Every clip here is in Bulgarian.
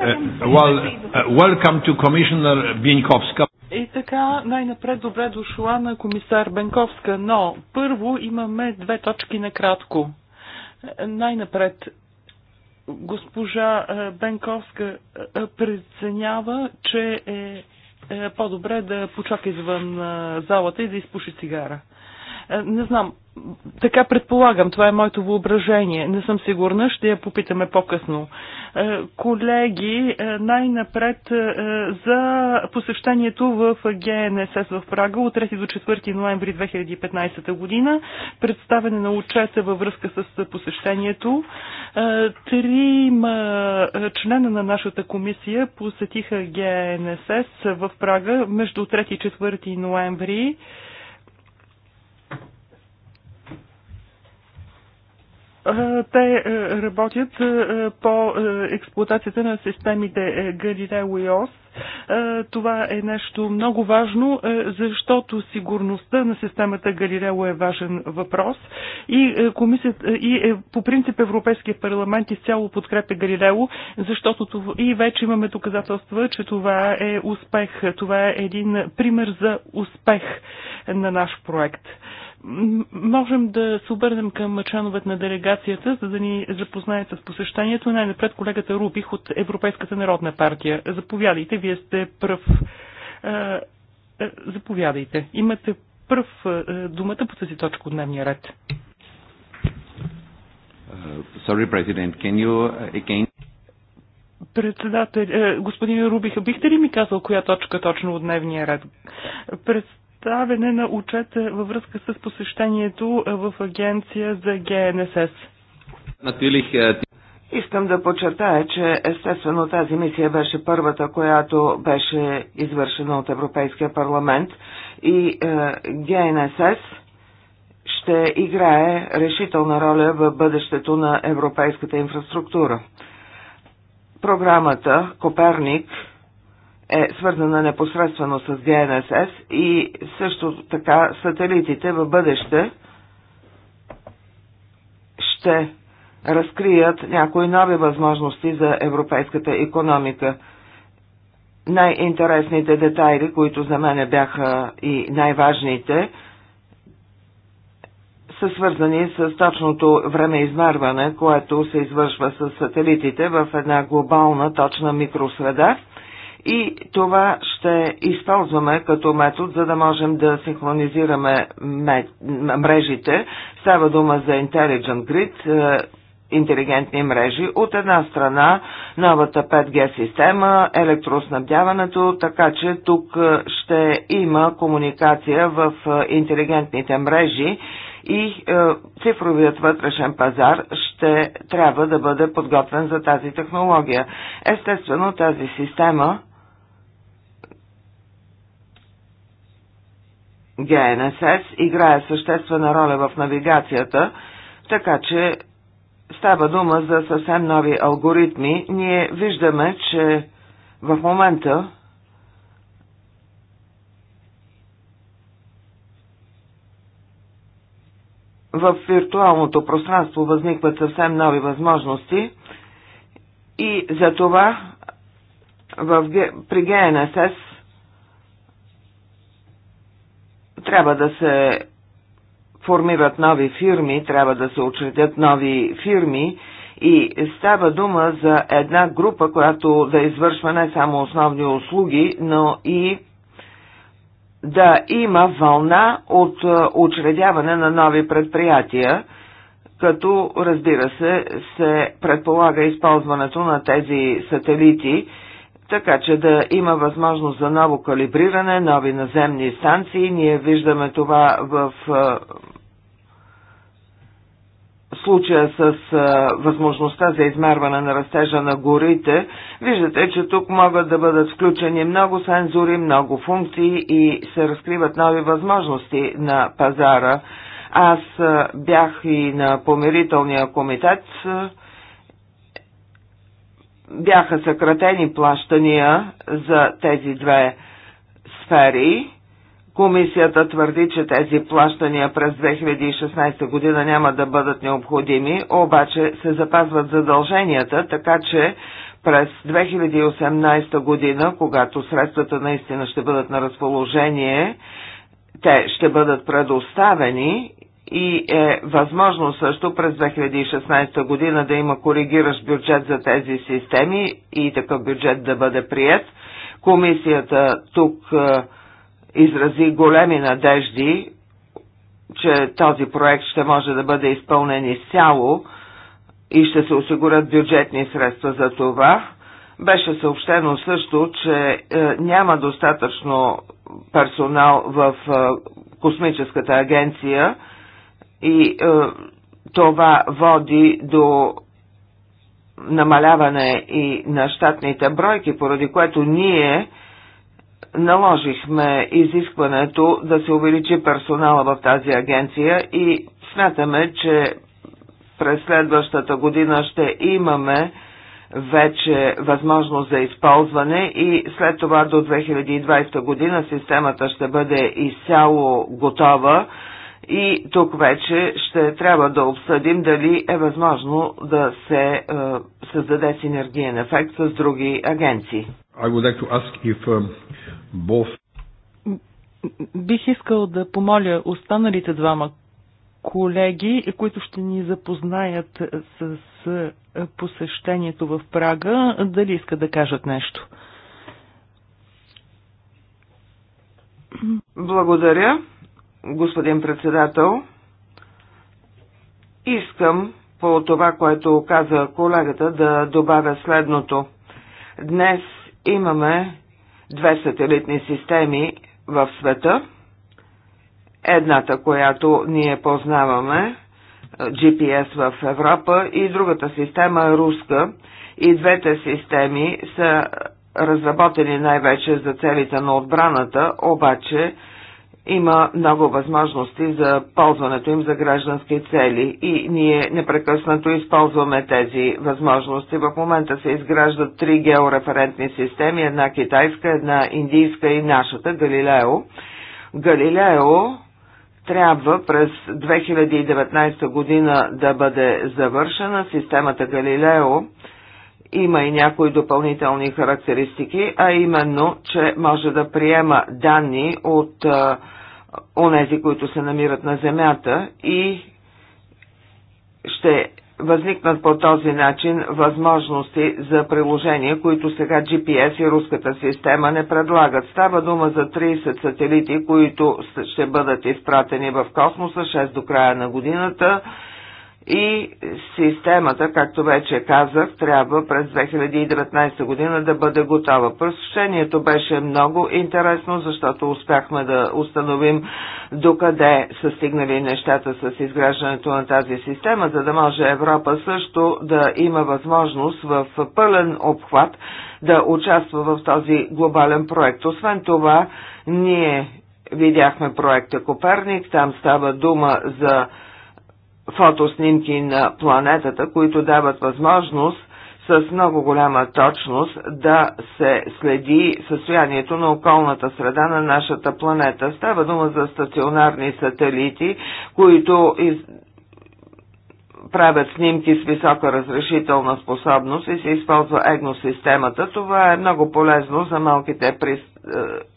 Е, е, well, е, welcome to Commissioner И така, най-напред добре дошла на комисар Бенковска, но първо имаме две точки на кратко. Най-напред госпожа Бенковска преценява, че е по-добре да почака извън залата и да изпуши цигара. Е, не знам, така предполагам, това е моето въображение. Не съм сигурна, ще я попитаме по-късно. Е, колеги, е, най-напред за посещението в ГНСС в Прага от 3 до 4 ноември 2015 година, представене на отчета във връзка с посещението. Трима члена на нашата комисия посетиха ГНСС в Прага между 3 и 4 ноември. Те е, работят е, по е, експлуатацията на системите Галилео и ОС. Това е нещо много важно, защото сигурността на системата Галилео е важен въпрос и, комисията, и по принцип Европейския парламент изцяло подкрепя Галилео, защото това, и вече имаме доказателства, че това е успех. Това е един пример за успех на наш проект можем да се обърнем към членовете на делегацията, за да ни запознаят с посещанието Най-напред колегата Рубих от Европейската народна партия. Заповядайте, вие сте пръв. Е, е, заповядайте. Имате пръв е, думата по тази точка от дневния ред. Uh, sorry, President, can you uh, again... Председател, господин Рубих, бихте ли ми казал коя точка точно от дневния ред? Пред представяне на отчета във връзка с посещението в агенция за ГНСС. Е, Искам да подчертая, че естествено тази мисия беше първата, която беше извършена от Европейския парламент и е, ГНСС ще играе решителна роля в бъдещето на европейската инфраструктура. Програмата Коперник е свързана непосредствено с ГНСС и също така сателитите в бъдеще ще разкрият някои нови възможности за европейската економика. Най-интересните детайли, които за мен бяха и най-важните, са свързани с точното време измерване, което се извършва с сателитите в една глобална точна микросреда – и това ще използваме като метод, за да можем да синхронизираме мрежите. Става дума за Intelligent Grid, е, интелигентни мрежи. От една страна новата 5G система, електроснабдяването, така че тук е, ще има комуникация в е, интелигентните мрежи и е, цифровият вътрешен пазар ще трябва да бъде подготвен за тази технология. Естествено, тази система ГНСС играе съществена роля в навигацията, така че става дума за съвсем нови алгоритми. Ние виждаме, че в момента в виртуалното пространство възникват съвсем нови възможности и за това в, при ГНСС Трябва да се формират нови фирми, трябва да се учредят нови фирми и става дума за една група, която да извършва не само основни услуги, но и да има вълна от е, учредяване на нови предприятия, като разбира се се предполага използването на тези сателити така че да има възможност за ново калибриране, нови наземни станции. Ние виждаме това в случая с а, възможността за измерване на растежа на горите, виждате, че тук могат да бъдат включени много сензори, много функции и се разкриват нови възможности на пазара. Аз а, бях и на помирителния комитет. А, бяха съкратени плащания за тези две сфери. Комисията твърди, че тези плащания през 2016 година няма да бъдат необходими, обаче се запазват задълженията, така че през 2018 година, когато средствата наистина ще бъдат на разположение, те ще бъдат предоставени и е възможно също през 2016 година да има коригиращ бюджет за тези системи и такъв бюджет да бъде прият. Комисията тук е, изрази големи надежди, че този проект ще може да бъде изпълнен изцяло и ще се осигурят бюджетни средства за това. Беше съобщено също, че е, няма достатъчно персонал в е, космическата агенция, и е, това води до намаляване и на щатните бройки, поради което ние наложихме изискването да се увеличи персонала в тази агенция и смятаме, че през следващата година ще имаме вече възможност за използване и след това до 2020 година системата ще бъде изцяло готова и тук вече ще трябва да обсъдим дали е възможно да се е, създаде синергиен ефект с други агенции. I would like to ask if, um, both... Бих искал да помоля останалите двама колеги, които ще ни запознаят с е, посещението в Прага, дали искат да кажат нещо. Благодаря господин председател. Искам по това, което каза колегата, да добавя следното. Днес имаме две сателитни системи в света. Едната, която ние познаваме, GPS в Европа и другата система е руска. И двете системи са разработени най-вече за целите на отбраната, обаче има много възможности за ползването им за граждански цели и ние непрекъснато използваме тези възможности. В момента се изграждат три геореферентни системи, една китайска, една индийска и нашата, Галилео. Галилео трябва през 2019 година да бъде завършена. Системата Галилео има и някои допълнителни характеристики, а именно, че може да приема данни от онези, които се намират на Земята и ще възникнат по този начин възможности за приложения, които сега GPS и руската система не предлагат. Става дума за 30 сателити, които ще бъдат изпратени в космоса 6 до края на годината и системата, както вече казах, трябва през 2019 година да бъде готова. Просвещението беше много интересно, защото успяхме да установим докъде са стигнали нещата с изграждането на тази система, за да може Европа също да има възможност в пълен обхват да участва в този глобален проект. Освен това, ние видяхме проекта Коперник, там става дума за фотоснимки на планетата, които дават възможност с много голяма точност да се следи състоянието на околната среда на нашата планета. Става дума за стационарни сателити, които из... правят снимки с висока разрешителна способност и се използва егносистемата. Това е много полезно за малките при... Е,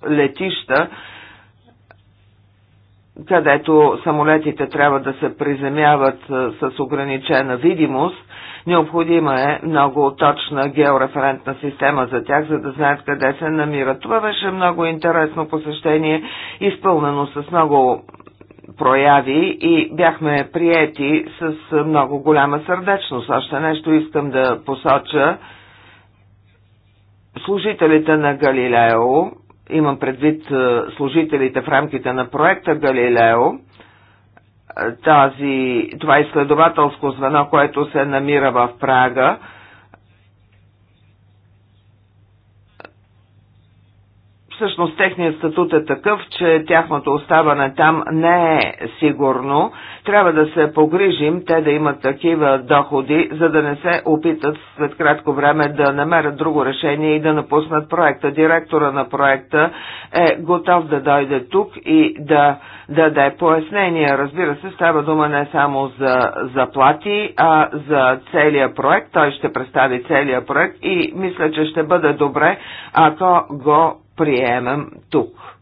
летища, където самолетите трябва да се приземяват с ограничена видимост, необходима е много точна геореферентна система за тях, за да знаят къде се намират. Това беше много интересно посещение, изпълнено с много прояви и бяхме приети с много голяма сърдечност. Още нещо искам да посоча. Служителите на Галилео имам предвид е, служителите в рамките на проекта Галилео, е, тази, това изследователско звено, което се намира в Прага, Всъщност техният статут е такъв, че тяхното оставане там не е сигурно. Трябва да се погрижим те да имат такива доходи, за да не се опитат след кратко време да намерят друго решение и да напуснат проекта. Директора на проекта е готов да дойде тук и да даде пояснение. Разбира се, става дума не само за заплати, а за целия проект. Той ще представи целия проект и мисля, че ще бъде добре, ако го приемам тук.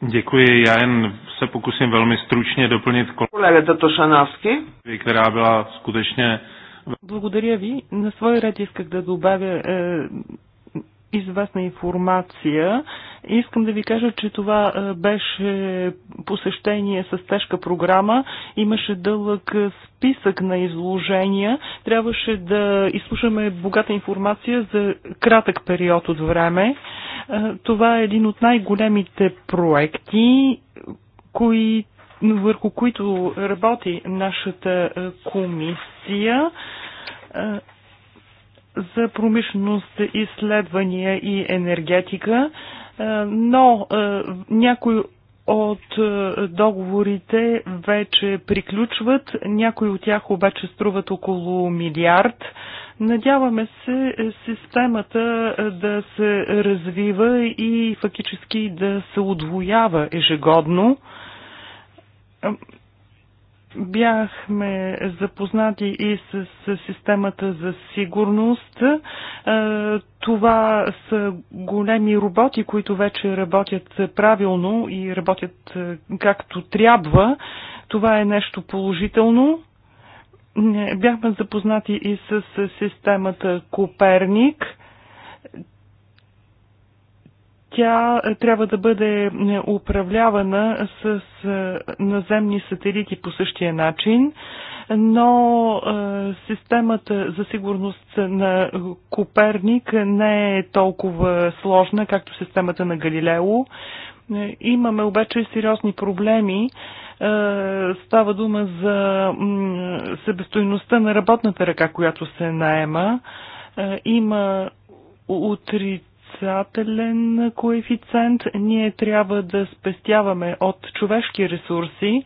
Děkuji, já jen se pokusím velmi stručně doplnit kolegata Тошановски, která byla skutečně... Благодаря ви. На свой ред исках да добавя е, известна информация. Искам да ви кажа, че това е, беше посещение с тежка програма. Имаше дълъг списък на изложения. Трябваше да изслушаме богата информация за кратък период от време. Е, това е един от най-големите проекти, кои, върху които работи нашата е, комисия за промишленост, изследвания и енергетика, е, но е, някои от е, договорите вече приключват, някои от тях обаче струват около милиард. Надяваме се системата да се развива и фактически да се отвоява ежегодно бяхме запознати и с, системата за сигурност. Е, това са големи роботи, които вече работят правилно и работят е, както трябва. Това е нещо положително. Е, бяхме запознати и с системата Коперник. Тя е, трябва да бъде е, управлявана с е, наземни сателити по същия начин, но системата за сигурност на Коперник не е толкова сложна, както системата на Галилео. Имаме обаче сериозни проблеми. Става дума за себестойността на работната ръка, която се наема. Има утрит отрицателен коефициент. Ние трябва да спестяваме от човешки ресурси.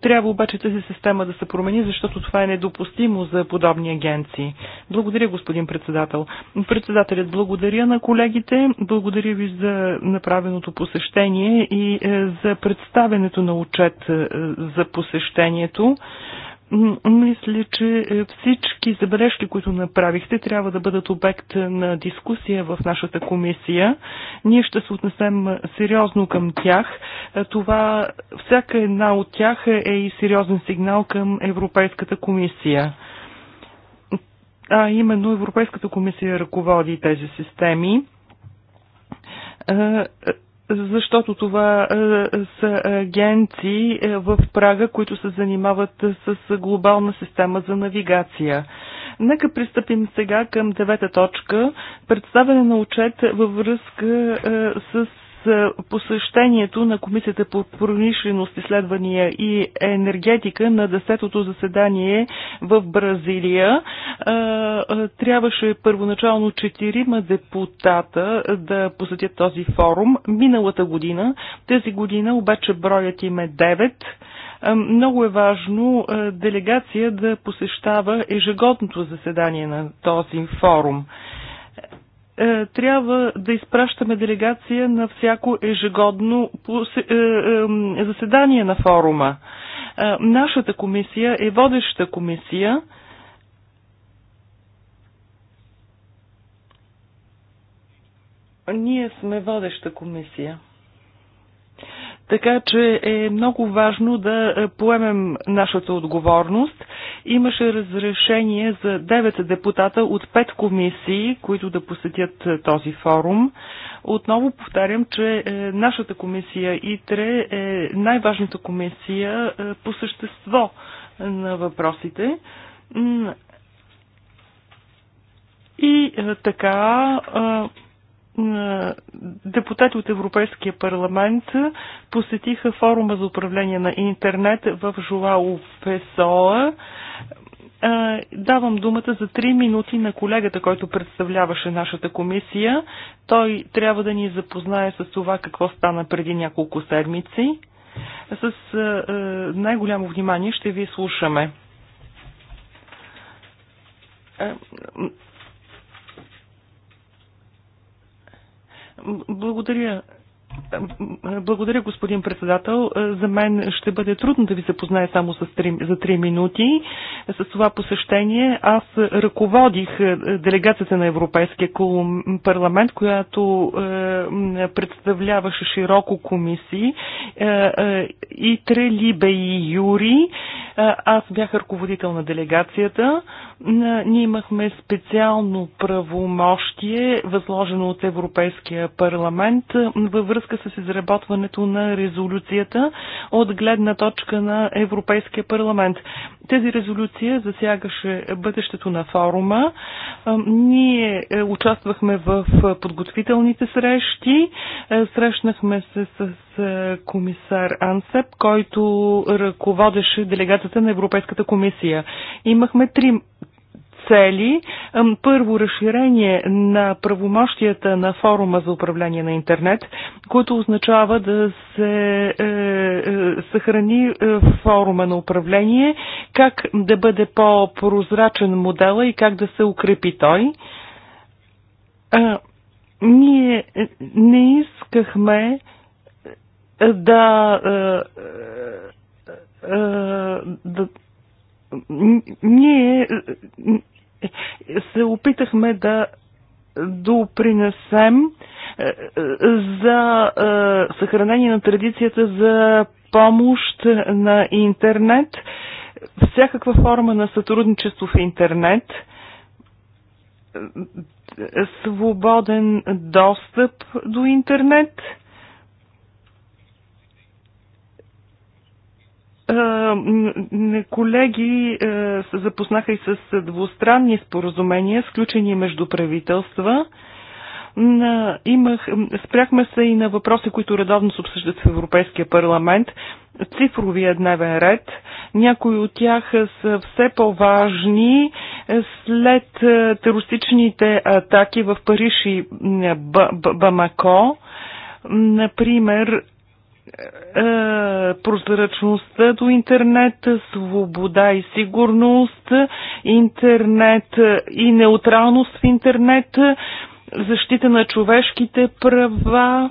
Трябва обаче тази система да се промени, защото това е недопустимо за подобни агенции. Благодаря, господин председател. Председателят, благодаря на колегите, благодаря ви за направеното посещение и е, за представенето на отчет е, за посещението. Мисля, че е, всички забележки, които направихте, трябва да бъдат обект на дискусия в нашата комисия. Ние ще се отнесем е, сериозно към тях. Е, това, всяка една от тях е и сериозен сигнал към Европейската комисия. А именно Европейската комисия ръководи тези системи защото това е, са агенции е, в Прага, които се занимават с глобална система за навигация. Нека пристъпим сега към девета точка – представяне на отчет във връзка е, с за посещението на Комисията по промишленост, изследвания и енергетика на 10-то заседание в Бразилия. Трябваше първоначално 4 депутата да посетят този форум миналата година. Тази година обаче броят им е 9 много е важно делегация да посещава ежегодното заседание на този форум. Е, трябва да изпращаме делегация на всяко ежегодно е, е, заседание на форума. Нашата комисия е водеща комисия. Ние сме водеща комисия. Така че е много важно да е, поемем нашата отговорност. Имаше разрешение за 9 депутата от 5 комисии, които да посетят е, този форум. Отново повтарям, че е, нашата комисия ИТРЕ е най-важната комисия по същество на въпросите. И така е, депутати от Европейския парламент посетиха форума за управление на интернет в Жуао Песоа. Е, давам думата за 3 минути на колегата, който представляваше нашата комисия. Той трябва да ни запознае с това какво стана преди няколко седмици. С е, най-голямо внимание ще ви слушаме Благодаря. Благодаря, господин председател. За мен ще бъде трудно да ви запозная само за 3 минути. С това посещение аз ръководих е, делегацията на Европейския парламент, която е, представляваше широко комисии е, и Трелибе и Юри. Аз бях ръководител на делегацията. Ние имахме специално правомощие, възложено от Европейския парламент, във връзка с изработването на резолюцията от гледна точка на Европейския парламент. Тези резолюция засягаше бъдещето на форума. Ние е, участвахме в е, подготвителните срещи. Е, срещнахме се с комисар Ансеп, който ръководеше делегацията на Европейската комисия. Имахме три цели. Първо, разширение на правомощията на форума за управление на интернет, което означава да се е, е, съхрани е, форума на управление, как да бъде по-прозрачен модела и как да се укрепи той. А, ние не искахме да, е, е, да, да ние е, се опитахме да допринесем е, е, за съхранение на традицията за помощ на интернет, всякаква форма на сътрудничество в интернет, свободен достъп до интернет – Е, колеги е, се запознаха и с двустранни споразумения, сключени между правителства. Имах, спряхме се и на въпроси, които редовно се обсъждат в Европейския парламент. Цифровия е дневен ред. Някои от тях са все по-важни след терористичните атаки в Париж и Бамако. Например, е, прозрачността до интернет, свобода и сигурност, интернет и неутралност в интернет, защита на човешките права,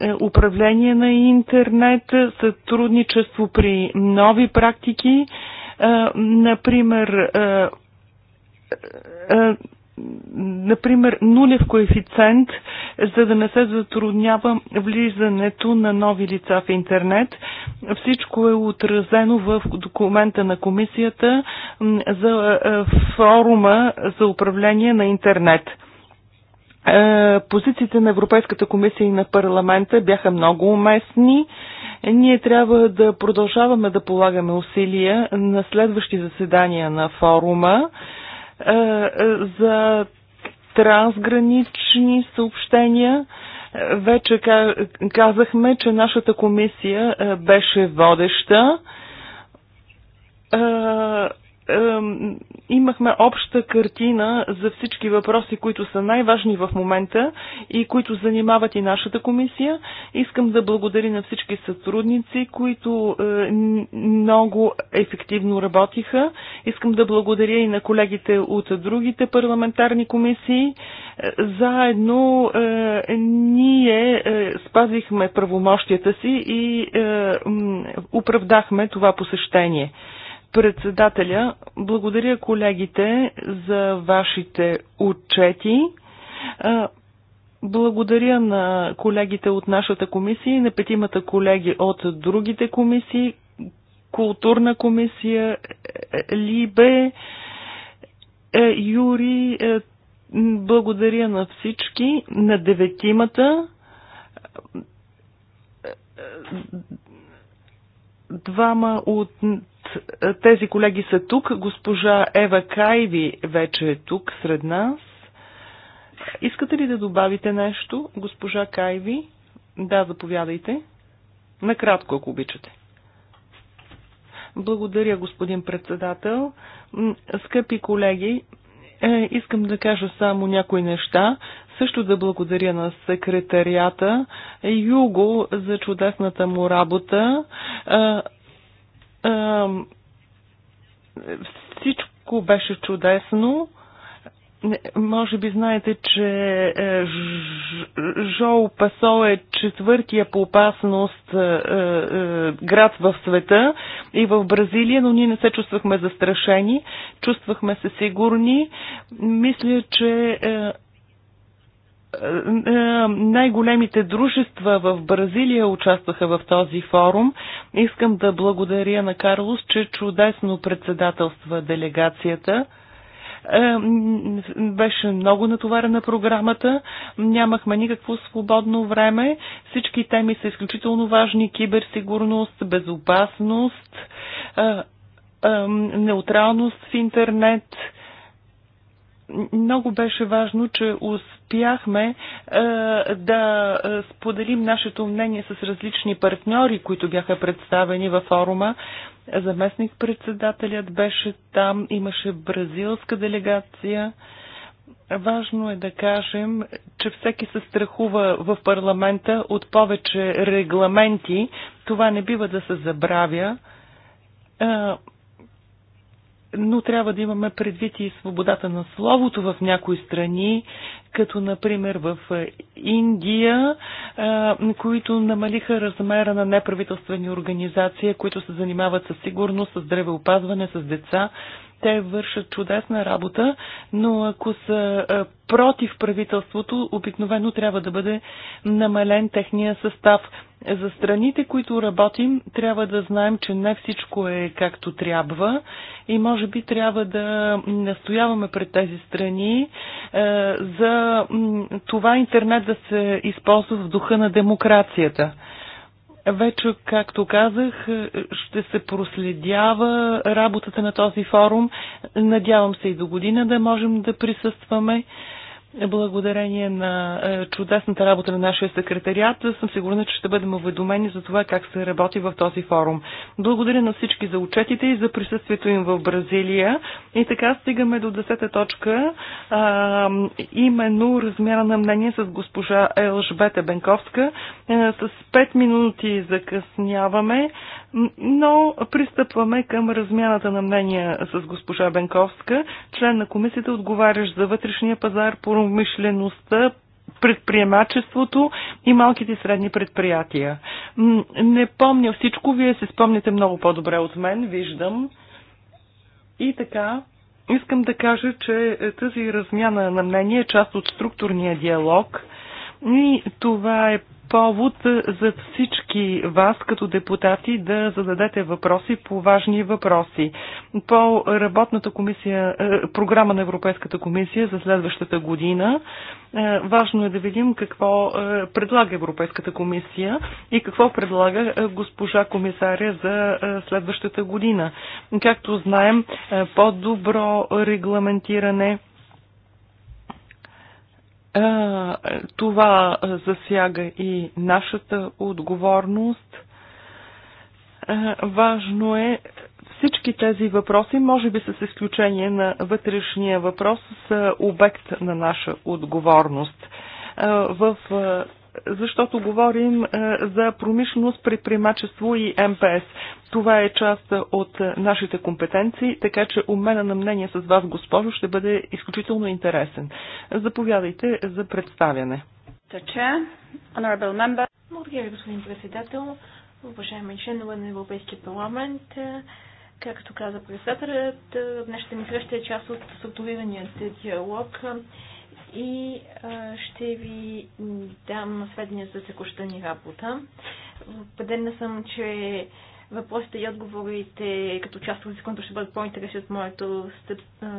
е, е, управление на интернет, сътрудничество при нови практики, например, например, нулев коефициент, за да не се затруднява влизането на нови лица в интернет. Всичко е отразено в документа на комисията за е, е, форума за управление на интернет. Е, позициите на Европейската комисия и на парламента бяха много уместни. Ние трябва да продължаваме да полагаме усилия на следващи заседания на форума. Е, е, за трансгранични съобщения. Е, вече казахме, че нашата комисия беше водеща имахме обща картина за всички въпроси, които са най-важни в момента и които занимават и нашата комисия. Искам да благодаря на всички сътрудници, които е, много ефективно работиха. Искам да благодаря и на колегите от другите парламентарни комисии. Е, заедно е, ние спазихме правомощията си и оправдахме това посещение. Председателя, благодаря колегите за вашите отчети. Благодаря на колегите от нашата комисия и на петимата колеги от другите комисии, културна комисия, е, е, Либе, е, Юри, благодаря на всички, на деветимата, двама от е, тези колеги са тук. Госпожа Ева Кайви вече е тук сред нас. Искате ли да добавите нещо, госпожа Кайви? Да, заповядайте. Накратко, ако обичате. Благодаря, господин председател. Скъпи колеги, е, искам да кажа само някои неща. Също да благодаря на секретарията Юго за чудесната му работа. Е, всичко беше чудесно. Може би знаете, че е, Жоу Пасо е четвъртия по опасност е, е, град в света и в Бразилия, но ние не се чувствахме застрашени, чувствахме се сигурни. Мисля, че е, най-големите дружества в Бразилия участваха в този форум. Искам да благодаря на Карлос, че чудесно председателства делегацията. Е, беше много натоварена програмата, нямахме никакво свободно време. Всички теми са изключително важни. Киберсигурност, безопасност, е, неутралност в интернет, много беше важно, че успяхме е, да е, споделим нашето мнение с различни партньори, които бяха представени във форума. Заместник-председателят беше там, имаше бразилска делегация. Важно е да кажем, че всеки се страхува в парламента от повече регламенти. Това не бива да се забравя. Е, но трябва да имаме предвид и свободата на словото в някои страни, като например в е, Индия, които намалиха размера на неправителствени организации, които се занимават с сигурност, с здравеопазване, с деца те вършат чудесна работа, но ако са е, против правителството, обикновено трябва да бъде намален техния състав. За страните, които работим, трябва да знаем, че не всичко е както трябва и може би трябва да настояваме пред тези страни е, за това интернет да се използва в духа на демокрацията. Вече, както казах, ще се проследява работата на този форум. Надявам се и до година да можем да присъстваме. Благодарение на е, чудесната работа на нашия секретариат съм сигурна, че ще бъдем уведомени за това как се работи в този форум. Благодаря на всички за учетите и за присъствието им в Бразилия. И така стигаме до 10 точка, а, именно размяна на мнение с госпожа Елжбета Бенковска. А, е, с 5 минути закъсняваме но пристъпваме към размяната на мнения с госпожа Бенковска, член на комисията, отговарящ за вътрешния пазар, промишлеността, предприемачеството и малките и средни предприятия. Не помня всичко, вие се спомняте много по-добре от мен, виждам. И така, искам да кажа, че е, тази размяна на мнение е част от структурния диалог – и това е повод е, за всички вас като депутати да зададете въпроси по важни въпроси. По работната комисия, е, програма на Европейската комисия за следващата година, е, важно е да видим какво предлага Европейската комисия и какво предлага госпожа комисаря за следващата година. Както знаем, по-добро регламентиране, е, това е, засяга и нашата отговорност. Е, важно е всички тези въпроси, може би с изключение на вътрешния въпрос, са обект на наша отговорност. В защото говорим е, за промишленост, предприемачество и МПС. Това е част от нашите компетенции, така че обмена на мнение с вас, госпожо, ще бъде изключително интересен. Заповядайте за представяне. Благодаря ви, господин председател, уважаеми членове на Европейския парламент. Е, както каза председателят, е, днешната ми среща е част от структурирания диалог и а, ще ви дам сведения за текущата ни работа. Убедена съм, че въпросите и отговорите като част от секунда ще бъдат по-интересни от моето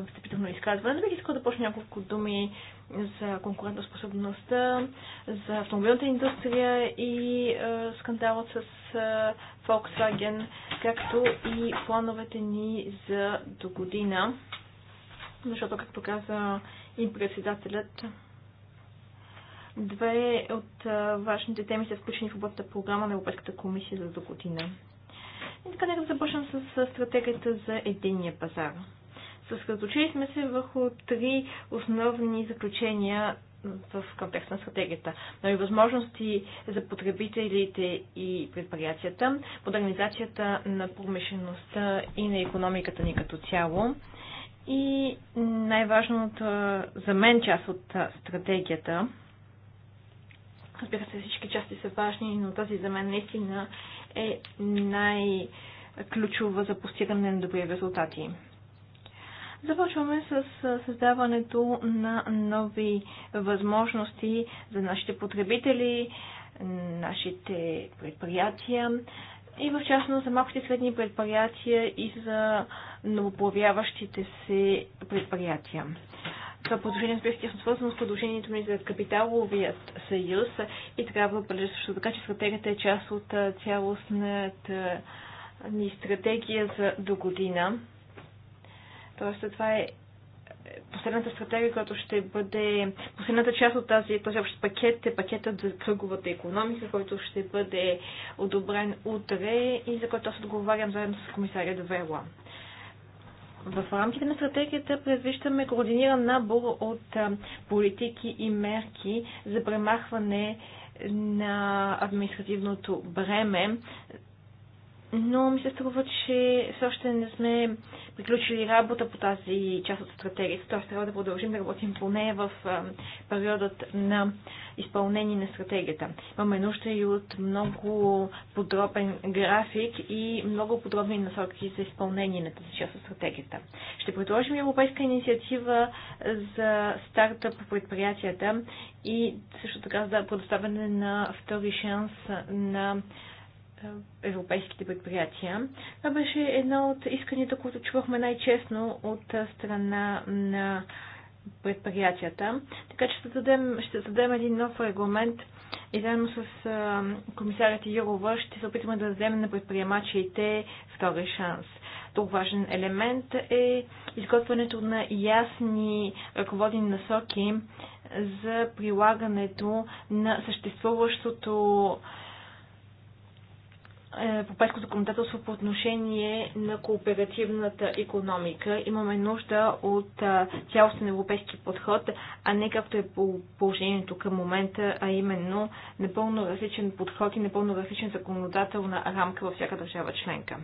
встъпително изказване. Бих искала да почна няколко думи за конкурентоспособността, за автомобилната индустрия и а, скандалът с а, Volkswagen, както и плановете ни за до година. Защото, както каза и председателят. Две от важните теми са включени в работната програма на Европейската комисия за до година. И така нека да започнем с стратегията за единния пазар. Съсредоточили сме се върху три основни заключения в контекст на стратегията. Нови възможности за потребителите и предприятията, модернизацията на промишлеността и на економиката ни като цяло, и най-важното е, за мен част от е, стратегията. Разбира се, всички части са важни, но тази за мен наистина е най-ключова за постигане на добри резултати. Започваме с е, създаването на нови възможности за нашите потребители, нашите предприятия и в частност за малките средни предприятия и за новоплавяващите се предприятия. Това предложение беше тясно свързано с предложението ми за капиталовият съюз и трябва да бъде също така, че стратегията е част от цялостната ни стратегия за до година. Тоест, това е последната стратегия, която ще бъде последната част от тази, този общ пакет е пакетът за кръговата економика, който ще бъде одобрен утре и за който аз отговарям заедно с комисаря Довела. В рамките на стратегията предвиждаме координиран набор от политики и мерки за премахване на административното бреме но ми се струва, че все още не сме приключили работа по тази част от стратегията, Тоест трябва да продължим да работим по нея в периодът на изпълнение на стратегията. Имаме нужда и от много подробен график и много подробни насоки за изпълнение на тази част от стратегията. Ще предложим европейска инициатива за старта по предприятията и също така за предоставяне на втори шанс на европейските предприятия. Това беше едно от исканията, които чувахме най-честно от страна на предприятията. Така че ще дадем, ще дадем един нов регламент и заедно с комисарят Юрова ще се опитаме да вземем на предприемачите втори шанс. Друг важен елемент е изготвянето на ясни ръководни насоки за прилагането на съществуващото европейско законодателство по отношение на кооперативната економика. Имаме нужда от е, цялостен европейски подход, а не както е по положението към момента, а именно напълно различен подход и напълно различен законодателна рамка във всяка държава членка.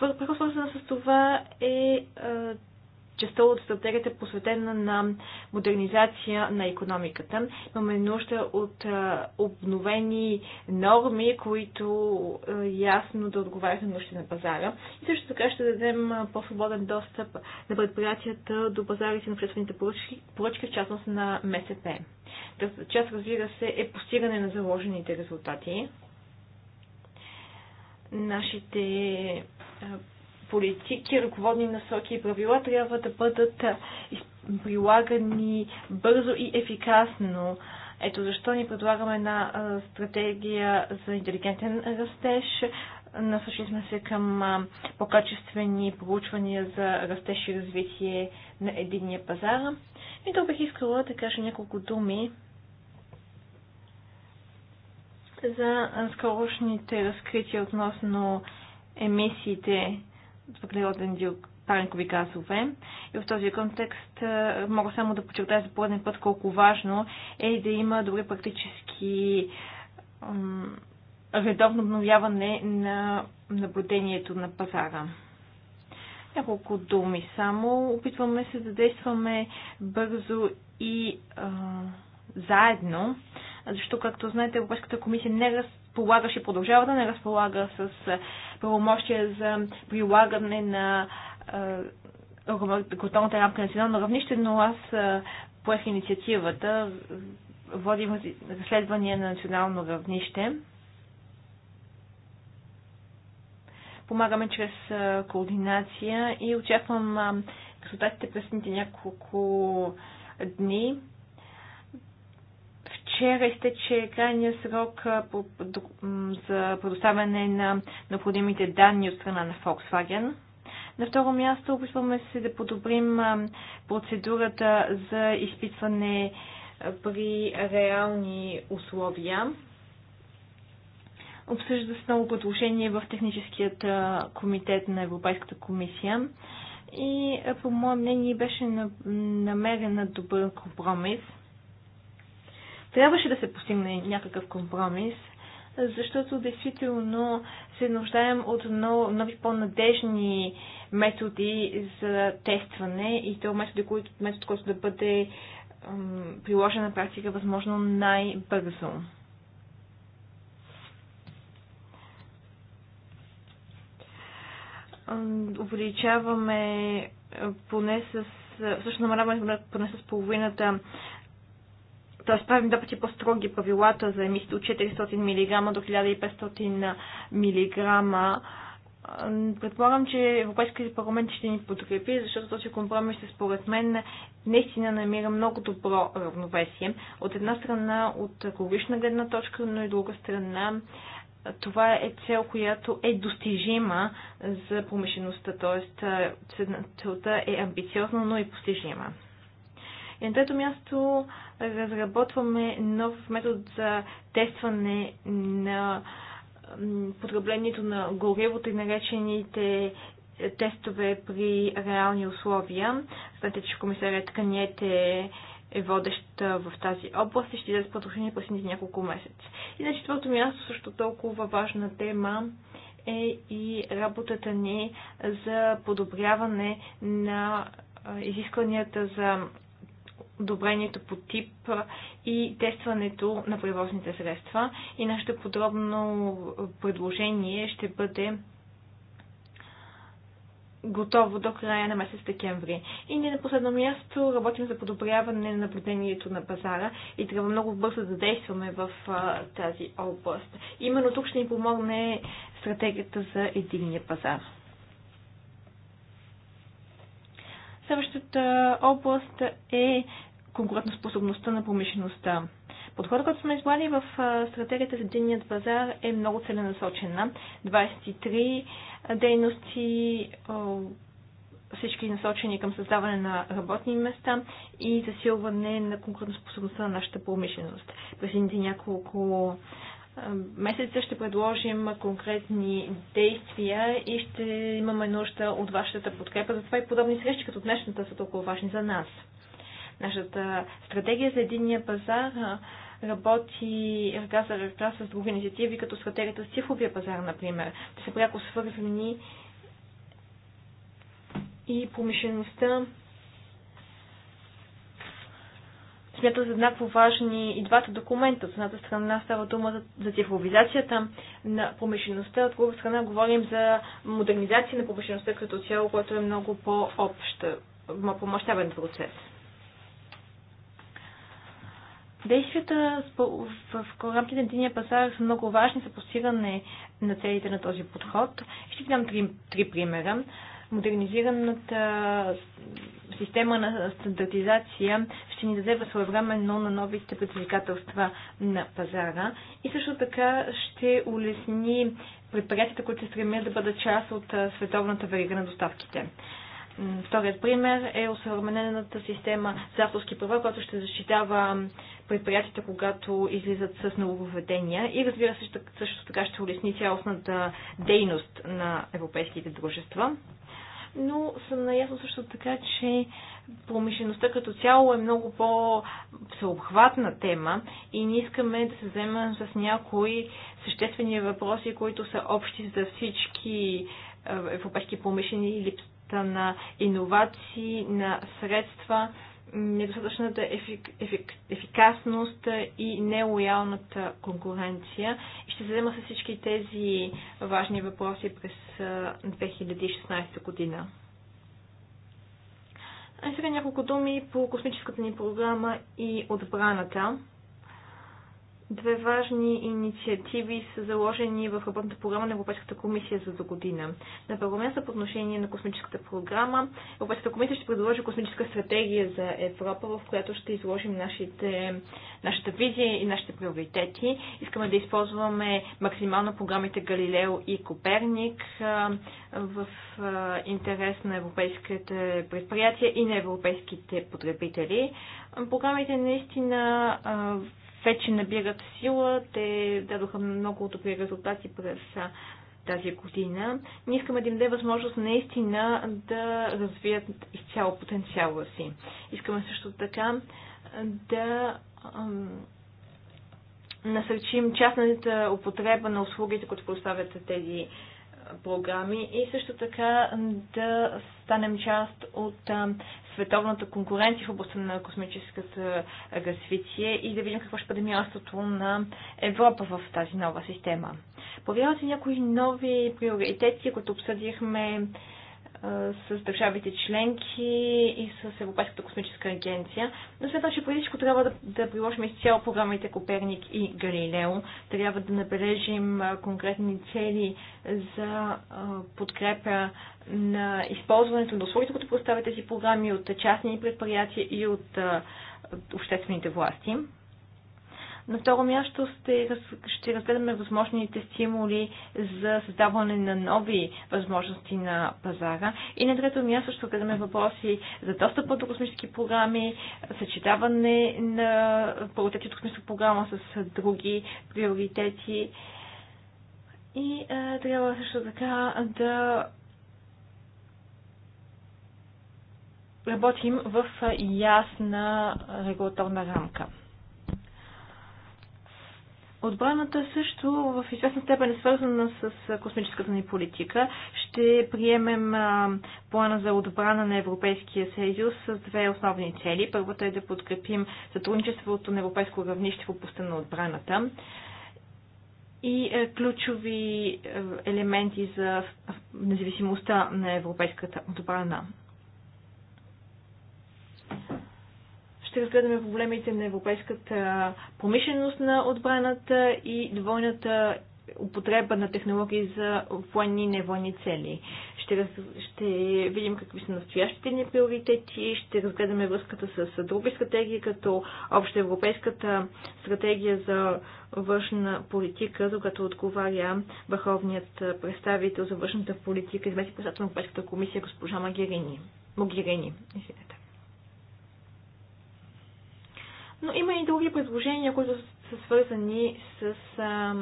Първо свързана с това е, е частта от стратегията посветена на модернизация на економиката. Имаме нужда от обновени норми, които ясно да отговарят на нуждите на пазара. И също така ще дадем по-свободен достъп на предприятията до пазарите на обществените поръчки, поръчки, в частност на МСП. Тази част, разбира се, е постигане на заложените резултати. Нашите политики, ръководни насоки и правила трябва да бъдат прилагани бързо и ефикасно. Ето защо ни предлагаме една стратегия за интелигентен растеж. Насочили сме се към по-качествени проучвания за растеж и развитие на единния пазар. И то бих искала да кажа няколко думи за скорошните разкрития относно емисиите въглероден диоксид парникови газове. И в този контекст мога само да подчертая за пореден път колко важно е да има добри практически редовно обновяване на наблюдението на пазара. Няколко думи само. Опитваме се да действаме бързо и а, заедно, защото, както знаете, Европейската комисия не раз разполагаше и продължава да не разполага с е, правомощия за прилагане на е, готовната рамка на национално равнище, но аз е, поех инициативата, водим разследвания на национално равнище. Помагаме чрез координация и очаквам резултатите през няколко дни. Вчера изтече крайния срок за предоставяне на необходимите данни от страна на Volkswagen. На второ място опитваме се да подобрим процедурата за изпитване при реални условия. Обсъжда се ново предложение в техническият комитет на Европейската комисия и по мое мнение беше намерена добър компромис – трябваше да се постигне някакъв компромис, защото действително се нуждаем от много, нови по-надежни методи за тестване и то методи, които, метод, който да бъде приложен на практика възможно най-бързо. Увеличаваме поне с Всъщност намаляваме поне с половината т.е. правим два пъти по-строги правилата за емисите от 400 мг до 1500 мг. Предполагам, че Европейския парламент ще ни подкрепи, защото този компромис според мен наистина намира много добро равновесие. От една страна от екологична гледна точка, но и друга страна това е цел, която е достижима за промишлеността, т.е. целта е амбициозна, но и постижима. И на трето място разработваме нов метод за тестване на потреблението на горивото и наречените е, тестове при реални условия. Знаете, че комисарят Каниете е водещ в тази област и ще даде продължение през няколко месеца. И на четвърто място, също толкова важна тема е и работата ни за подобряване на изискванията за одобрението по тип и тестването на превозните средства. И нашето подробно предложение ще бъде готово до края на месец декември. И ние на последно място работим за подобряване на наблюдението на пазара и трябва много бързо да действаме в а, тази област. Именно тук ще ни помогне стратегията за единния пазар. Следващата област е конкурентоспособността на промишлеността. Подходът, който сме избрали в стратегията за единният пазар е много целенасочена. 23 дейности, всички насочени към създаване на работни места и засилване на конкурентоспособността на нашата промишленост. През едните няколко месеца ще предложим конкретни действия и ще имаме нужда от вашата подкрепа. Затова и подобни срещи като днешната са толкова важни за нас. Нашата стратегия за единния пазар работи ръка за ръка с други инициативи, като стратегията с цифровия пазар, например. Те са пряко свързани и промишлеността смята за еднакво важни и двата документа. От едната страна става дума за, цифровизацията на промишлеността, от друга страна говорим за модернизация на промишлеността като цяло, което е много по-общ, по-мащабен процес. Действията в рамките на единия пазар са много важни за постигане на целите на този подход. Ще ви дам три, три примера. Модернизираната система на стандартизация ще ни даде своевременно на новите предизвикателства на пазара и също така ще улесни предприятията, които се стремят да бъдат част от световната верига на доставките. Вторият пример е осъвременената система за авторски права, която ще защитава предприятията, когато излизат с нововведения и разбира се, също така ще улесни цялостната дейност на европейските дружества. Но съм наясно също така, че промишлеността като цяло е много по-всеобхватна тема и не искаме да се вземем с някои съществени въпроси, които са общи за всички европейски промишлени или на иновации, на средства, недостатъчната ефик, ефик, ефикасност и нелоялната конкуренция. И ще взема с всички тези важни въпроси през 2016 година. А сега няколко думи по космическата ни програма и отбраната. Две важни инициативи са заложени в работната програма на Европейската комисия за до година. На първо място по отношение на космическата програма, Европейската комисия ще предложи космическа стратегия за Европа, в която ще изложим нашите, нашата визия и нашите приоритети. Искаме да използваме максимално програмите Галилео и Коперник в интерес на европейските предприятия и на европейските потребители. Програмите наистина вече набират сила. Те дадоха много добри резултати през тази година. Ние искаме да им даде възможност наистина да развият изцяло потенциала си. Искаме също така да насърчим частната употреба на услугите, които поставят тези програми и също така да станем част от световната конкуренция в областта на космическата развитие и да видим какво ще бъде мястото на Европа в тази нова система. Появяват се някои нови приоритети, които обсъдихме с държавите членки и с Европейската космическа агенция. Но след това, че преди всичко трябва да, да приложим изцяло програмите Коперник и Галилео. Трябва да набележим конкретни цели за подкрепа на използването на услугите, които поставят тези програми от частни предприятия и от обществените власти. На второ място ще, ще разгледаме възможните стимули за създаване на нови възможности на пазара. И на трето място ще разгледаме въпроси за достъпа до космически програми, съчетаване на приоритети от космическа програма с други приоритети. И е, трябва също така да работим в ясна регулаторна рамка. Отбраната също в известна степен е свързана с космическата ни политика. Ще приемем плана за отбрана на Европейския съюз с две основни цели. Първата е да подкрепим сътрудничеството на европейско равнище в областта на отбраната и ключови елементи за независимостта на европейската отбрана ще разгледаме проблемите на европейската промишленост на отбраната и двойната употреба на технологии за военни и невойни цели. Ще, раз, ще видим какви са настоящите ни приоритети, ще разгледаме връзката с други стратегии, като Общоевропейската стратегия за външна политика, за която отговаря върховният представител за външната политика, изместник председател на Европейската комисия госпожа Магирини. Могирини. Извинете но има и други предложения, които са свързани с а,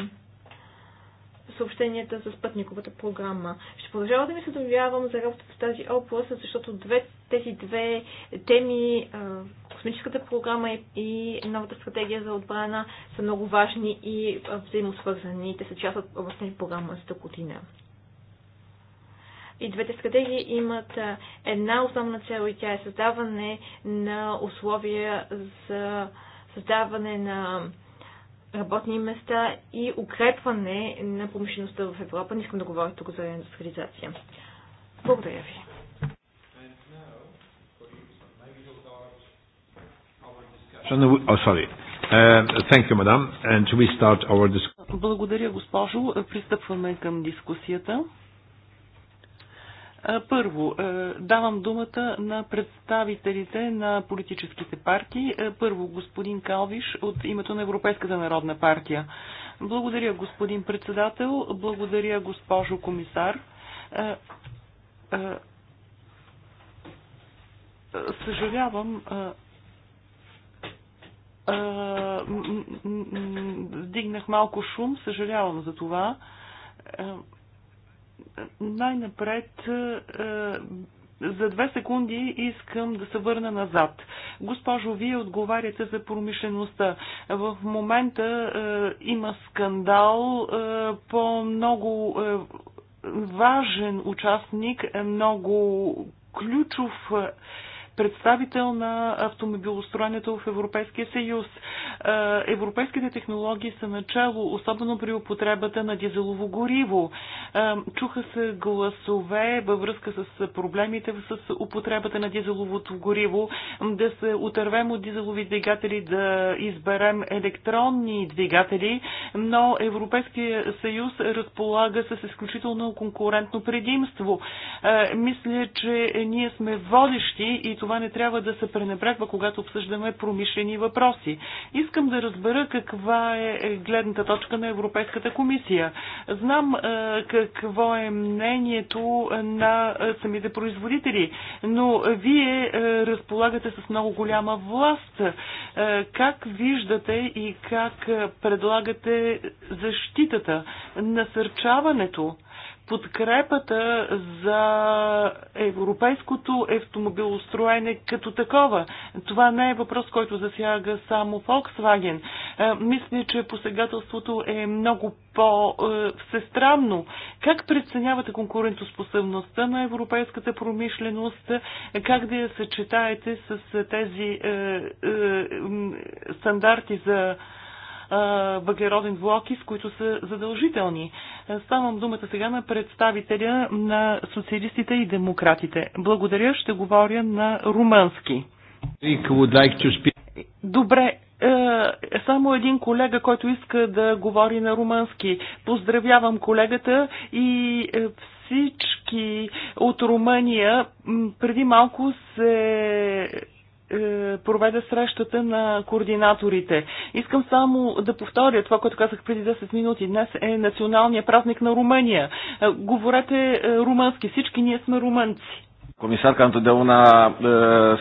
съобщенията с пътниковата програма. Ще продължава да ми се доверявам за работа в тази област, защото две, тези две теми, космическата програма и новата стратегия за отбрана, са много важни и взаимосвързани. Те са част от областната програма за година. И двете стратегии имат една основна цел и тя е създаване на условия за създаване на работни места и укрепване на промишлеността в Европа. Не искам да говоря тук за индустриализация. Благодаря ви. Е, Благодаря, госпожо. Пристъпваме към дискусията. Първо, е, давам думата на представителите на политическите партии. Е, първо, господин Калвиш от името на Европейската народна партия. Благодаря, господин председател. Благодаря, госпожо комисар. Е, съжалявам, дигнах малко шум, съжалявам за това. Най-напред е, за две секунди искам да се върна назад. Госпожо, вие отговаряте за промишлеността. В момента е, има скандал е, по много е, важен участник, е, много ключов. Е, представител на автомобилостроенето в Европейския съюз. Европейските технологии са начало, особено при употребата на дизелово гориво. Чуха се гласове във връзка с проблемите с употребата на дизеловото гориво, да се отървем от дизелови двигатели, да изберем електронни двигатели, но Европейския съюз разполага с изключително конкурентно предимство. Мисля, че ние сме водещи и това това не трябва да се пренебрегва, когато обсъждаме промишлени въпроси. Искам да разбера каква е, е гледната точка на Европейската комисия. Знам е, какво е мнението на е, самите производители, но вие разполагате с много голяма власт. Как виждате и как предлагате защитата, насърчаването? подкрепата за европейското автомобилостроене като такова. Това не е въпрос, който засяга само Volkswagen. Е, мисля, че посегателството е много по-всестранно. Как преценявате конкурентоспособността на европейската промишленост? Как да я съчетаете с тези е, е, стандарти за въглероден двуокис, които са задължителни. Е, ставам думата сега на представителя на социалистите и демократите. Благодаря, ще говоря на румънски. Добре, е, само един колега, който иска да говори на румънски. Поздравявам колегата и е, всички от Румъния преди малко се е, проведе срещата на координаторите. Искам само да повторя това, което казах преди 10 минути. Днес е националният празник на Румъния. Е, говорете е, румънски. Всички ние сме румънци. Комисар, Кантоделна, сте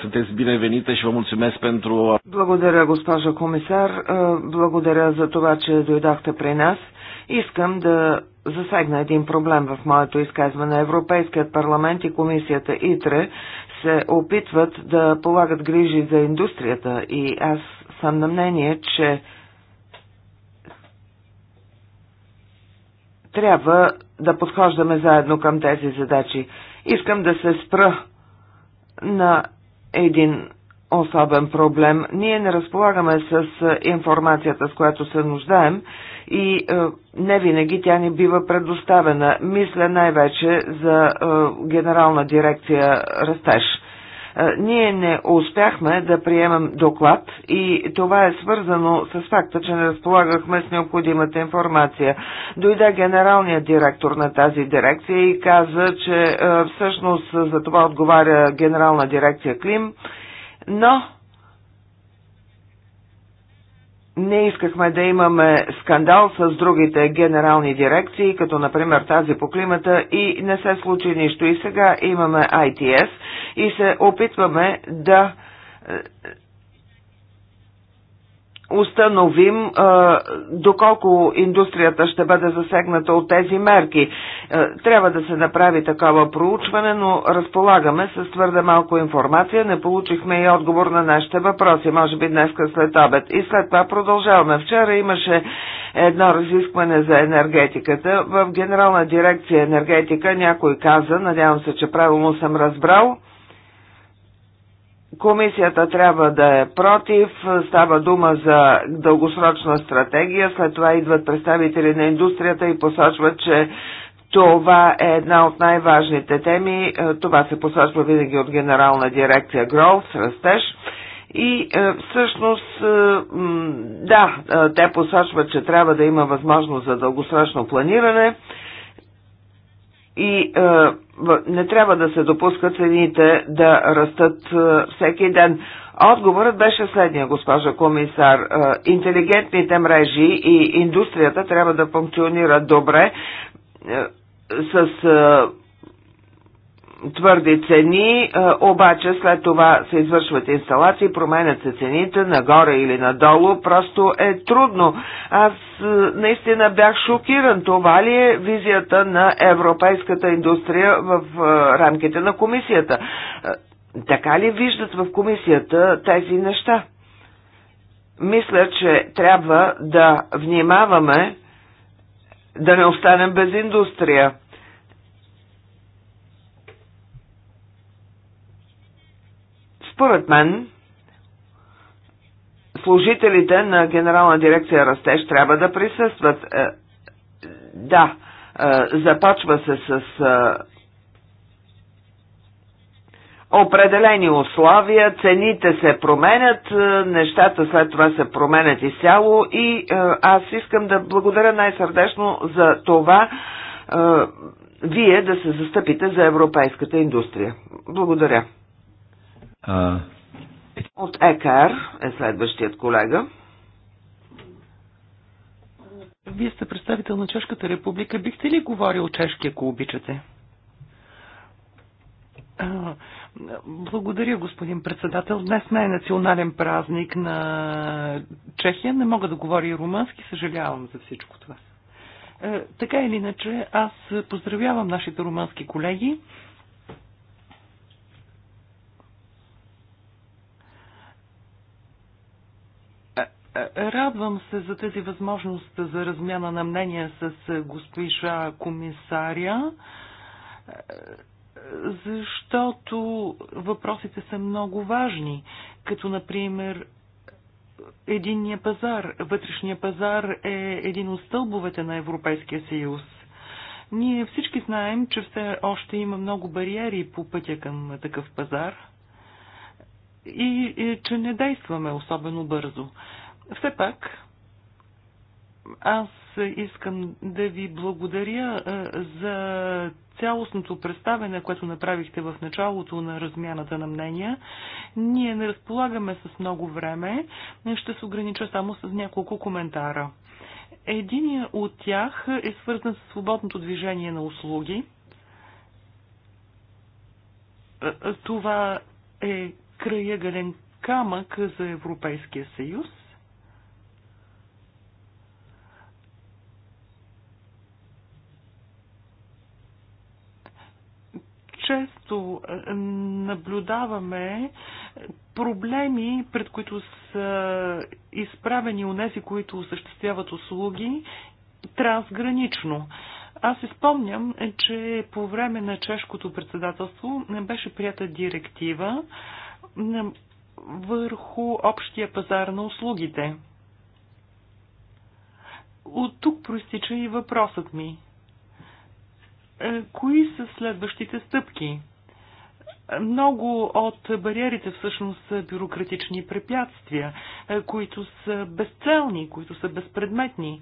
sunteți binevenită ще vă mulțumesc пентру. Благодаря, госпожа комисар. Благодаря за това, че дойдахте при нас. Искам да засегна един проблем в моето изказване. Европейският парламент и комисията ИТРЕ се опитват да полагат грижи за индустрията и аз съм на мнение, че трябва да подхождаме заедно към тези задачи. Искам да се спра на един особен проблем. Ние не разполагаме с е, информацията, с която се нуждаем и е, не винаги тя ни бива предоставена. Мисля най-вече за е, генерална дирекция Растеж. Е, ние не успяхме да приемем доклад и това е свързано с факта, че не разполагахме с необходимата информация. Дойде генералният директор на тази дирекция и каза, че е, всъщност за това отговаря генерална дирекция Клим но не искахме да имаме скандал с другите генерални дирекции, като например тази по климата и не се случи нищо. И сега имаме ITS и се опитваме да установим а, доколко индустрията ще бъде засегната от тези мерки. А, трябва да се направи такова проучване, но разполагаме с твърде малко информация. Не получихме и отговор на нашите въпроси, може би днес след обед. И след това продължаваме. Вчера имаше едно разискване за енергетиката. В Генерална дирекция енергетика някой каза, надявам се, че правилно съм разбрал, Комисията трябва да е против. Става дума за дългосрочна стратегия. След това идват представители на индустрията и посочват, че това е една от най-важните теми. Е, това се посочва винаги от генерална дирекция Growth, растеж. И е, всъщност, е, да, те посочват, че трябва да има възможност за дългосрочно планиране и не трябва да се допускат цените да растат е, всеки ден. Отговорът беше следния, госпожа комисар. Е, интелигентните мрежи и индустрията трябва да функционират добре е, с твърди цени, обаче след това се извършват инсталации, променят се цените нагоре или надолу, просто е трудно. Аз наистина бях шокиран. Това ли е визията на европейската индустрия в рамките на комисията? Така ли виждат в комисията тези неща? Мисля, че трябва да внимаваме да не останем без индустрия. Според мен, служителите на Генерална дирекция Растеж трябва да присъстват. Е, да, е, започва се с е, определени условия, цените се променят, нещата след това се променят изцяло и аз искам да благодаря най-сърдечно за това вие да се застъпите за европейската индустрия. Благодаря. От ЕКР е следващият колега. Вие сте представител на Чешката република. Бихте ли говорил чешки, ако обичате? Благодаря, господин председател. Днес не е национален празник на Чехия. Не мога да говоря и румънски. Съжалявам за всичко това. Така или иначе, аз поздравявам нашите румънски колеги. Радвам се за тази възможност за размяна на мнения с госпожа комисаря, защото въпросите са много важни, като например единния пазар. Вътрешния пазар е един от стълбовете на Европейския съюз. Ние всички знаем, че все още има много бариери по пътя към такъв пазар и, и че не действаме особено бързо. Все пак, аз искам да ви благодаря е, за цялостното представене, което направихте в началото на размяната на мнения. Ние не разполагаме с много време, ще се огранича само с няколко коментара. Единият от тях е свързан с свободното движение на услуги. Е, това е краягален камък за Европейския съюз – често е, наблюдаваме проблеми, пред които са изправени унези, които осъществяват услуги трансгранично. Аз изпомням, е, че по време на чешкото председателство не беше прията директива върху общия пазар на услугите. От тук проистича и въпросът ми – е, кои са следващите стъпки? Много от бариерите всъщност са бюрократични препятствия, е, които са безцелни, които са безпредметни.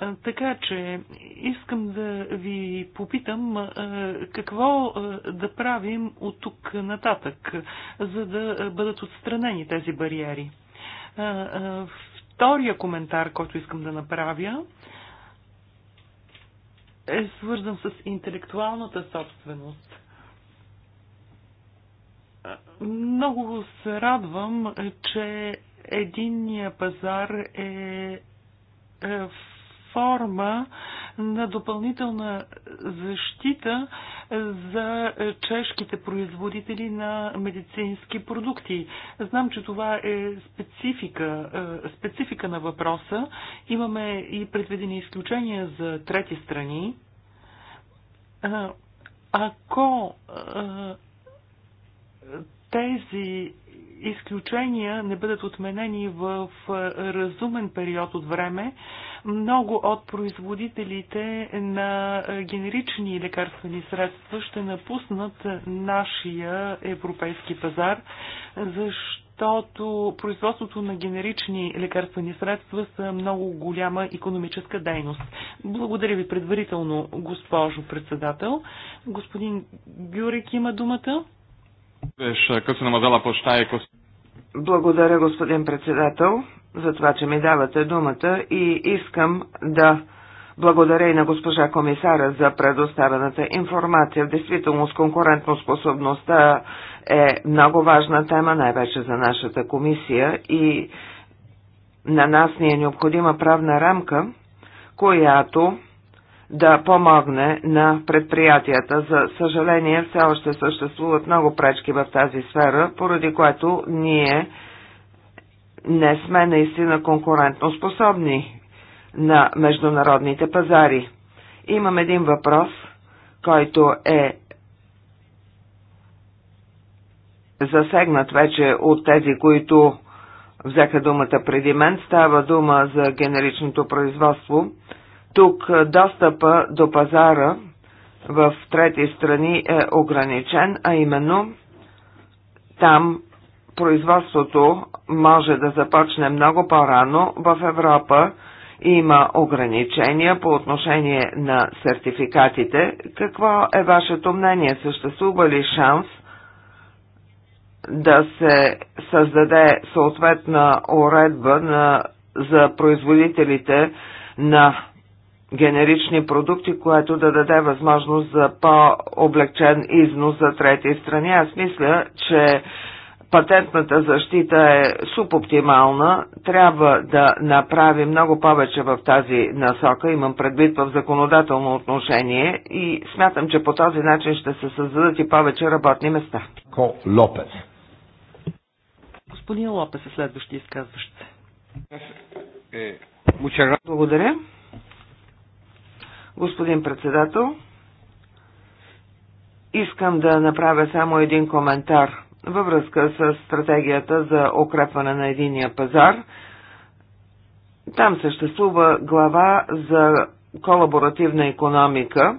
Е, така че искам да ви попитам какво да правим от тук нататък, за да бъдат отстранени тези бариери. Втория коментар, който искам да направя, е свързан с интелектуалната собственост. Много се радвам, че единния пазар е, е форма на допълнителна защита за чешките производители на медицински продукти. Знам, че това е специфика, е, специфика на въпроса. Имаме и предвидени изключения за трети страни. Е, ако е, тези изключения не бъдат отменени в разумен период от време, много от производителите на генерични лекарствени средства ще напуснат нашия европейски пазар, защото производството на генерични лекарствени средства са много голяма економическа дейност. Благодаря ви предварително, госпожо председател. Господин Гюрик има думата. Е, е благодаря, господин председател, за това, че ми давате думата и искам да благодаря и на госпожа комисара за предоставената информация. В действителност способността е много важна тема, най-вече за нашата комисия и на нас ни е необходима правна рамка, която да помогне на предприятията. За съжаление, все още съществуват много пречки в тази сфера, поради което ние не сме наистина конкурентно способни на международните пазари. Имам един въпрос, който е засегнат вече от тези, които взеха думата преди мен. Става дума за генеричното производство – тук достъпа до пазара в трети страни е ограничен, а именно там производството може да започне много по-рано. В Европа има ограничения по отношение на сертификатите. Какво е вашето мнение? Съществува ли шанс да се създаде съответна уредба на, за производителите на генерични продукти, което да даде възможност за по-облегчен износ за трети страни. Аз мисля, че патентната защита е субоптимална. Трябва да направи много повече в тази насока, имам предвид в законодателно отношение и смятам, че по този начин ще се създадат и повече работни места. Ко Лопес. Господин Лопес е следващия изказващ. Благодаря. Господин председател, искам да направя само един коментар във връзка с стратегията за укрепване на единия пазар. Там съществува глава за колаборативна економика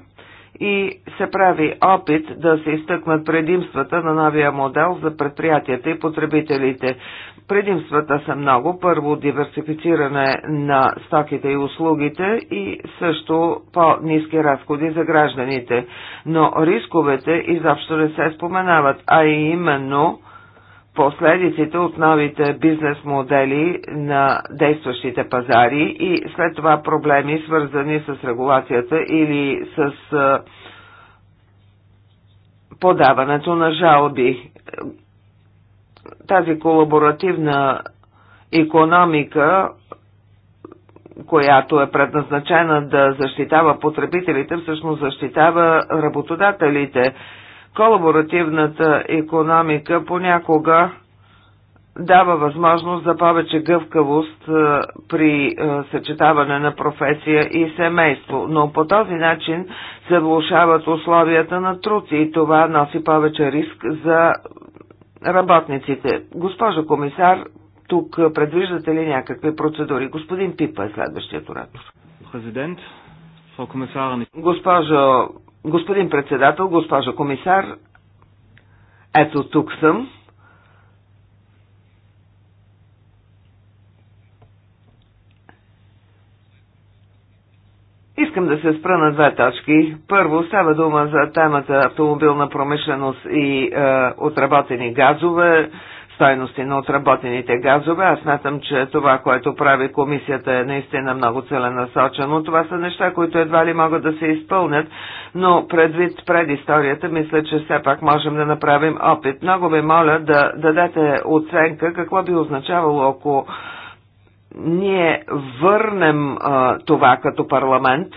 и се прави опит да се изтъкнат предимствата на новия модел за предприятията и потребителите. Предимствата са много. Първо, диверсифициране на стоките и услугите и също по-низки разходи за гражданите. Но рисковете изобщо не се споменават, а и именно последиците от новите бизнес модели на действащите пазари и след това проблеми свързани с регулацията или с подаването на жалби тази колаборативна економика, която е предназначена да защитава потребителите, всъщност защитава работодателите. Колаборативната економика понякога дава възможност за повече гъвкавост при съчетаване на професия и семейство, но по този начин се влушават условията на труд и това носи повече риск за работниците. Госпожо комисар, тук предвиждате ли някакви процедури? Господин Пипа е следващият оратор. Президент, Госпожо, господин председател, госпожо комисар, ето тук съм. Искам да се спра на две точки. Първо става дума за темата автомобилна промишленост и е, отработени газове, стойности на отработените газове. Аз смятам, че това, което прави комисията е наистина много целенасочено. Това са неща, които едва ли могат да се изпълнят, но предвид предисторията, мисля, че все пак можем да направим опит. Много ви моля да дадете оценка какво би означавало, ако ние върнем а, това като парламент,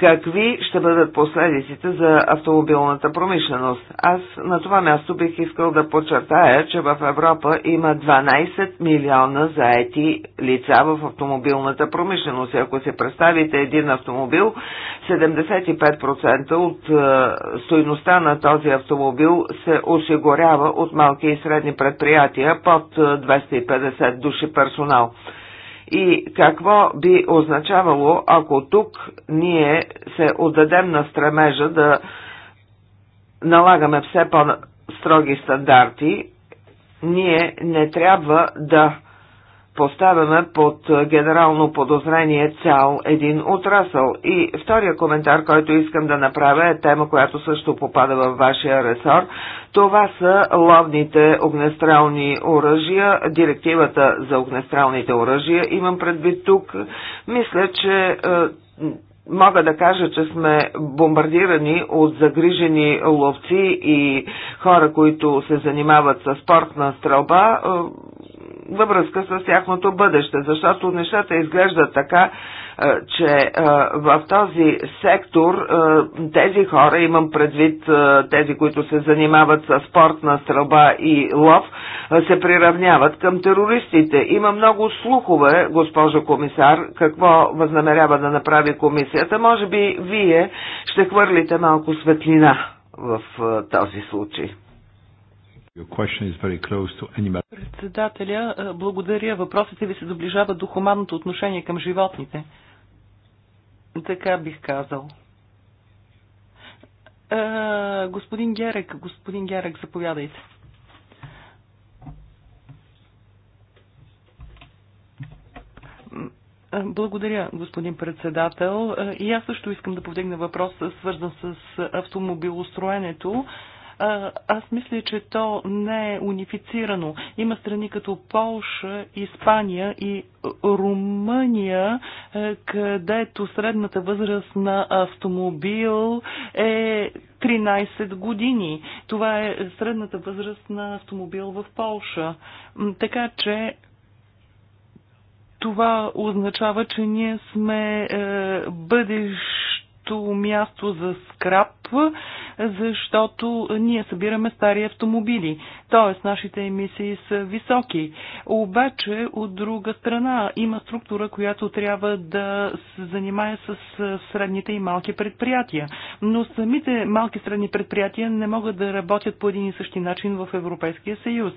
какви ще бъдат последиците за автомобилната промишленост. Аз на това място бих искал да подчертая, че в Европа има 12 милиона заети лица в автомобилната промишленост. И ако се представите един автомобил, 75% от стойността на този автомобил се осигурява от малки и средни предприятия под 250 души персонал и какво би означавало, ако тук ние се отдадем на стремежа да налагаме все по-строги стандарти, ние не трябва да Поставена под генерално подозрение цял един отрасъл. И втория коментар, който искам да направя е тема, която също попада във вашия ресор. Това са ловните огнестрални оръжия, директивата за огнестралните оръжия. Имам предвид тук, мисля, че е, мога да кажа, че сме бомбардирани от загрижени ловци и хора, които се занимават с спортна стрелба е, във връзка с тяхното бъдеще, защото нещата изглеждат така, е, че е, в този сектор е, тези хора, имам предвид тези, които се занимават с спортна стрелба и лов, се приравняват към терористите. Има много слухове, госпожо комисар, какво възнамерява да направи комисията. Може би вие ще хвърлите малко светлина в този случай. Председателя, е, благодаря. Въпросите ви се доближават до хуманното отношение към животните. Така бих казал. Е, господин Герек, господин Герек, заповядайте. Е, благодаря, господин председател. И аз също искам да повдигна въпроса, свързан с автомобилостроенето аз мисля, че то не е унифицирано. Има страни като Полша, Испания и Румъния, е, където средната възраст на автомобил е 13 години. Това е средната възраст на автомобил в Полша. Така че това означава, че ние сме е, място за скрап толкова, защото ние събираме стари автомобили. Тоест, нашите емисии са високи. Обаче, от друга страна, има структура, която трябва да се занимае с средните и малки предприятия. Но самите малки средни предприятия не могат да работят по един и същи начин в Европейския съюз.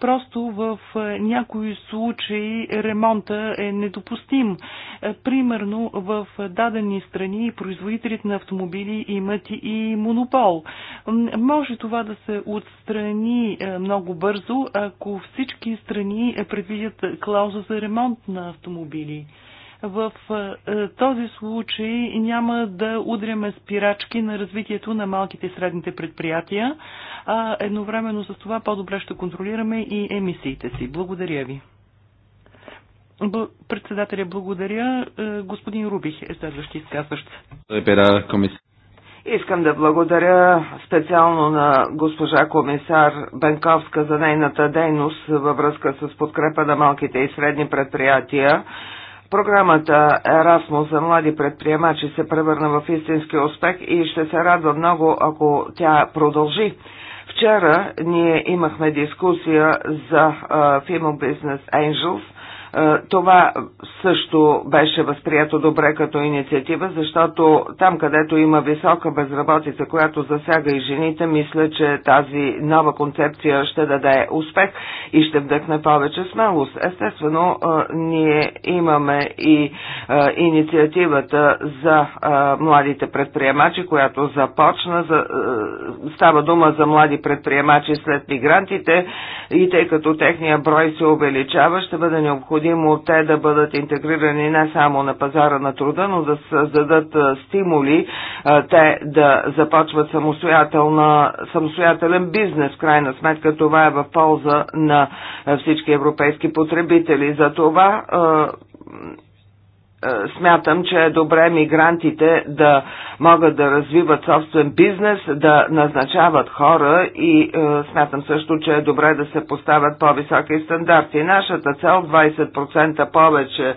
Просто в някои случаи ремонта е недопустим. Е, примерно в дадени страни производителите на автомобили имат пъти и монопол. Може това да се отстрани е, много бързо, ако всички страни е, предвидят клауза за ремонт на автомобили. В е, този случай няма да удряме спирачки на развитието на малките и средните предприятия, а едновременно с това по-добре ще контролираме и емисиите си. Благодаря ви. Председателя, благодаря. Господин Рубих е следващи изказващ. Искам да благодаря специално на госпожа комисар Бенковска за нейната дейност във връзка с подкрепа на малките и средни предприятия. Програмата Erasmus за млади предприемачи се превърна в истински успех и ще се радва много, ако тя продължи. Вчера ние имахме дискусия за фимо Business Angels е, това също беше възприето добре като инициатива, защото там, където има висока безработица, която засяга и жените, мисля, че тази нова концепция ще даде успех и ще вдъхне повече смелост. Естествено, е, ние имаме и е, инициативата за младите предприемачи, която започна. За, става дума за млади предприемачи след мигрантите и тъй като техния брой се увеличава, ще бъде необходимо необходимо те да бъдат интегрирани не само на пазара на труда, но да създадат стимули те да започват самостоятелен бизнес. В крайна сметка това е в полза на всички европейски потребители. За това е, смятам, че е добре мигрантите да могат да развиват собствен бизнес, да назначават хора и е, смятам също, че е добре да се поставят по-високи стандарти. Нашата цел 20% повече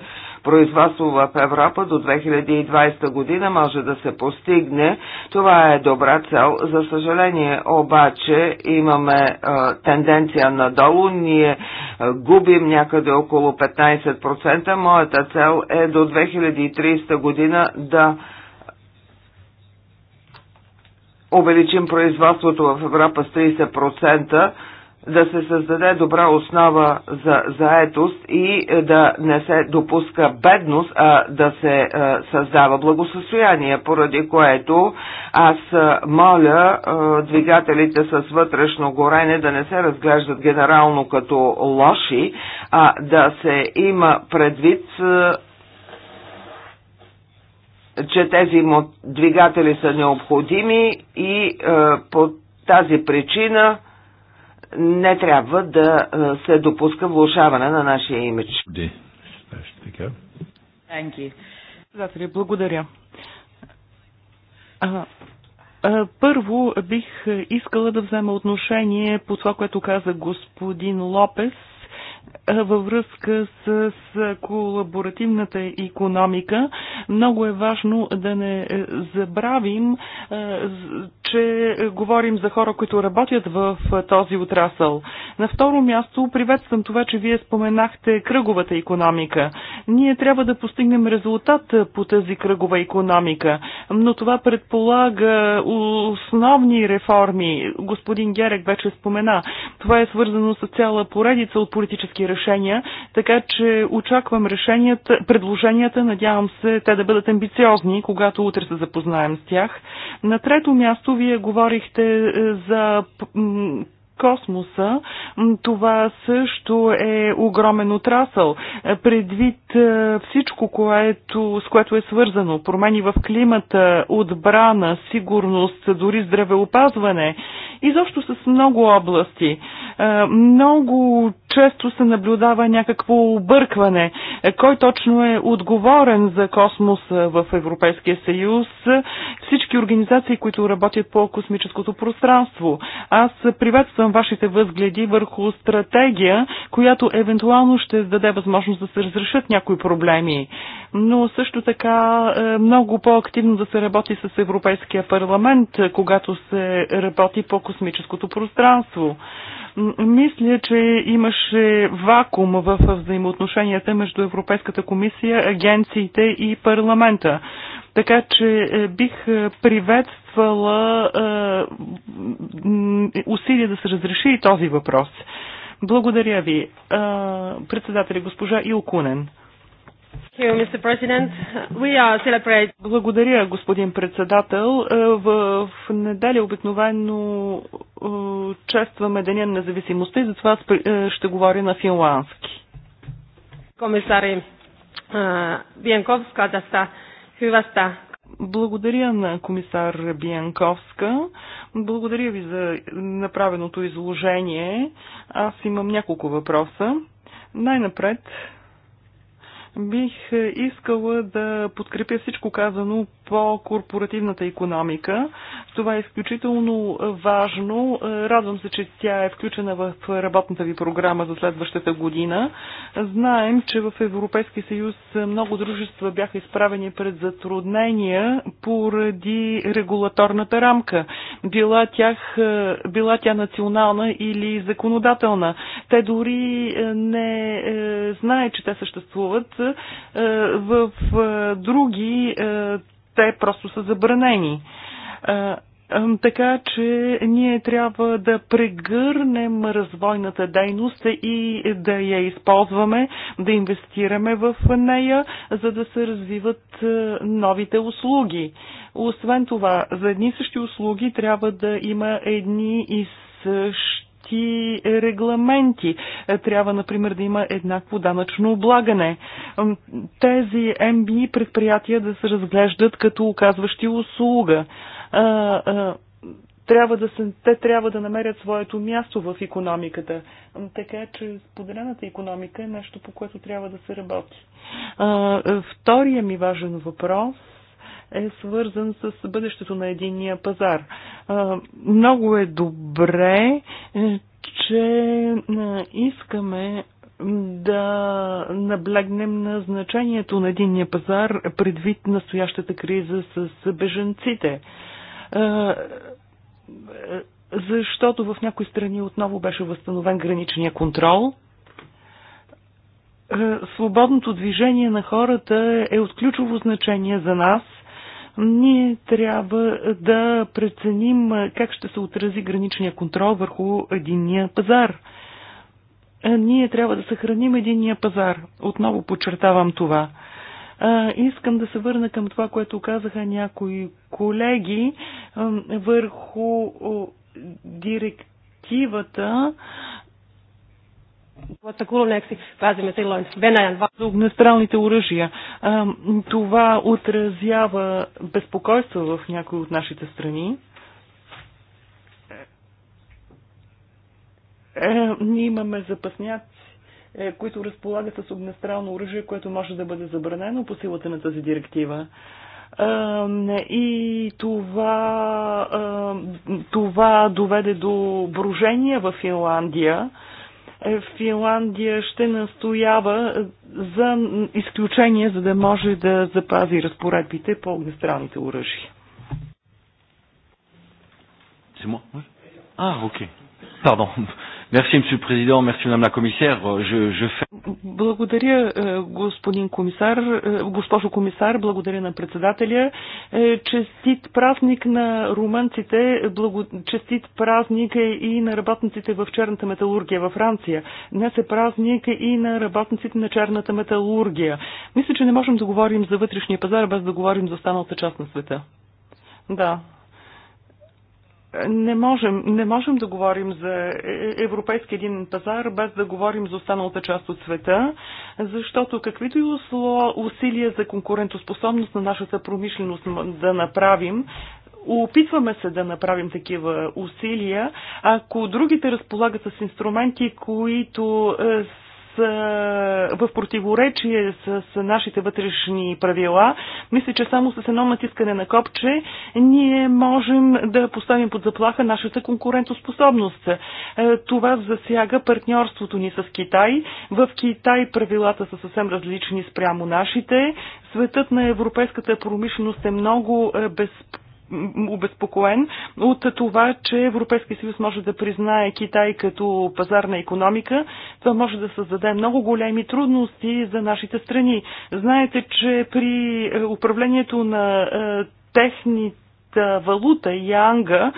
производство в Европа до 2020 година може да се постигне. Това е добра цел. За съжаление обаче имаме а, е, тенденция надолу. Ние а, е, губим някъде около 15%. Моята цел е до 2030 година да увеличим производството в Европа с 30% да се създаде добра основа за заетост и е, да не се допуска бедност, а да се е, създава благосъстояние, поради което аз е, моля двигателите с вътрешно горене да не се разглеждат генерално като лоши, а да се има предвид че тези двигатели са необходими и по тази причина не трябва да се допуска влушаване на нашия имидж. благодаря. първо бих искала да взема отношение по това, което каза господин Лопес във връзка с, с колаборативната економика. Много е важно да не забравим, е, че говорим за хора, които работят в този отрасъл. На второ място приветствам това, че вие споменахте кръговата економика. Ние трябва да постигнем резултат по тази кръгова економика, но това предполага основни реформи. Господин Герек вече спомена. Това е свързано с цяла поредица от политически европейски решения, така че очаквам решенията, предложенията, надявам се те да бъдат амбициозни, когато утре се запознаем с тях. На трето място вие говорихте е, за космоса. Това също е огромен отрасъл. Е, предвид е, всичко, което, с което е свързано, промени в климата, отбрана, сигурност, дори здравеопазване, изобщо с много области. Много често се наблюдава някакво объркване. Кой точно е отговорен за космоса в Европейския съюз? Всички организации, които работят по космическото пространство. Аз приветствам вашите възгледи върху стратегия, която евентуално ще даде възможност да се разрешат някои проблеми. Но също така е, много по-активно да се работи с Европейския парламент, когато се работи по космическото пространство. Мисля, че имаше вакуум в взаимоотношенията между Европейската комисия, агенциите и парламента. Така че е, бих е, приветствала е, усилия да се разреши и този въпрос. Благодаря ви, председатели, госпожа Илкунен. Благодаря, господин председател. Е, в, в неделя обикновено е, честваме Деня на независимостта и затова е, ще говоря на финландски. Комисари Биенковска, да са хиваста. Благодаря на комисар Биянковска. Благодаря ви за направеното изложение. Аз имам няколко въпроса. Най-напред, Бих е, искала да подкрепя всичко казано по корпоративната економика. Това е изключително важно. Е, радвам се, че тя е включена в работната ви програма за следващата година. Знаем, че в Европейския съюз много дружества бяха изправени пред затруднения поради регулаторната рамка. Била, тях, е, била тя национална или законодателна. Те дори не знаят, че те съществуват е, в е, други е, те просто са забранени. Така че ние трябва да прегърнем развойната дейност и да я използваме, да инвестираме в нея, за да се развиват новите услуги. Освен това, за едни същи услуги трябва да има едни и същи общи регламенти. Е, трябва, например, да има еднакво данъчно облагане. Тези МБИ предприятия да се разглеждат като оказващи услуга трябва да се, те трябва да намерят своето място в економиката. Така че споделената економика е нещо, по което трябва да се работи. А, втория ми важен въпрос – е свързан с бъдещето на единия пазар. Много е добре, е, че е, искаме да наблегнем на значението на единния пазар предвид настоящата криза с беженците. Е, защото в някои страни отново беше възстановен граничния контрол. Свободното движение на хората е от ключово значение за нас – ние трябва да преценим как ще се отрази граничния контрол върху единния пазар. Ние трябва да съхраним единния пазар. Отново подчертавам това. искам да се върна към това, което казаха някои колеги върху директивата Огнестрелните оръжия. Това отразява безпокойство в някои от нашите страни. Е, е, ние имаме запасняци, е, които разполагат с огнестрелно оръжие, което може да бъде забранено по силата на тази директива. И това, това доведе до брожения в Финландия е, Финландия ще настоява за изключение, за да може да запази разпоредбите по огнестралните оръжия. А, окей. Пардон. Merci, monsieur le président. Merci, madame la commissaire. Je, je fais... Благодаря, е, господин комисар, е, госпожо комисар, благодаря на председателя. Е, честит празник на румънците, благо... честит празник и на работниците в черната металургия във Франция. Днес е празник и на работниците на черната металургия. Мисля, че не можем да говорим за вътрешния пазар без да говорим за останалата част на света. Да, не можем, не можем да говорим за е, европейски един пазар, без да говорим за останалата част от света, защото каквито и усилия за конкурентоспособност на нашата промишленост да направим, Опитваме се да направим такива усилия. Ако другите разполагат с инструменти, които е, в противоречие с нашите вътрешни правила. Мисля, че само с едно натискане на копче ние можем да поставим под заплаха нашата конкурентоспособност. Е, това засяга партньорството ни с Китай. В Китай правилата са съвсем различни спрямо нашите. Светът на европейската промишленост е много е, безпокоен обезпокоен от това, че Европейския съюз може да признае Китай като пазарна економика. Това може да създаде много големи трудности за нашите страни. Знаете, че при е, управлението на е, техните валута, янга,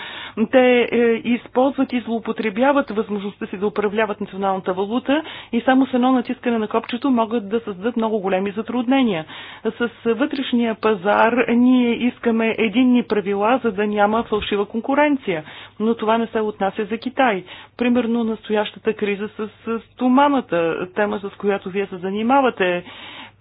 те е, използват и злоупотребяват възможността си да управляват националната валута и само с едно натискане на копчето могат да създадат много големи затруднения. С вътрешния пазар ние искаме единни правила, за да няма фалшива конкуренция, но това не се отнася за Китай. Примерно настоящата криза с туманата, тема с която вие се занимавате,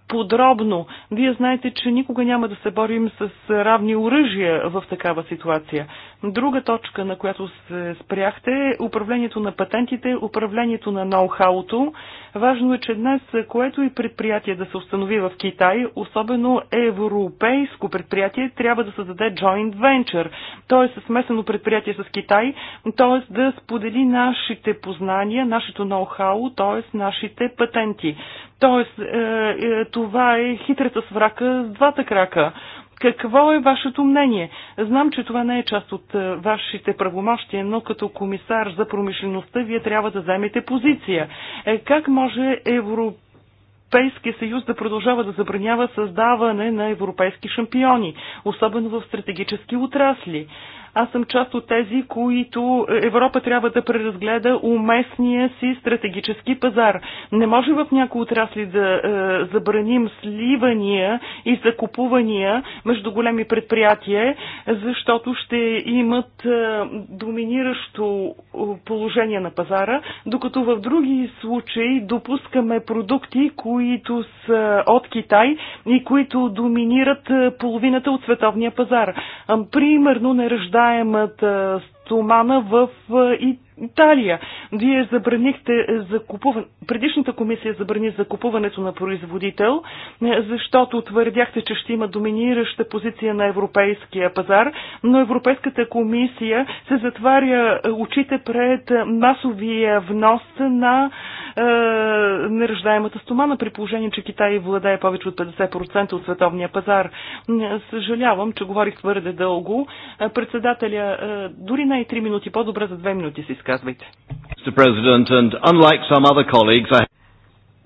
подробно. Вие знаете, че никога няма да се борим с равни оръжия в такава ситуация. Друга точка, на която се спряхте, е управлението на патентите, управлението на ноу-хауто. Важно е, че днес, което и предприятие да се установи в Китай, особено европейско предприятие, трябва да създаде joint venture, т.е. смесено предприятие с Китай, т.е. да сподели нашите познания, нашето ноу-хау, т.е. нашите патенти. Тоест, е, е, това е хитрата с врака с двата крака. Какво е вашето мнение? Знам, че това не е част от е, вашите правомощия, но като комисар за промишлеността вие трябва да вземете позиция. Как може Европа Европейския съюз да продължава да забранява създаване на европейски шампиони, особено в стратегически отрасли. Аз съм част от тези, които Европа трябва да преразгледа уместния си стратегически пазар. Не може в някои отрасли да е, забраним сливания и закупувания между големи предприятия, защото ще имат е, доминиращо положение на пазара, докато в други случаи допускаме продукти, които са от Китай и които доминират е, половината от световния пазар. Примерно, не ръжда продаемата стомана в И. Италия. Вие забранихте закупуване. Предишната комисия забрани закупуването на производител, е, защото твърдяхте, че ще има доминираща позиция на европейския пазар, но Европейската комисия се затваря е, очите пред масовия внос на е, неръждаемата стомана, при положение, че Китай владее повече от 50% от световния пазар. Е, съжалявам, че говорих твърде дълго. Председателя, дори най-3 минути, по-добре за 2 минути си изказвайте.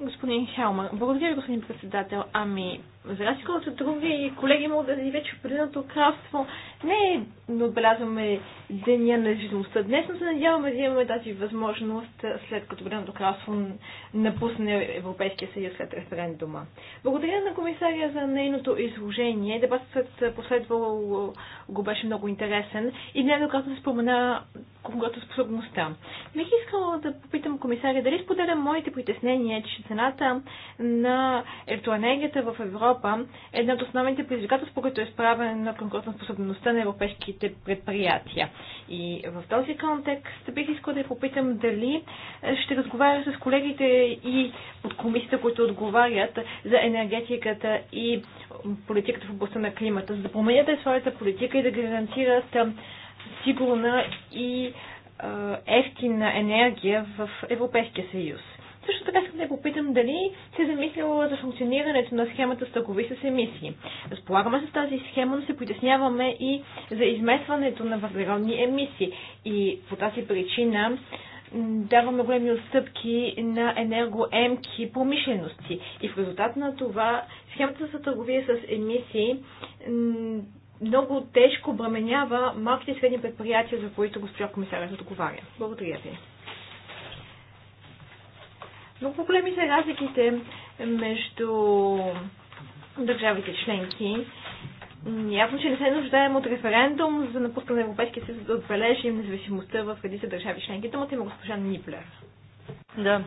Господин Хелман, благодаря ви, господин председател. Ами, за разлика от други колеги, могат да ни вече предното кралство. Не е да отбелязваме деня на жизността днес, но се надяваме да имаме тази възможност след като предното кралство напусне Европейския съюз след референдума. Благодаря на комисария за нейното изложение. Дебатът последвал го беше много интересен и неоднократно се спомена когато способността. Бих искала да попитам комисария дали споделя моите притеснения, че цената на електроенергията в Европа Европа е една от основните предизвикателства, които е справена конкретно способността на европейските предприятия. И в този контекст бих искал да я попитам дали ще разговаря с колегите и от комисията, които отговарят за енергетиката и политиката в областта на климата, за да променят своята политика и да гарантират сигурна и ефтина енергия в Европейския съюз. Също така искам да попитам дали се е замислила за функционирането на схемата с търгови с емисии. Разполагаме с тази схема, но се притесняваме и за изместването на въглеродни емисии. И по тази причина даваме големи отстъпки на енергоемки промишлености. И в резултат на това схемата за търговия с емисии много тежко бременява малките и средни предприятия, за които госпожа комисарят отговаря. Благодаря ви. Много големи са разликите между държавите членки. Явно, че не се нуждаем от референдум за напускане на Европейския съюз да отбележим независимостта в редица държави членки. Думата има госпожа Ниплер. Да.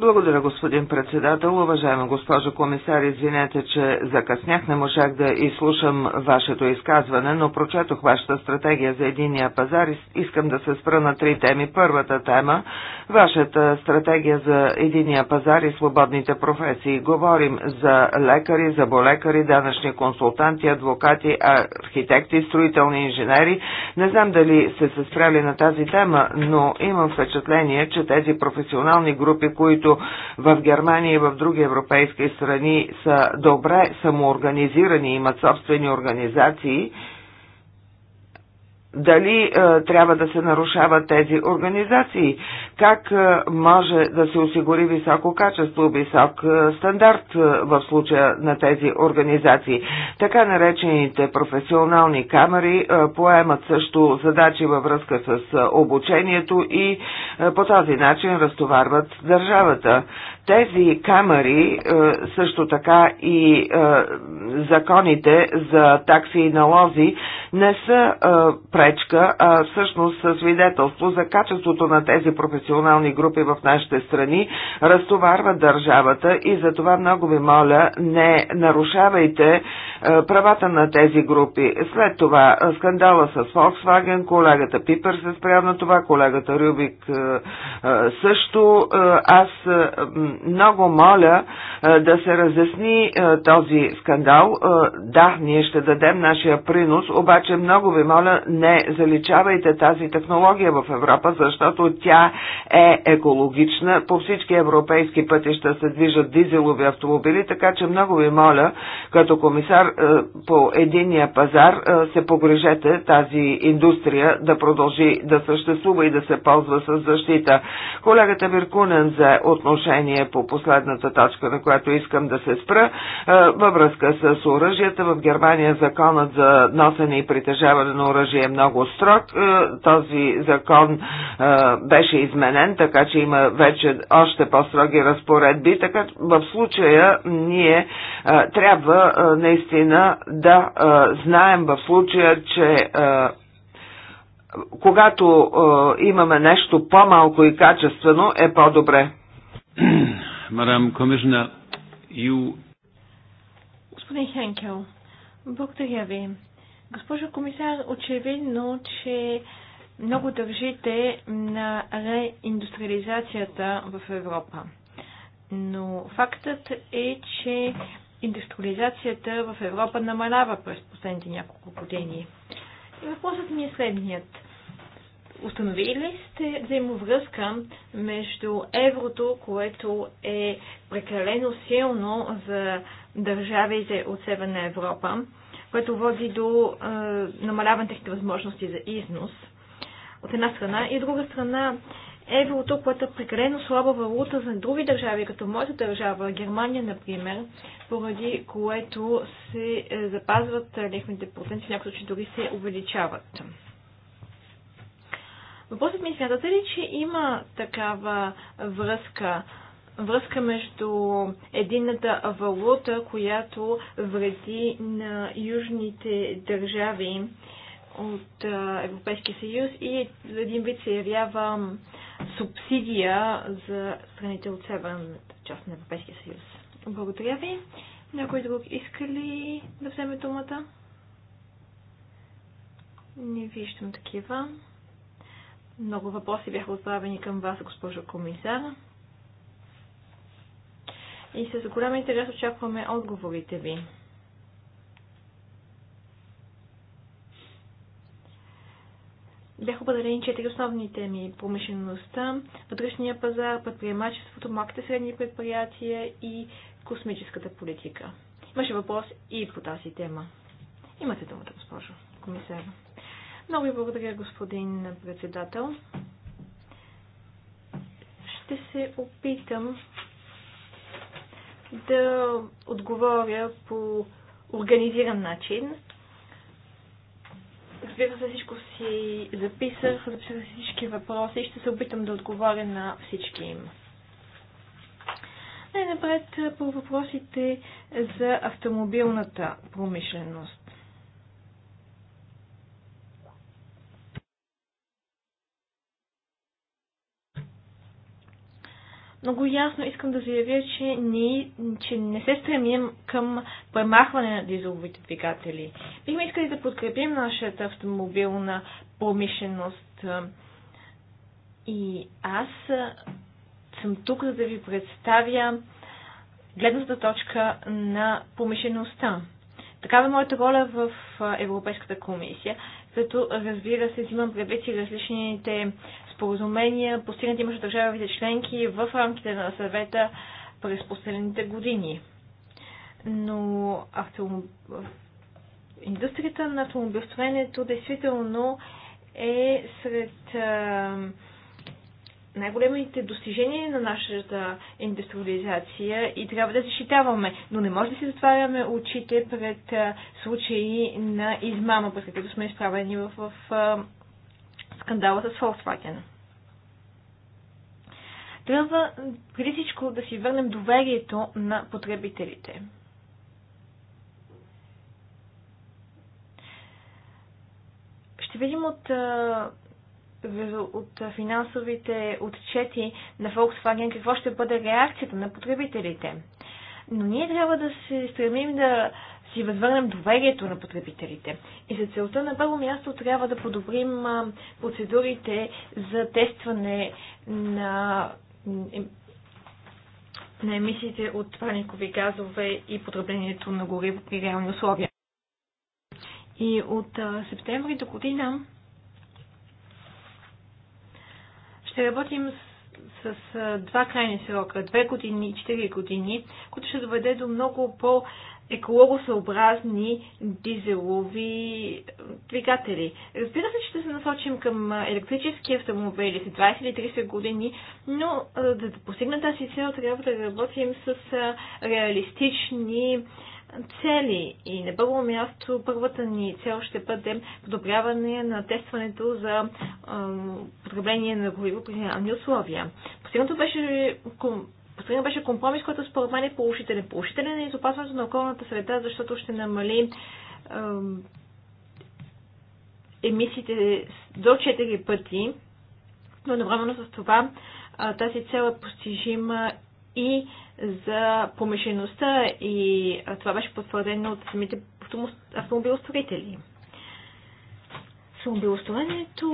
Благодаря, господин председател. Уважаема госпожо комисар, извинете, че закъснях. Не можах да изслушам вашето изказване, но прочетох вашата стратегия за единия пазар и искам да се спра на три теми. Първата тема – вашата стратегия за единия пазар и свободните професии. Говорим за лекари, заболекари, данъчни консултанти, адвокати, архитекти, строителни инженери. Не знам дали сте се спряли на тази тема, но имам впечатление, че тези професионални групи, които които в Германия и в други европейски страни са добре самоорганизирани, имат собствени организации, дали е, трябва да се нарушават тези организации как е, може да се осигури високо качество, висок е, стандарт е, в случая на тези организации. Така наречените професионални камери поемат също задачи във връзка с обучението и по този начин разтоварват държавата. Тези камери също така и законите за такси и налози не са пречка, а всъщност свидетелство за качеството на тези професионални Национални групи в нашите страни разтоварват държавата и за това много ви моля, не нарушавайте е, правата на тези групи. След това е, скандала с Volkswagen, колегата Пипер се спря на това, колегата Рюбик е, също. Аз много моля да се разясни този скандал. Да, ние ще дадем нашия принос, обаче много ви моля, не заличавайте тази технология в Европа, защото тя е екологична. По всички европейски пътища се движат дизелови автомобили, така че много ви моля, като комисар е, по единия пазар, е, се погрежете тази индустрия да продължи да съществува и да се ползва с защита. Колегата Виркунен за отношение по последната точка, на която искам да се спра, е, във връзка с оръжията. В Германия законът за носене и притежаване на оръжие е много строг. Този закон беше изменен отменен, така че има вече още по-строги разпоредби, така в случая ние а, трябва а, наистина да а, знаем в случая, че а, когато а, имаме нещо по-малко и качествено, е по-добре. Мадам Комишна, you... Господин Хенкел, благодаря ви. Госпожо комисар, очевидно, че много държите на реиндустриализацията в Европа. Но фактът е, че индустриализацията в Европа намалява през последните няколко години. И въпросът ми е следният. Установили ли сте взаимовръзка между еврото, което е прекалено силно за държавите от Северна Европа, което води до е, намаляване техните възможности за износ – от една страна и от друга страна еврото, което е прекалено слаба валута за други държави, като моята държава, Германия, например, поради което се е, запазват е, лихвените проценти, в някои случаи дори се увеличават. Въпросът ми е, смятате ли, че има такава връзка, връзка между единната валута, която вреди на южните държави от Европейския съюз и за един вид се явява субсидия за страните от северната част на Европейския съюз. Благодаря ви. Някой друг иска ли да вземе думата? Не виждам такива. Много въпроси бяха отправени към вас, госпожо комисар. И с голям интерес очакваме отговорите ви. бяха определени четири основни теми. Промишлеността, вътрешния пазар, предприемачеството, малките средни предприятия и космическата политика. Имаше въпрос и по тази тема. Имате думата, госпожо комисар. Много ви благодаря, господин председател. Ще се опитам да отговоря по организиран начин, Разбира се, всичко си записах, записах всички въпроси и ще се опитам да отговоря на всички им. Най-напред по въпросите за автомобилната промишленост. много ясно искам да заявя, че не, че не се стремим към премахване на дизеловите двигатели. Бихме искали да подкрепим нашата автомобилна промишленост. И аз съм тук, за да ви представя гледната точка на промишлеността. Такава е моята роля в Европейската комисия, като разбира се, взимам предвид и различните споразумения, постигнати между държавите членки в рамките на съвета през последните години. Но автомоб... индустрията на автомобилстроенето действително е сред най-големите достижения на нашата индустриализация и трябва да защитаваме, но не може да си затваряме очите пред случаи на измама, пред които сме изправени в, в, в скандала с Volkswagen. Трябва преди всичко да си върнем доверието на потребителите. Ще видим от от финансовите отчети на Volkswagen, какво ще бъде реакцията на потребителите. Но ние трябва да се стремим да си възвърнем доверието на потребителите. И за целта на първо място трябва да подобрим процедурите за тестване на на емисиите от парникови газове и потреблението на гориво при реални условия. И от а, септември до година ще работим с, с а, два крайни срока, две години и четири години, които ще доведе до много по- екологосъобразни дизелови двигатели. Разбира се, че ще се насочим към електрически автомобили след 20 или 30 години, но за да постигна тази цел трябва да работим с реалистични цели. И на първо място първата ни цел ще бъде подобряване на тестването за потребление на гориво при реални условия. Постигнато беше постигнат беше компромис, който според мен е положителен. Положителен е и за на околната среда, защото ще намали емисиите до 4 пъти, но едновременно с това тази цел е постижима и за помешеността и това беше потвърдено от самите автомобилостроители. Автомобилостроенето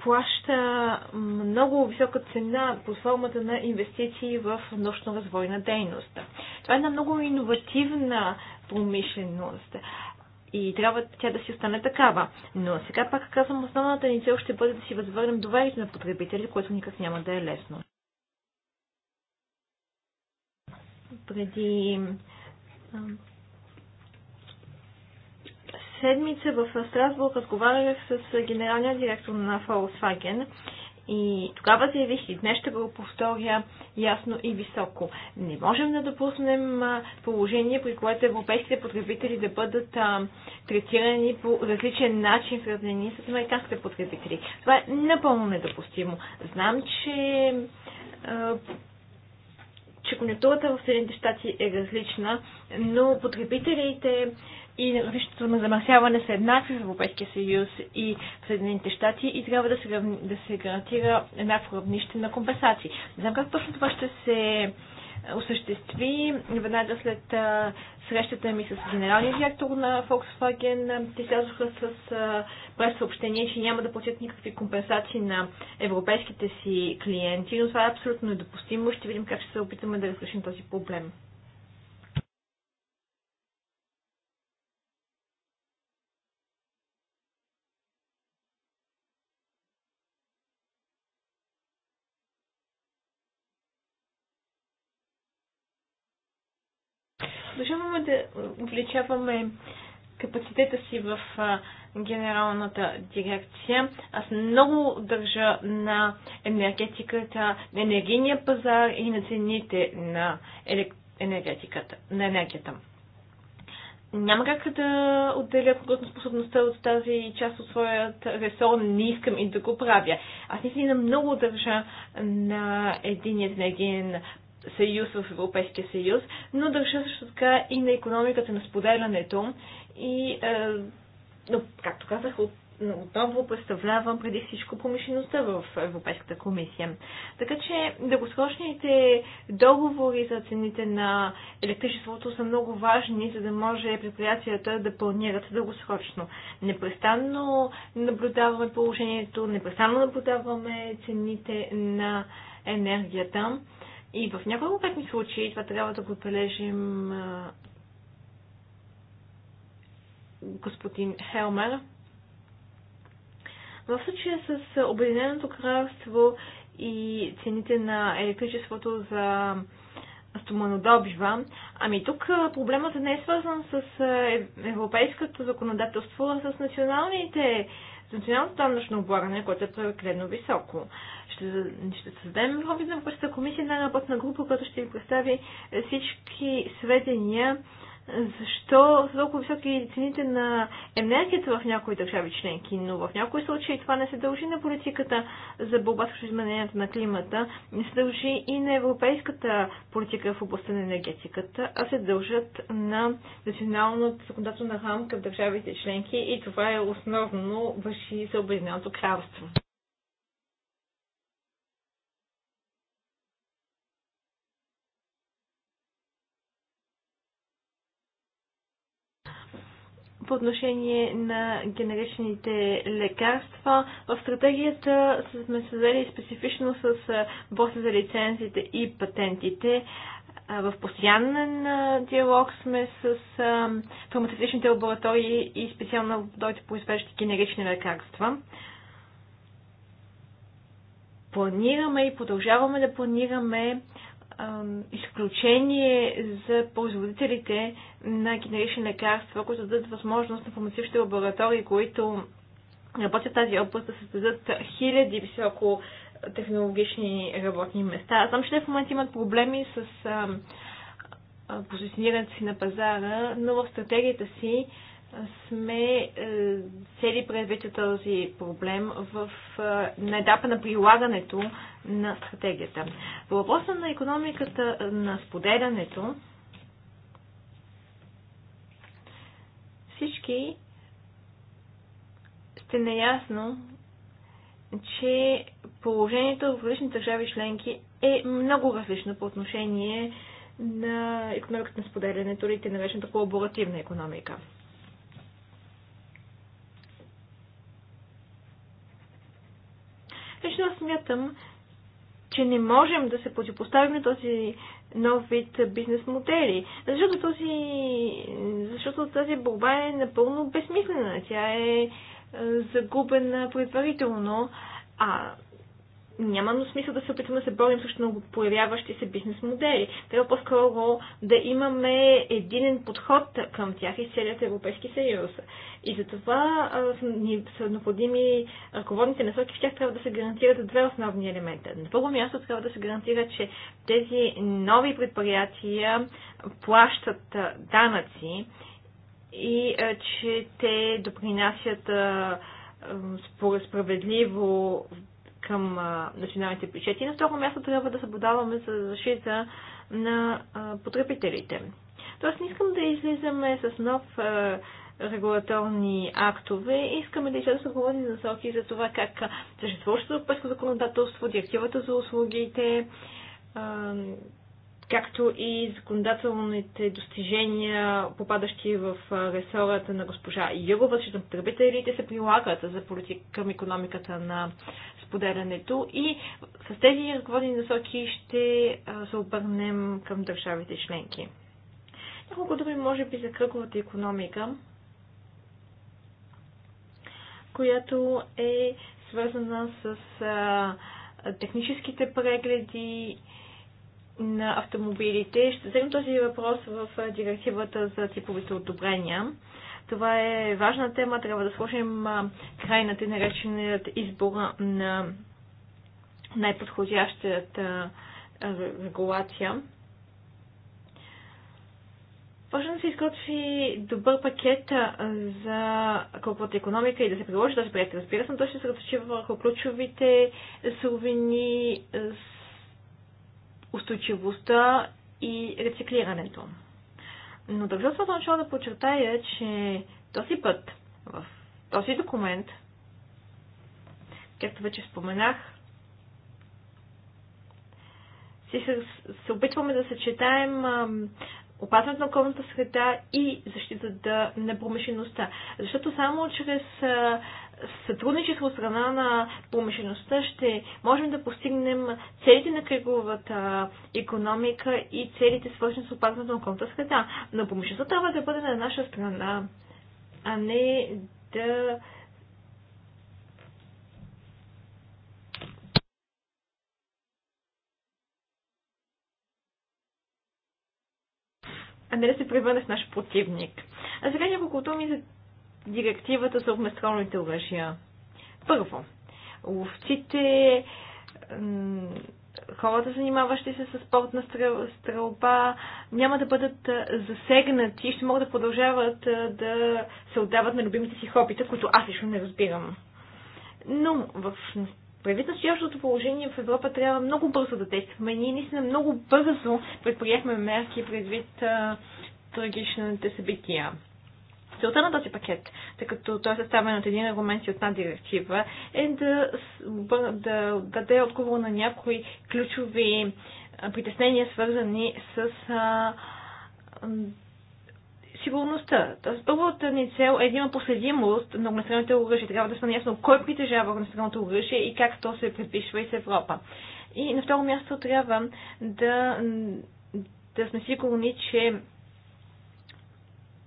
плаща много висока цена по формата на инвестиции в научно-развойна дейност. Това е една много иновативна промишленост и трябва тя да си остане такава. Но сега пак казвам, основната ни цел ще бъде да си възвърнем доверието на потребители, което никак няма да е лесно. Преди седмица в Страсбург разговарях с генералния директор на Volkswagen и тогава заявих и днес ще го повторя ясно и високо. Не можем да допуснем положение, при което европейските потребители да бъдат а, третирани по различен начин в сравнение с американските потребители. Това е напълно недопустимо. Знам, че а, че конъюнктурата в Съединените щати е различна, но потребителите и равнището на замърсяване са еднакви в Европейския съюз и в Съединените щати и трябва да се, да се гарантира еднакво равнище на компенсации. Не знам как точно това ще се е, осъществи веднага след а, срещата ми с генералния директор на Volkswagen. Те слязоха с пресъобщение, че няма да платят никакви компенсации на европейските си клиенти, но това е абсолютно недопустимо. Ще видим как ще се опитаме да разрешим този проблем. продължаваме да увеличаваме капацитета си в генералната дирекция. Аз много държа на енергетиката, на енергийния пазар и на цените на елек... енергетиката, на енергията. Няма как да отделя способността от тази част от своят ресор. Не искам и да го правя. Аз наистина много държа на единият енергиен съюз в Европейския съюз, но държа също така и на економиката на споделянето и, е, но, както казах, от отново представлявам преди всичко промишлеността в Европейската комисия. Така че дългосрочните договори за цените на електричеството са много важни, за да може предприятията да планират дългосрочно. Непрестанно наблюдаваме положението, непрестанно наблюдаваме цените на енергията. И в някои конкретни случаи това трябва да го отбележим господин Хелмер. В случая с Обединеното кралство и цените на електричеството за стоманодобива. Ами тук проблемът не е свързан с е, европейското законодателство, а с националните, с националното данъчно облагане, което е прекалено високо ще, ще създадем в на комисия една работна група, която ще ви представи всички сведения защо са толкова високи цените на енергията в някои държави членки, но в някои случаи това не се дължи на политиката за борба с изменението на климата, не се дължи и на европейската политика в областта на енергетиката, а се дължат на националната законодателна рамка в държавите членки и това е основно върши за Обединеното кралство. по отношение на генеричните лекарства. В стратегията сме създали специфично с борса за лицензите и патентите. В постоянен диалог сме с фармацевтичните лаборатории и специално по произвеждащи генерични лекарства. Планираме и продължаваме да планираме изключение за производителите на генерични лекарства, които дадат възможност на фармацевтичните лаборатории, които работят в тази област, да създадат хиляди високо технологични работни места. Аз знам, че в момента имат проблеми с позиционирането си на пазара, но в стратегията си сме цели е, предвид този проблем в, е, на етапа на прилагането на стратегията. По въпроса на економиката е, на споделянето, всички сте наясно, че положението в различни държави членки е много различно по отношение на економиката на споделянето или те наречената колаборативна економика. Лично аз смятам, че не можем да се противопоставим на този нов вид бизнес модели. Защото, този, защото тази борба е напълно безсмислена. Тя е, е загубена предварително. А няма смисъл да се опитваме да се борим срещу много появяващи се бизнес модели. Трябва по-скоро да имаме единен подход към тях и целият Европейски съюз. И затова ни са необходими ръководните насоки, в тях трябва да се гарантират две основни елемента. На първо място трябва да се гарантира, че тези нови предприятия плащат данъци и че те допринасят справедливо към националните бюджети. На второ място трябва да съблюдаваме за защита на потребителите. Тоест не искам да излизаме с нов регулаторни актове. Искаме да излезем с ръководни насоки за това как съществуващото европейско законодателство, директивата за услугите, както и законодателните достижения, попадащи в ресората на госпожа Юрова, защото потребителите се прилагат за политика към економиката на споделянето и с тези ръководни насоки ще се обърнем към държавите членки. Няколко думи може би за кръговата економика, която е свързана с а, техническите прегледи на автомобилите. Ще вземем този въпрос в директивата за типовите одобрения. Това е важна тема. Трябва да сложим край на те нареченият избор на най-подходящата регулация. Важно да се изготви добър пакет за кръговата економика и да се приложи този проект. Разбира се, той ще се разточи върху ключовите суровини, устойчивостта и рециклирането. Но държа самото начало да подчертая, че този път, в този документ, както вече споменах, се, се опитваме да съчетаем опазването на околната среда и защита на промишлеността. Защото само чрез сътрудничество от страна на промишлеността ще можем да постигнем целите на кръговата економика и целите свързани с опазването на околната среда. Но промишлеността трябва да бъде на наша страна, а не да а не да се превърне в наш противник. А сега няколко думи за директивата за огнестрелните оръжия. Първо, ловците, хората, занимаващи се с спортна стрелба, няма да бъдат засегнати и ще могат да продължават да се отдават на любимите си хобита, които аз лично не разбирам. Но в Предвид настоящото положение в Европа трябва много бързо да действаме. Ние наистина много бързо предприехме мерки предвид а, трагичните събития. Целта на този пакет, тъй като той е съставен от един аргумент и от една директива, е да, да даде отговор на някои ключови притеснения, свързани с а, сигурността. Тоест, първата ни цел е да има последимост на огнестрелните оръжия. Трябва да стане ясно кой притежава огнестрелното оръжие и как то се предпишва и с Европа. И на второ място трябва да, да сме сигурни, че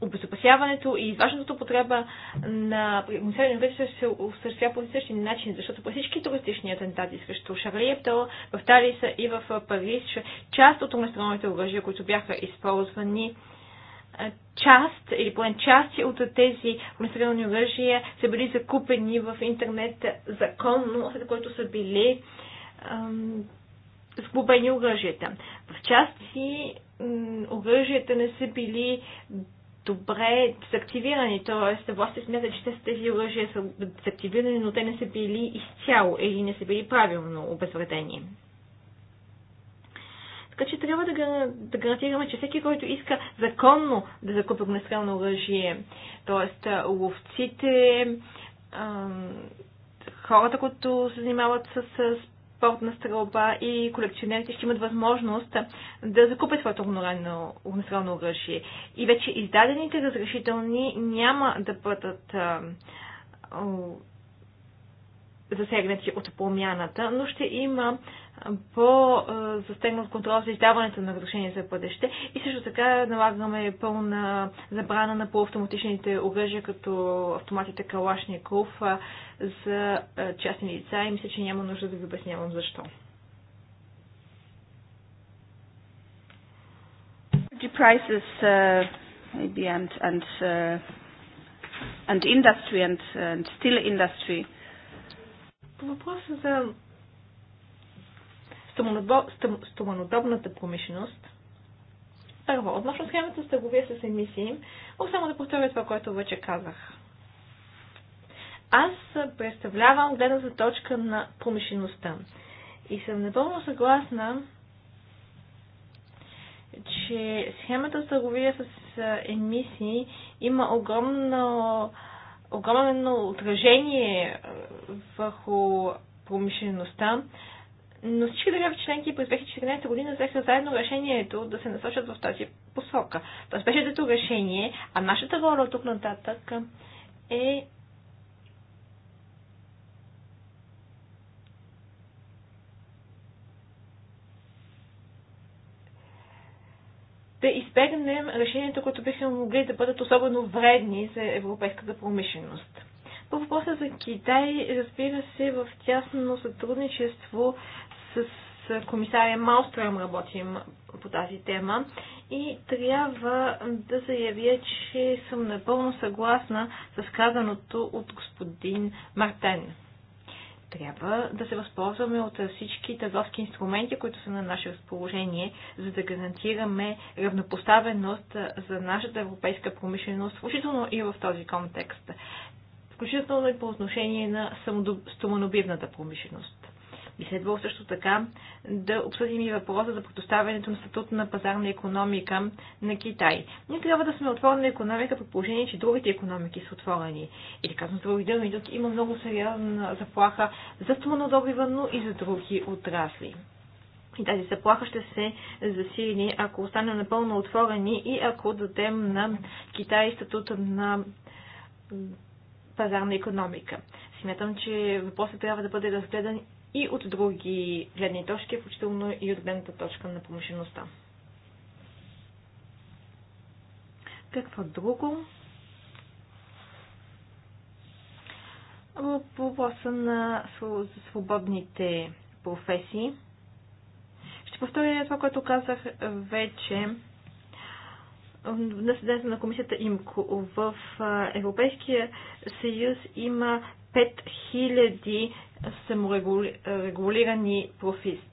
обезопасяването и изваждането потреба на населени обекти се осъществява по същия начин, защото по всички туристични атентати срещу Шарли в Талиса и в Париж, част от огнестрелните оръжия, които бяха използвани, част или поне части от тези огнестрелни оръжия са били закупени в интернет законно, след което са били сгубени сглобени оръжията. В части оръжията не са били добре дезактивирани, т.е. властите смятат, че тези оръжия са дезактивирани, но те не са били изцяло или не са били правилно обезвредени. Така че трябва да, да гарантираме, че всеки, който иска законно да закупи огнестрелно оръжие, т.е. ловците, хората, които се занимават с спортна стрелба и колекционерите ще имат възможност да закупят своето огнестрелно оръжие. И вече издадените разрешителни няма да бъдат а, а, засегнати от промяната, но ще има по-застегнат контрол за издаването на разрешение за бъдеще и също така налагаме пълна забрана на полуавтоматичните оръжия, като автоматите Калашников за частни лица и мисля, че няма нужда да ви обяснявам защо. Prices, uh, maybe and and uh, and industry and, uh, and steel industry. По въпроса за стоманодобната промишленост. Първо, относно схемата с търговия с емисии, мога само да повторя това, което вече казах. Аз представлявам гледната точка на промишлеността и съм напълно съгласна, че схемата с търговия с емисии има огромно, огромно отражение върху промишлеността, но всички държави членки през 2014 година взеха заедно решението да се насочат в тази посока. Тоест беше дето решение, а нашата роля от тук нататък е да избегнем решението, които биха могли да бъдат особено вредни за европейската промишленост. По въпроса за Китай, разбира се, в тясно сътрудничество с комисаря Малстрем работим по тази тема и трябва да заявя, че съм напълно съгласна с казаното от господин Мартен. Трябва да се възползваме от всички търговски инструменти, които са на наше разположение, за да гарантираме равнопоставеност за нашата европейска промишленост, включително и в този контекст, включително и по отношение на стоманобивната промишленост. Би следвало също така да обсъдим и въпроса за предоставянето на статут на пазарна економика на Китай. Ние трябва да сме отворена економика по положение, че другите економики са отворени. Или казвам с други думи, тук има много сериозна заплаха за стоманодобива, но и за други отрасли. И тази заплаха ще се засили, ако останем напълно отворени и ако дадем на Китай статута на пазарна економика. Смятам, че въпросът трябва да бъде разгледан и от други гледни точки, включително и от гледната точка на промишлеността. Какво друго? По въпроса на свободните професии. Ще повторя това, което казах вече на съдението на комисията ИМКО. В Европейския съюз има 5000 саморегулирани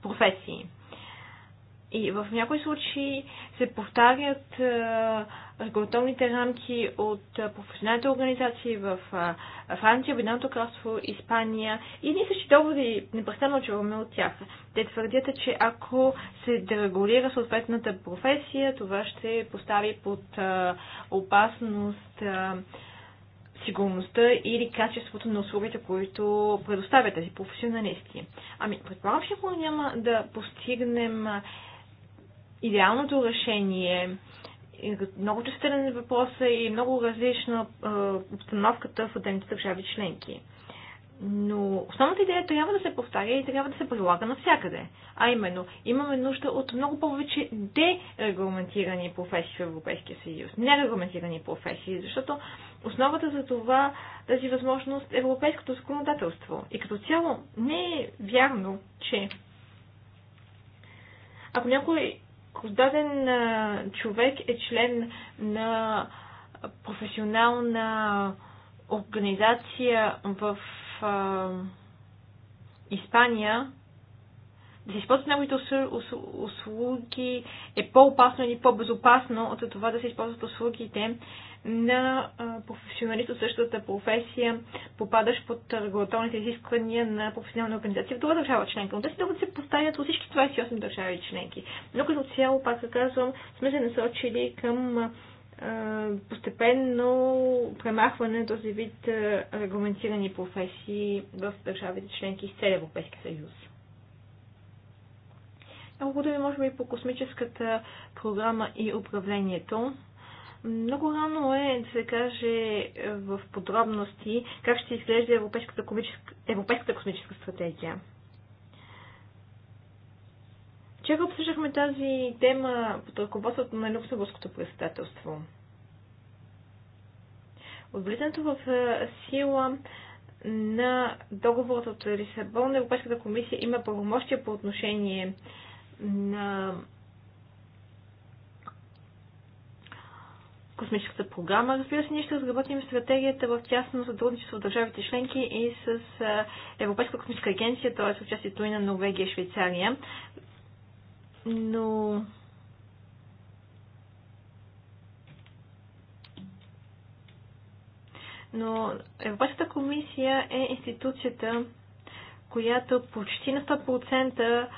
професии. И в някои случаи се повтарят регулаторните рамки от професионалните организации в Франция, Обединеното кралство, Испания и ние същи доводи непрестанно чуваме от тях. Те твърдят, че ако се дерегулира съответната професия, това ще постави под опасност сигурността или качеството на услугите, които предоставят тези професионалисти. Ами, предполагам, че ако няма да постигнем идеалното решение, много честен въпрос е и много различна обстановката в отделните държави членки. Но основната идея трябва да се повтаря и трябва да се прилага навсякъде. А именно, имаме нужда от много повече дерегламентирани професии в Европейския съюз. Нерегламентирани професии, защото Основата за това тази възможност е европейското законодателство. И като цяло не е вярно, че ако някой даден човек е член на професионална организация в а, Испания, да се използват неговите услуги е по-опасно или по-безопасно от това да се използват услугите на професионалист от същата професия, попадащ под регулаторните изисквания на професионална организация в друга държава членка. Но те се да се поставят от всички 28 държави членки. Но като цяло, пак казвам, сме се насочили към постепенно премахване на този вид регламентирани професии в държавите членки с целия Европейски съюз. да ви може би, по космическата програма и управлението. Много рано е да се каже в подробности как ще изглежда Европейската, комическа, Европейската космическа стратегия. Вчера обсъждахме тази тема под ръководството на Люксембургското председателство. Отблизането в сила на договорът от Лисабон, Европейската комисия има правомощия по отношение на космическата програма. Разбира се, ние ще разработим стратегията в тясно сътрудничество с държавите членки и с Европейска космическа агенция, т.е. участието и на Норвегия и Швейцария. Но но Европейската комисия е институцията, която почти на 100%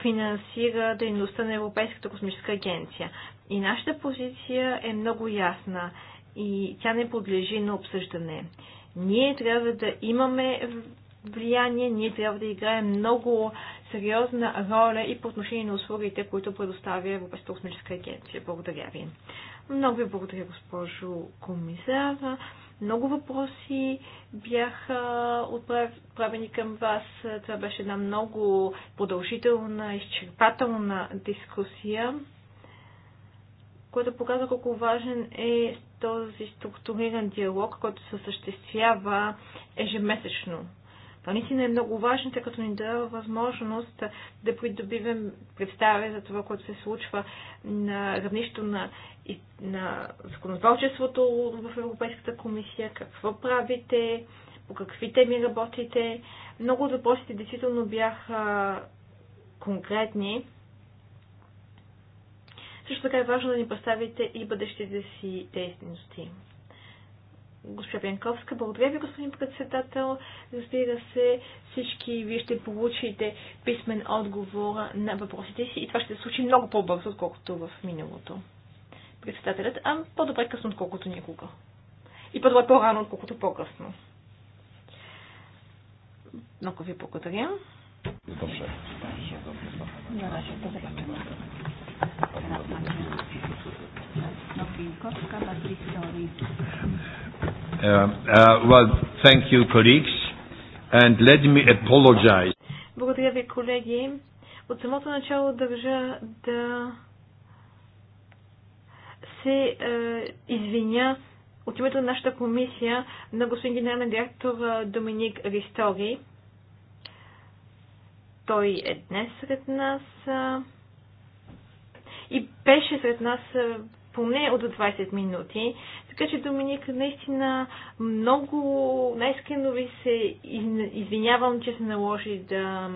финансира дейността на Европейската космическа агенция. И нашата позиция е много ясна и тя не подлежи на обсъждане. Ние трябва да имаме влияние, ние трябва да играем много сериозна роля и по отношение на услугите, които предоставя Европейската космическа агенция. Благодаря ви. Много ви благодаря, госпожо комисар. Много въпроси бяха отправени към вас. Това беше една много продължителна, изчерпателна дискусия което показва колко важен е този структуриран диалог, който се съществява ежемесечно. Това наистина е много важно, тъй като ни дава възможност да придобивем представя за това, което се случва на равнището на, на законодателството в Европейската комисия, какво правите, по какви теми работите. Много от въпросите действително бяха конкретни също така е важно да ни представите и бъдещите си дейности. Госпожа Бянковска, благодаря ви, господин председател. Разбира се, всички вие ще получите писмен отговор на въпросите си и това ще се случи много по-бързо, отколкото в миналото. Председателят, а по-добре късно, отколкото никога. И по-добре по-рано, отколкото по-късно. Много ви благодаря. Добре. Добре. Добре. Na razie, Uh, uh, Благодаря ви, колеги. От самото начало държа да се е, извиня от името на нашата комисия на господин генерален директор е, Доминик Ристори. Той е днес сред нас. Е, и беше сред нас поне от 20 минути. Така че, Доминик, наистина много най-скрено ви се извинявам, че се наложи да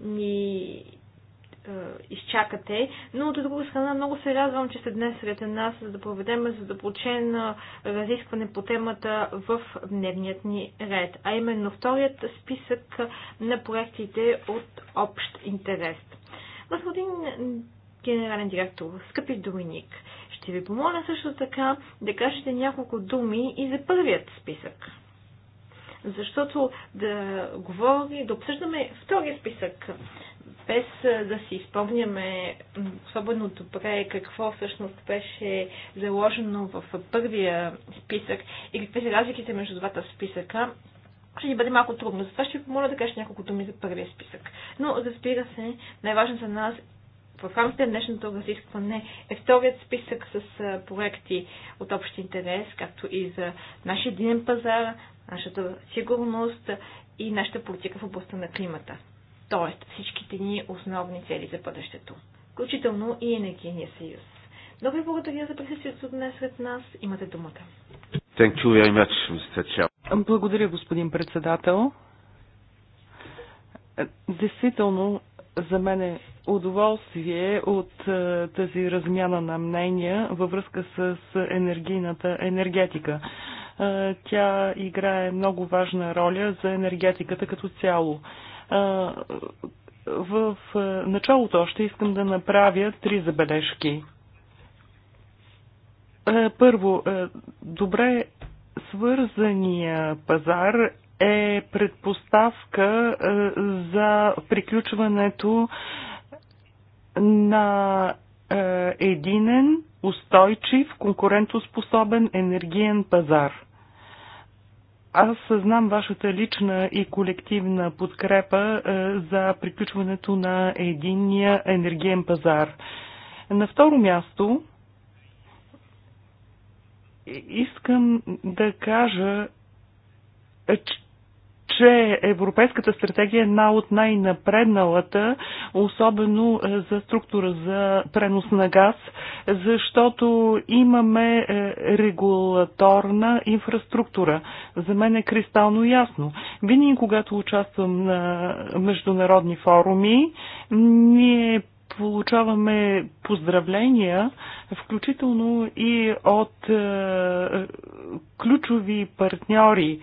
ни е, изчакате, но от друга страна много се радвам, че сте днес сред нас, за да проведем задълбочен разискване по темата в дневният ни ред, а именно вторият списък на проектите от общ интерес. Господин генерален директор. Скъпи Доминик, ще ви помоля също така да кажете няколко думи и за първият списък. Защото да говорим, да обсъждаме втория списък, без да си изпомняме особено добре какво всъщност беше заложено в първия списък и какви са разликите между двата списъка, ще ни бъде малко трудно. Затова ще ви помоля да кажете няколко думи за първия списък. Но, разбира се, най-важно за нас в рамките на днешното разискване е вторият списък с проекти от общ интерес, както и за нашия единен пазар, нашата сигурност и нашата политика в областта на климата. Тоест всичките ни основни цели за бъдещето, включително и енергийния съюз. Много ви благодаря за присъствието днес сред нас. Имате думата. Thank you very much, Mr. Благодаря, господин председател. Действително, за мен е удоволствие от е, тази размяна на мнения във връзка с енергийната енергетика. Е, тя играе много важна роля за енергетиката като цяло. Е, в началото още искам да направя три забележки. Първо, добре свързания пазар е предпоставка за приключването на е, единен, устойчив, конкурентоспособен енергиен пазар. Аз съзнам вашата лична и колективна подкрепа е, за приключването на единния енергиен пазар. На второ място искам да кажа, е, че Европейската стратегия е една от най-напредналата, особено е, за структура за пренос на газ, защото имаме е, регулаторна инфраструктура. За мен е кристално ясно. Винаги, когато участвам на международни форуми, ние получаваме поздравления, включително и от е, ключови партньори,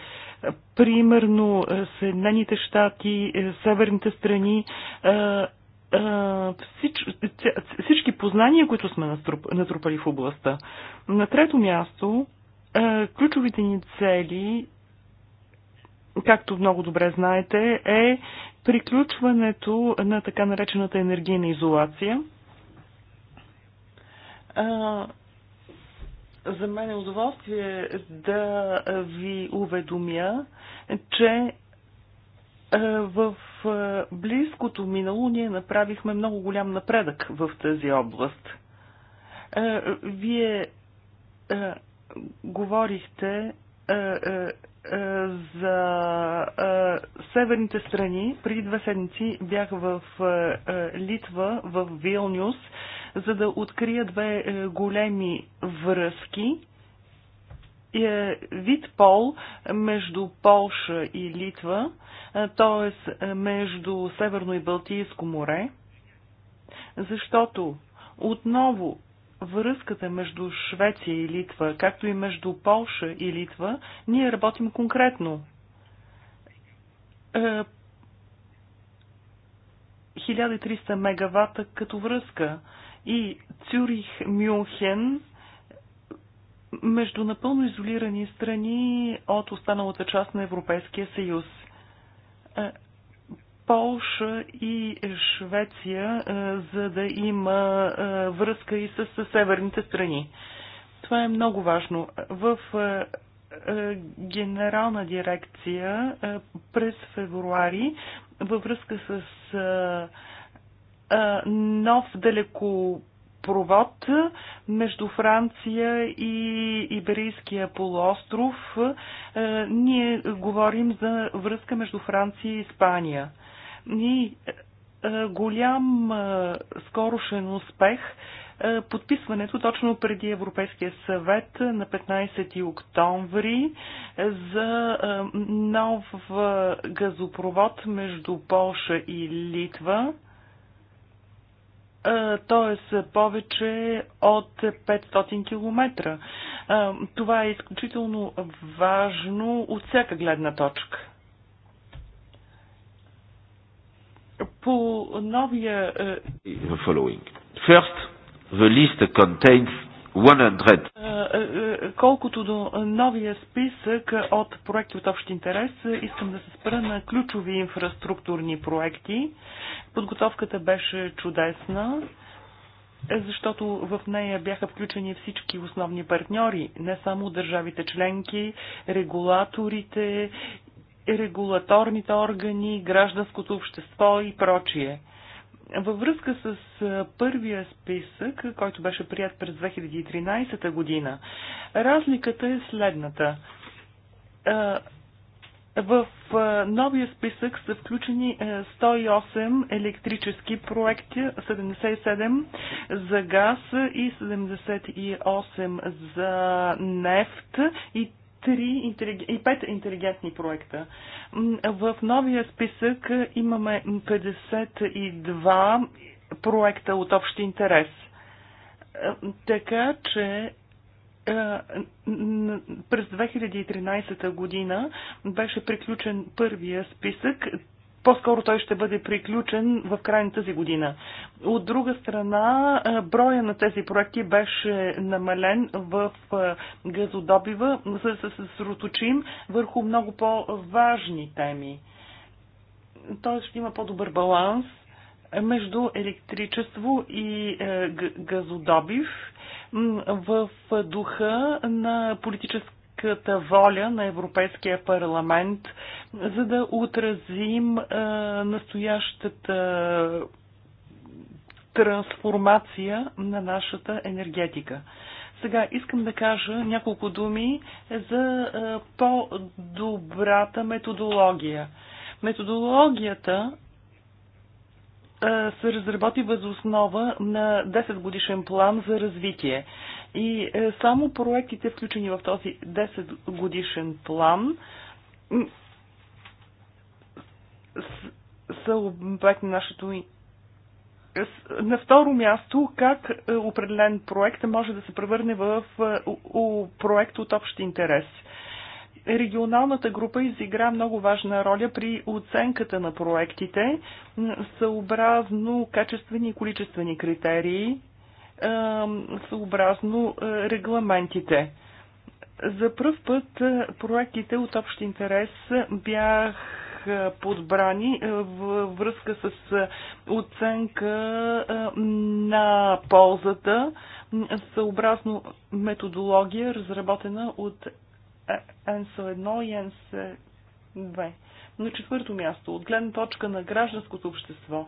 примерно е, Съединените щати, е, северните страни. Е, е всички познания, които сме натрупали в областта. На трето място, ключовите ни цели както много добре знаете, е приключването на така наречената енергийна изолация. За мен е удоволствие да ви уведомя, че в близкото минало ние направихме много голям напредък в тази област. Вие говорихте е, е, е, за северните страни. Преди две седмици бях в Литва, в Вилнюс, за да открия две големи връзки вид пол между Полша и Литва, т.е. между Северно и Балтийско море, защото отново връзката между Швеция и Литва, както и между Полша и Литва, ние работим конкретно. 1300 е, мегавата като връзка и Цюрих-Мюнхен между напълно изолирани страни от останалата част на Европейския съюз. Е, Полша и Швеция, за да има връзка и с северните страни. Това е много важно. В генерална дирекция през февруари във връзка с нов далеко провод между Франция и Иберийския полуостров. Ние говорим за връзка между Франция и Испания и е, голям е, скорошен успех е, подписването точно преди Европейския съвет на 15 октомври за нов газопровод между Полша и Литва т.е. повече от 500 км. Това е изключително важно от всяка гледна точка. по новия... Е, following. First, the list contains 100. Е, е, колкото до новия списък от проекти от общ интерес, искам да се спра на ключови инфраструктурни проекти. Подготовката беше чудесна защото в нея бяха включени всички основни партньори, не само държавите членки, регулаторите регулаторните органи, гражданското общество и прочие. Във връзка с първия списък, който беше прият през 2013 година, разликата е следната. В новия списък са включени 108 електрически проекти, 77 за газ и 78 за нефт и три и пет интелигентни проекта. В новия списък имаме 52 проекта от общ интерес. Е, така че е, през 2013 година беше приключен първия списък по-скоро той ще бъде приключен в края на тази година. От друга страна, е, броя на тези проекти беше намален в е, газодобива, за да се съсредоточим върху много по-важни теми. Тоест ще има по-добър баланс между електричество и е, газодобив в духа на политическа политическата воля на Европейския парламент, за да отразим а, настоящата трансформация на нашата енергетика. Сега искам да кажа няколко думи за по-добрата методология. Методологията се разработи възоснова на 10 годишен план за развитие. И е, само проектите, включени в този 10 годишен план, са обект на нашето на второ място, как е, определен проект може да се превърне в е, проект от общ интерес. Регионалната група изигра много важна роля при оценката на проектите съобразно качествени и количествени критерии, съобразно регламентите. За първ път проектите от общ интерес бях подбрани във връзка с оценка на ползата съобразно методология, разработена от НСО 1 и нсо 2. На четвърто място, от гледна точка на гражданското общество.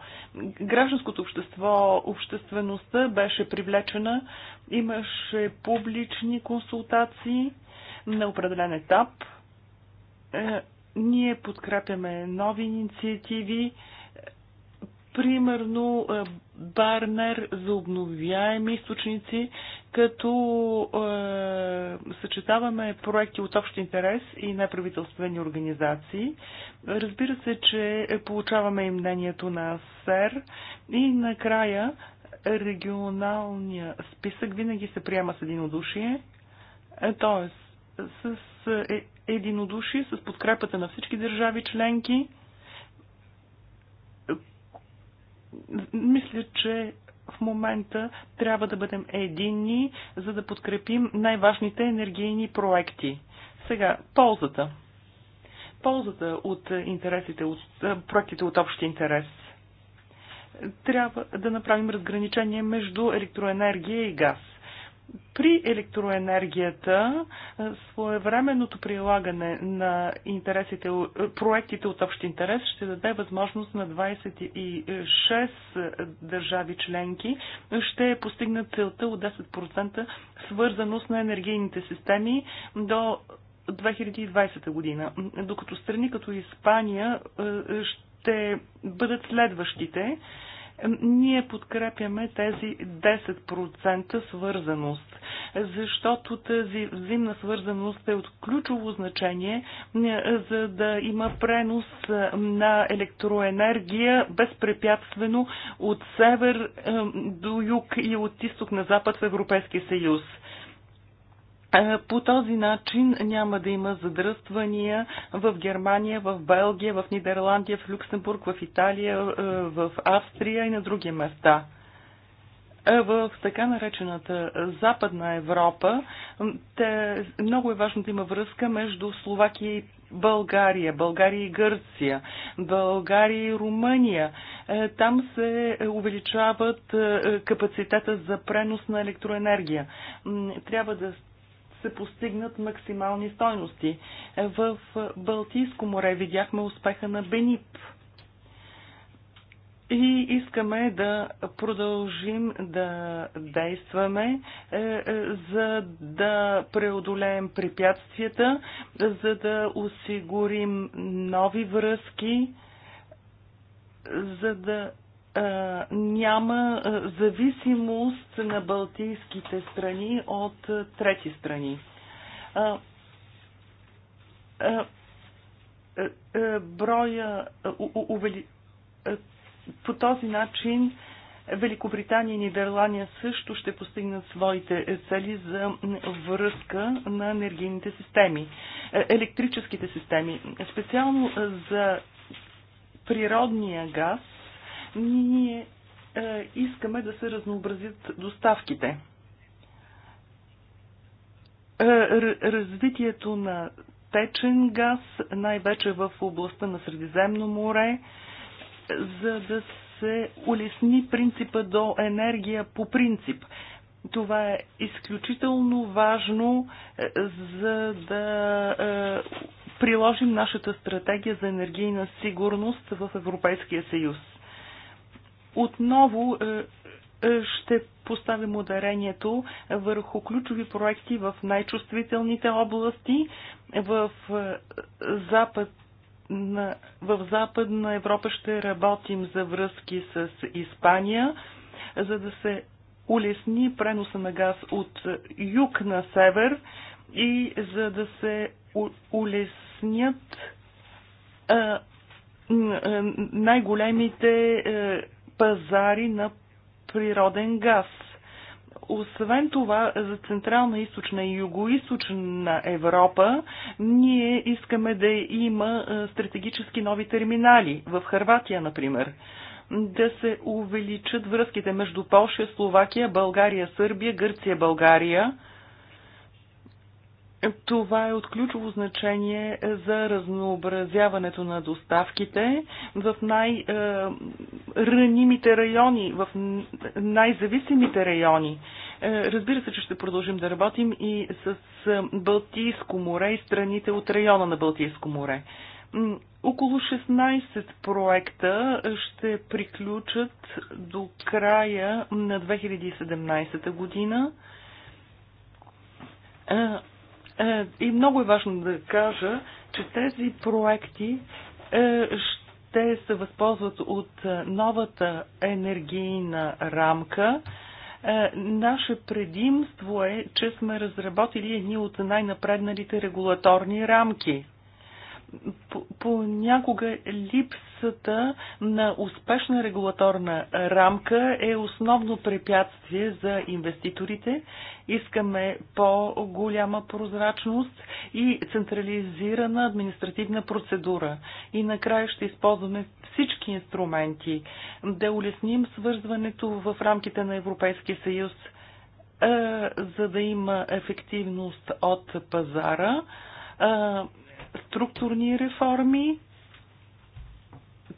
Гражданското общество, обществеността беше привлечена, имаше публични консултации на определен етап. Е, ние подкрепяме нови инициативи, Примерно е, барнер за обновяеми източници, като е, съчетаваме проекти от общ интерес и неправителствени организации. Разбира се, че получаваме и мнението на СЕР и накрая регионалния списък винаги се приема с единодушие, т.е. с е, единодушие, с подкрепата на всички държави членки мисля, че в момента трябва да бъдем единни, за да подкрепим най-важните енергийни проекти. Сега, ползата. Ползата от интересите, от проектите от общ интерес. Трябва да направим разграничение между електроенергия и газ при електроенергията е, своевременното прилагане на интересите, е, проектите от общ интерес ще даде възможност на 26 държави членки ще постигнат целта от 10% свързаност на енергийните системи до 2020 година, докато страни като Испания е, ще бъдат следващите, ние подкрепяме тези 10% свързаност, защото тази взаимна свързаност е от ключово значение, за да има пренос на електроенергия безпрепятствено от север до юг и от изток на запад в Европейския съюз. Е, по този начин няма да има задръствания в Германия, в Белгия, в Нидерландия, в Люксембург, в Италия, е, в Австрия и на други места. Е, в така наречената Западна Европа те, много е важно да има връзка между Словакия и България, България и Гърция, България и Румъния. Там се увеличават капацитета за пренос на електроенергия. Трябва да се постигнат максимални стойности. В Балтийско море видяхме успеха на Бенип. И искаме да продължим да действаме, е, е, за да преодолеем препятствията, за да осигурим нови връзки, за да няма зависимост на балтийските страни от трети страни. Броя по този начин Великобритания и Нидерландия също ще постигнат своите цели за връзка на енергийните системи, е, електрическите системи. Специално за природния газ – ние е, искаме да се разнообразят доставките. Е, развитието на течен газ, най-вече в областта на Средиземно море, за да се улесни принципа до енергия по принцип. Това е изключително важно, е, за да е, приложим нашата стратегия за енергийна сигурност в Европейския съюз. Отново е, е, ще поставим ударението върху ключови проекти в най-чувствителните области в е, Запад в Западна Европа ще работим за връзки с Испания, за да се улесни преноса на газ от юг на север и за да се улеснят най-големите пазари на природен газ. Освен това, за Централна, Източна и югоисточна Европа ние искаме да има стратегически нови терминали. В Харватия, например да се увеличат връзките между Польша, Словакия, България, Сърбия, Гърция, България. Това е от ключово значение за разнообразяването на доставките в най-ранимите райони, в най-зависимите райони. Е, разбира се, че ще продължим да работим и с е, Балтийско море и страните от района на Балтийско море. Около 16 проекта ще приключат до края на 2017 година е, е, и много е важно да кажа, че тези проекти е, ще се възползват от е, новата енергийна рамка. Наше предимство е, че сме разработили едни от най-напредналите регулаторни рамки – понякога липсата на успешна регулаторна рамка е основно препятствие за инвеститорите. Искаме по-голяма прозрачност и централизирана административна процедура. И накрая ще използваме всички инструменти да улесним свързването в рамките на Европейския съюз, за да има ефективност от пазара структурни реформи.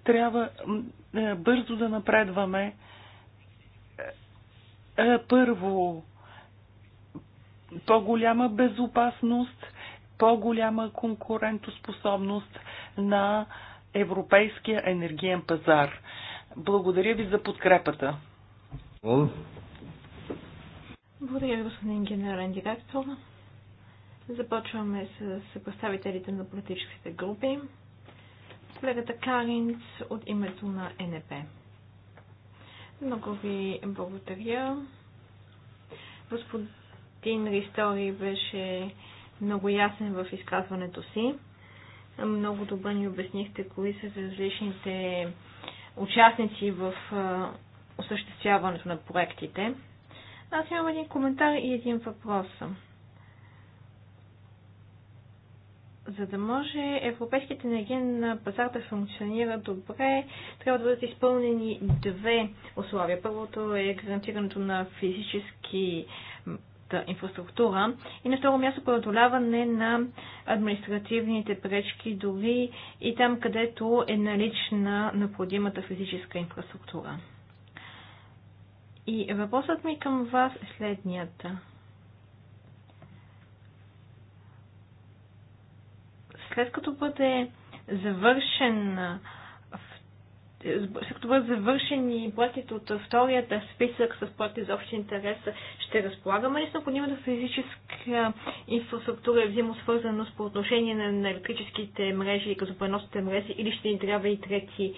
Трябва е, бързо да напредваме. Е, е, първо, по-голяма безопасност, по-голяма конкурентоспособност на европейския енергиен пазар. Благодаря ви за подкрепата. Благодаря, господин генерален директор. Започваме с представителите на политическите групи. Колегата Каринц от името на НП. Много ви благодаря. Господин Ристори беше много ясен в изказването си. Много добре ни обяснихте кои са различните участници в осъществяването на проектите. Аз имам един коментар и един въпрос. За да може европейският на пазар да функционира добре, трябва да бъдат изпълнени две условия. Първото е гарантирането на физически инфраструктура и на второ място преодоляване на административните пречки дори и там, където е налична необходимата физическа инфраструктура. И въпросът ми към вас е следният. След като бъде завършен е, след като бъдат завършени проектите от вторият списък с проекти за общи интерес, ще разполагаме ли с необходимата физическа инфраструктура и взаимосвързаност по отношение на електрическите мрежи и газопреносните мрежи или ще ни трябва и трети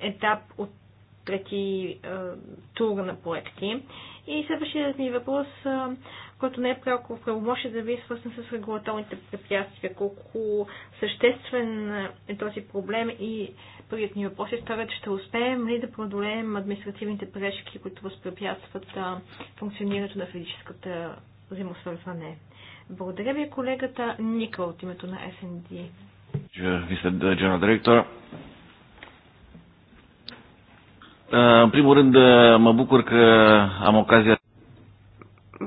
етап от трети е, тур на проекти? И следващият ми въпрос е, който не е пряко в правомощие да ви е свързан с регулаторните препятствия. Колко съществен е този проблем и първият ни въпрос е вторият, ще успеем ли да преодолеем административните пречки, които възпрепятстват функционирането на физическата взаимосвързване. Благодаря ви, колегата Ника от името на СНД. Вице генерал директор, în primul rând, mă bucur că am ocazia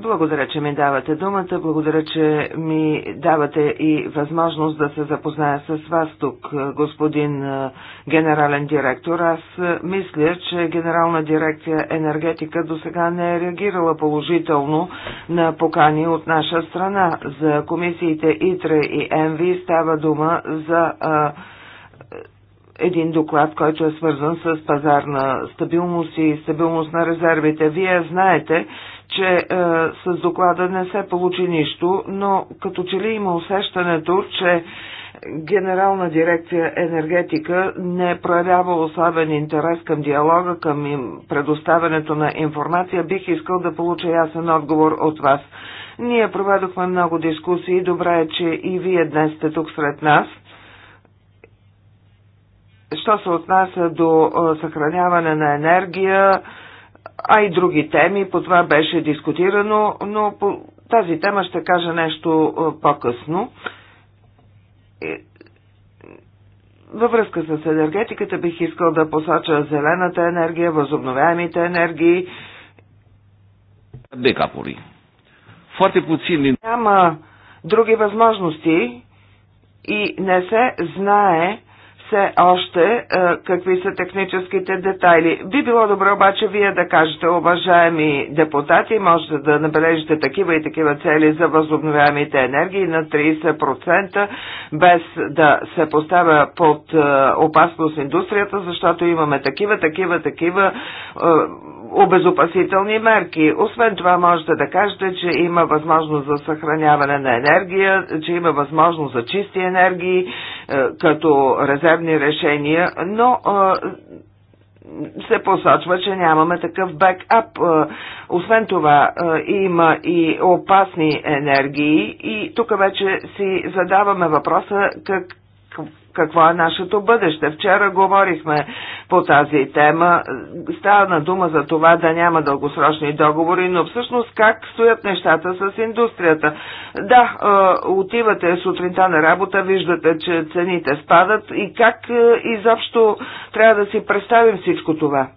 благодаря, че ми давате думата. Благодаря, че ми давате и възможност да се запозная с вас тук, господин генерален директор. Аз мисля, че Генерална дирекция енергетика до сега не е реагирала положително на покани от наша страна. За комисиите ИТРЕ и ЕНВИ става дума за а, един доклад, който е свързан с пазарна стабилност и стабилност на резервите. Вие знаете, че е, с доклада не се получи нищо, но като че ли има усещането, че Генерална дирекция енергетика не проявява особен интерес към диалога, към им предоставянето на информация. Бих искал да получа ясен отговор от вас. Ние проведохме много дискусии. Добре е, че и вие днес сте тук сред нас. Що се отнася до е, съхраняване на енергия, а и други теми. По това беше дискутирано, но по тази тема ще кажа нещо е, по-късно. Е, във връзка с енергетиката бих искал да посоча зелената енергия, възобновяемите енергии. Декапори. Фоте поцини. Няма други възможности и не се знае все още е, какви са техническите детайли. Би било добре обаче вие да кажете, уважаеми депутати, можете да набележите такива и такива цели за възобновяемите енергии на 30%, без да се поставя под е, опасност индустрията, защото имаме такива, такива, такива е, обезопасителни мерки. Освен това можете да кажете, че има възможност за съхраняване на енергия, че има възможност за чисти енергии е, като резервни решения, но е, се посочва, че нямаме такъв бекап. Е, освен това, има и опасни енергии и тук вече си задаваме въпроса как какво е нашето бъдеще. Вчера говорихме по тази тема. Става на дума за това да няма дългосрочни договори, но всъщност как стоят нещата с индустрията. Да, е, отивате сутринта на работа, виждате, че цените спадат и как е, изобщо трябва да си представим всичко това.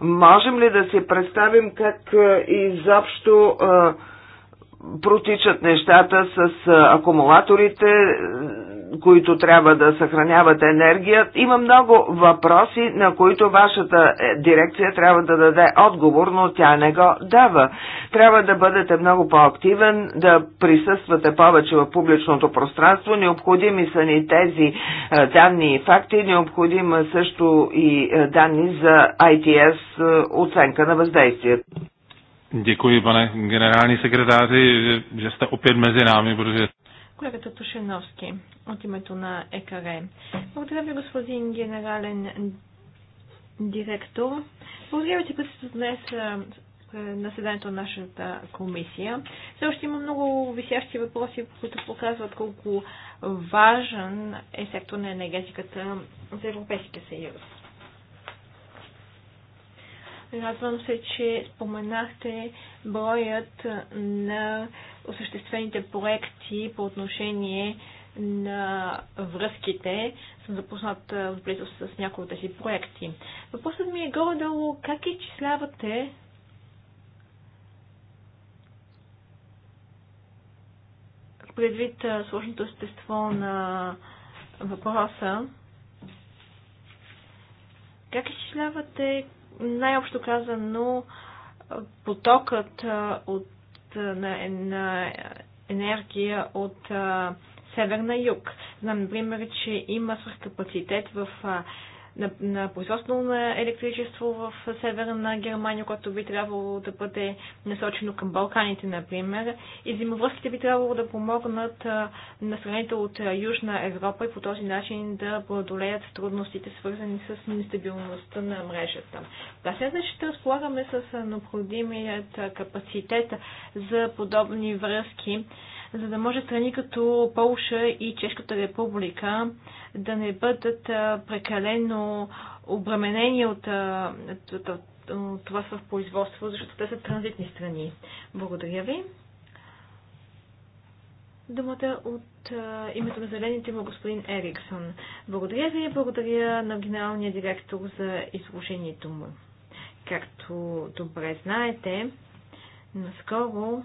Можем ли да си представим как е, изобщо а, протичат нещата с акумулаторите, които трябва да съхраняват енергия. Има много въпроси, на които вашата е, дирекция трябва да даде отговор, но тя не го дава. Трябва да бъдете много по-активен, да присъствате повече в публичното пространство. Необходими са ни тези е, данни и факти, необходима също и е, данни за ITS оценка на въздействието. Děkuji, pane generální секретари, že сте опет mezi нами, protože... Колегата Тушеновски от името на ЕКР. Благодаря ви, господин генерален директор. Благодаря ви, че присъствате днес на седанието на нашата комисия. Все още има много висящи въпроси, които показват колко важен е сектор на енергетиката за Европейския съюз. Радвам се, че споменахте броят на осъществените проекти по отношение на връзките. Съм запознат отблизо с някои от тези проекти. Въпросът ми е горе-долу как изчислявате предвид сложното естество на въпроса, как изчислявате най-общо казано, потокът от, на, на енергия от север на юг. Знам, например, че има капацитет в на, на производство на електричество в северна Германия, което би трябвало да бъде насочено към Балканите, например. И зимовръзките би трябвало да помогнат на страните от Южна Европа и по този начин да преодолеят трудностите, свързани с нестабилността на мрежата. Да, значи ще разполагаме с необходимият капацитет за подобни връзки за да може страни като Полша и Чешката република да не бъдат прекалено обременени от, от, от това в производство, защото те са транзитни страни. Благодаря ви. Думата от а, името на зелените му господин Ериксон. Благодаря ви и благодаря на генералния директор за изложението му. Както добре знаете, наскоро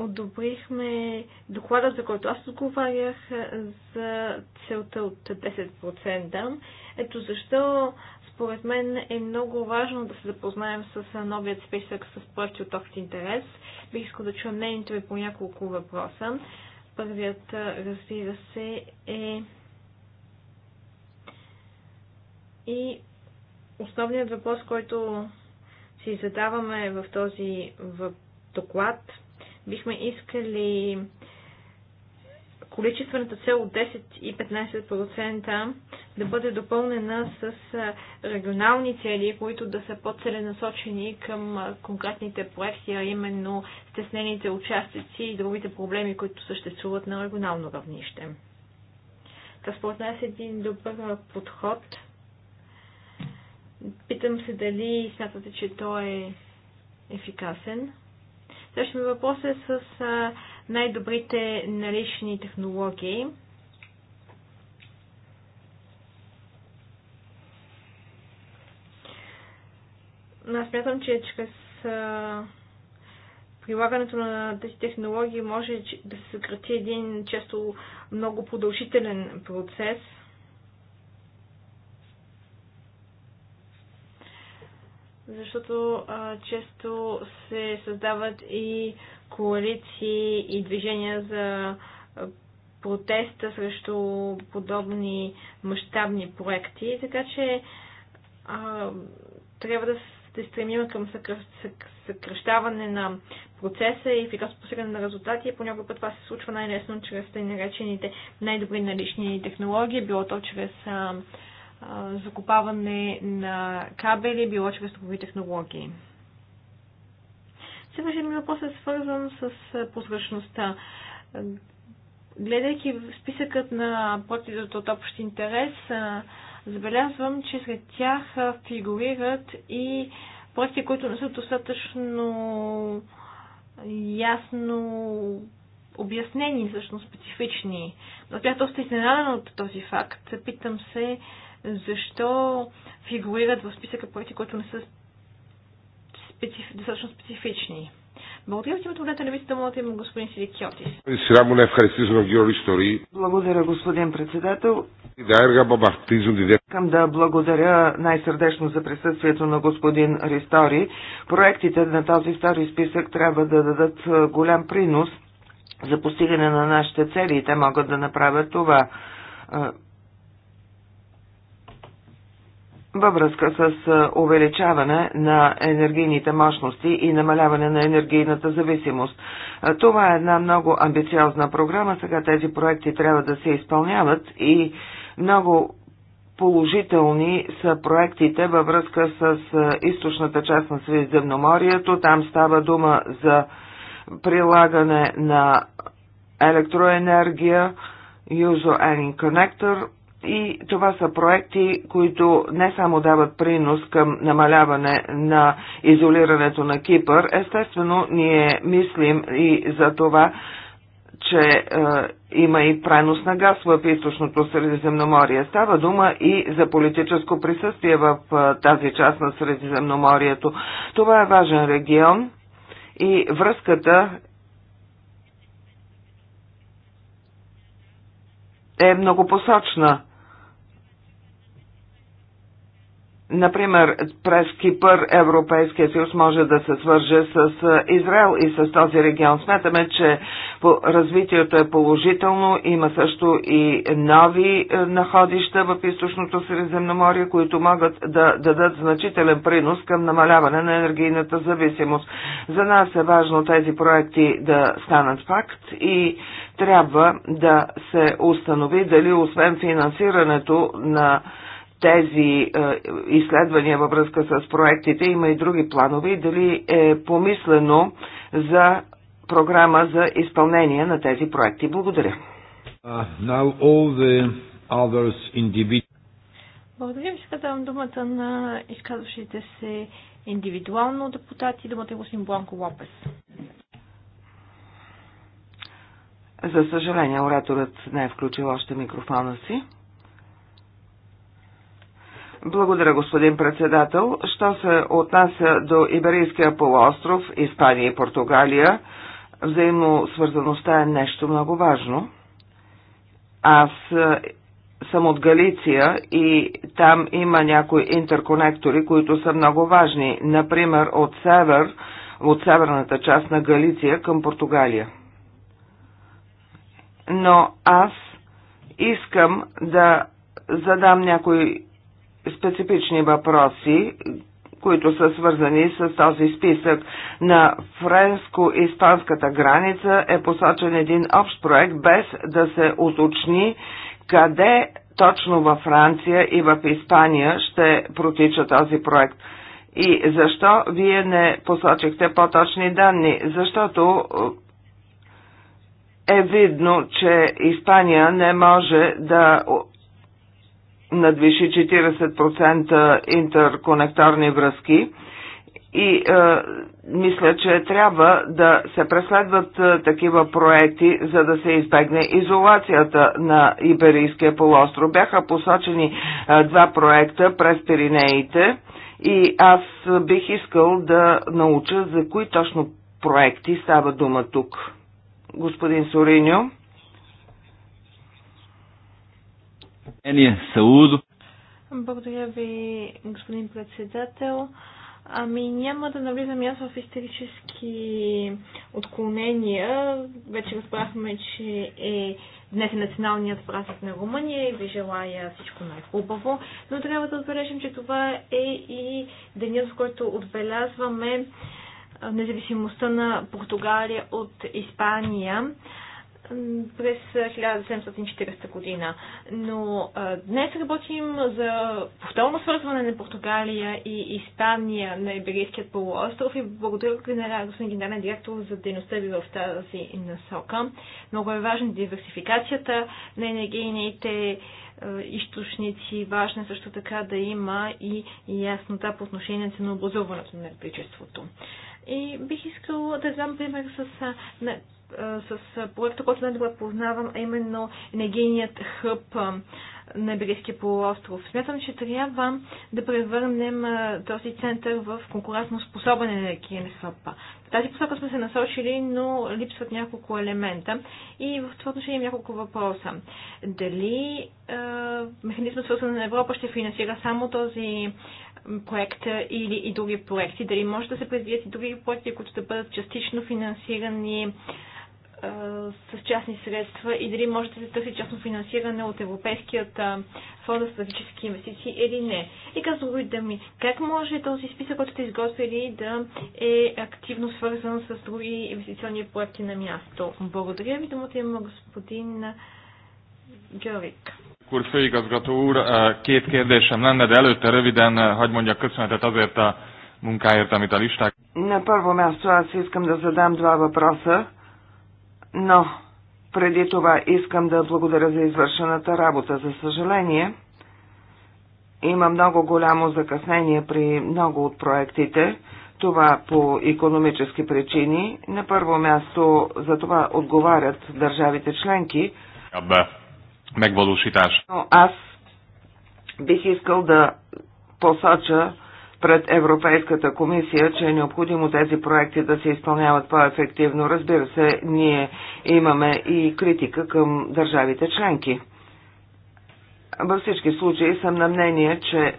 одобрихме доклада, за който аз отговарях, за целта от 10%. Ето защо според мен е много важно да се запознаем с новият списък с проекти от общ интерес. Бих искал да чуя мнението ви по няколко въпроса. Първият, разбира се, е и основният въпрос, който си задаваме в този доклад – бихме искали количествената цел от 10 и 15% да бъде допълнена с регионални цели, които да са по-целенасочени към конкретните проекти, а именно стеснените участъци и другите проблеми, които съществуват на регионално равнище. Това според нас е един добър подход. Питам се дали смятате, че той е ефикасен. Следващия ми въпрос е с най-добрите налични технологии. аз смятам, че чрез а, прилагането на тези технологии може да се съкрати един често много продължителен процес – защото а, често се създават и коалиции и движения за протеста срещу подобни мащабни проекти. Така че а, трябва да се стремим към съкръ... съкръщаване на процеса и ефикасно постигане на резултати. И понякога път това се случва най-лесно чрез тъй наречените най-добри налични технологии, било то чрез а, закупаване на кабели, било чрез топови технологии. Следващия ми въпрос е свързан с прозрачността. Гледайки списъкът на проектите от общ интерес, забелязвам, че сред тях фигурират и проекти, които не са достатъчно ясно обяснени, всъщност специфични. Но тя е доста изненадана от този факт. Питам се защо фигурират в списъка проекти, които не са специф... достатъчно специфични. Благодаря от името на телевизията, моля има е господин Силикиотис. Благодаря, господин председател. Искам да благодаря най-сърдечно за присъствието на господин Ристори. Проектите на този втори списък трябва да дадат голям принос за постигане на нашите цели и те могат да направят това. Във връзка с увеличаване на енергийните мощности и намаляване на енергийната зависимост. Това е една много амбициозна програма. Сега тези проекти трябва да се изпълняват и много положителни са проектите във връзка с източната част на Средиземноморието. Там става дума за прилагане на електроенергия, User Any Connector и това са проекти, които не само дават принос към намаляване на изолирането на Кипър, естествено ние мислим и за това, че е, има и пренос на газ в източното Средиземноморие. Става дума и за политическо присъствие в е, тази част на Средиземноморието. Това е важен регион и връзката е многопосочна. Например, през Кипър Европейския съюз може да се свърже с Израел и с този регион. Смятаме, че развитието е положително. Има също и нови находища в източното Средиземноморие, които могат да дадат значителен принос към намаляване на енергийната зависимост. За нас е важно тези проекти да станат факт и трябва да се установи дали освен финансирането на тези е, изследвания във връзка с проектите има и други планове дали е помислено за програма за изпълнение на тези проекти. Благодаря. Uh, Благодаря ви, сега давам думата на изказващите се индивидуално депутати, думата е господин Бланко Лопес. За съжаление, ораторът не е включил още микрофона си. Благодаря, господин председател. Що се отнася до Иберийския полуостров, Испания и Португалия, взаимно свързаността е нещо много важно. Аз е, съм от Галиция и там има някои интерконектори, които са много важни. Например, от север, от северната част на Галиция към Португалия но аз искам да задам някои специфични въпроси, които са свързани с този списък. На френско-испанската граница е посочен един общ проект, без да се уточни къде точно във Франция и в Испания ще протича този проект. И защо вие не посочихте по-точни данни? Защото е видно, че Испания не може да надвиши 40% интерконекторни връзки и е, мисля, че трябва да се преследват е, такива проекти, за да се избегне изолацията на Иберийския полуостров. Бяха посочени е, два проекта през Пиринеите и аз бих искал да науча за кои точно проекти става дума тук господин Сориньо. Е, Благодаря ви, господин председател. Ами няма да навлизам аз в исторически отклонения. Вече разбрахме, че е днес е националният празник на Румъния и ви желая всичко най-хубаво. Но трябва да отбележим, че това е и денят, в който отбелязваме независимостта на Португалия от Испания през 1740 година. Но а, днес работим за повторно свързване на Португалия и Испания на Иберийският полуостров и благодаря господин генерален директор за дейността ви в тази насока. Много е важна диверсификацията на енергийните източници. Важно е също така да има и яснота по отношение на ценообразуването на електричеството. И бих искала да дам пример с, на, с проекта, който най-добре познавам, а именно енергийният хъб на Иберийския полуостров. Смятам, че трябва да превърнем този център в конкурентно способен енергиен хъб. В тази посока сме се насочили, но липсват няколко елемента и в това отношение няколко въпроса. Дали е, механизмът свързан на Европа ще финансира само този проекта или и други проекти? Дали може да се предвидят и други проекти, които да бъдат частично финансирани с частни средства и дали може да се търси частно финансиране от Европейският фонд за стратегически инвестиции или не. И казвам да ми, как може този списък, който сте изготвили, да е активно свързан с други инвестиционни проекти на място? Благодаря ви, думата има господин Георик úr, főigazgató úr, két kérdésem lenne, de előtte röviden hagyd mondjak köszönetet azért a munkáért, amit a listák. На първо място аз искам да задам два въпроса, но преди това искам да благодаря за извършената работа. За съжаление, има много голямо закъснение при много от проектите. Това по економически причини. На първо място за това отговарят държавите членки. Абе megvalósítás. Аз бих искал да посоча пред Европейската комисия, че е необходимо тези проекти да се изпълняват по-ефективно. Разбира се, ние имаме и критика към държавите членки. Във всички случаи съм на мнение, че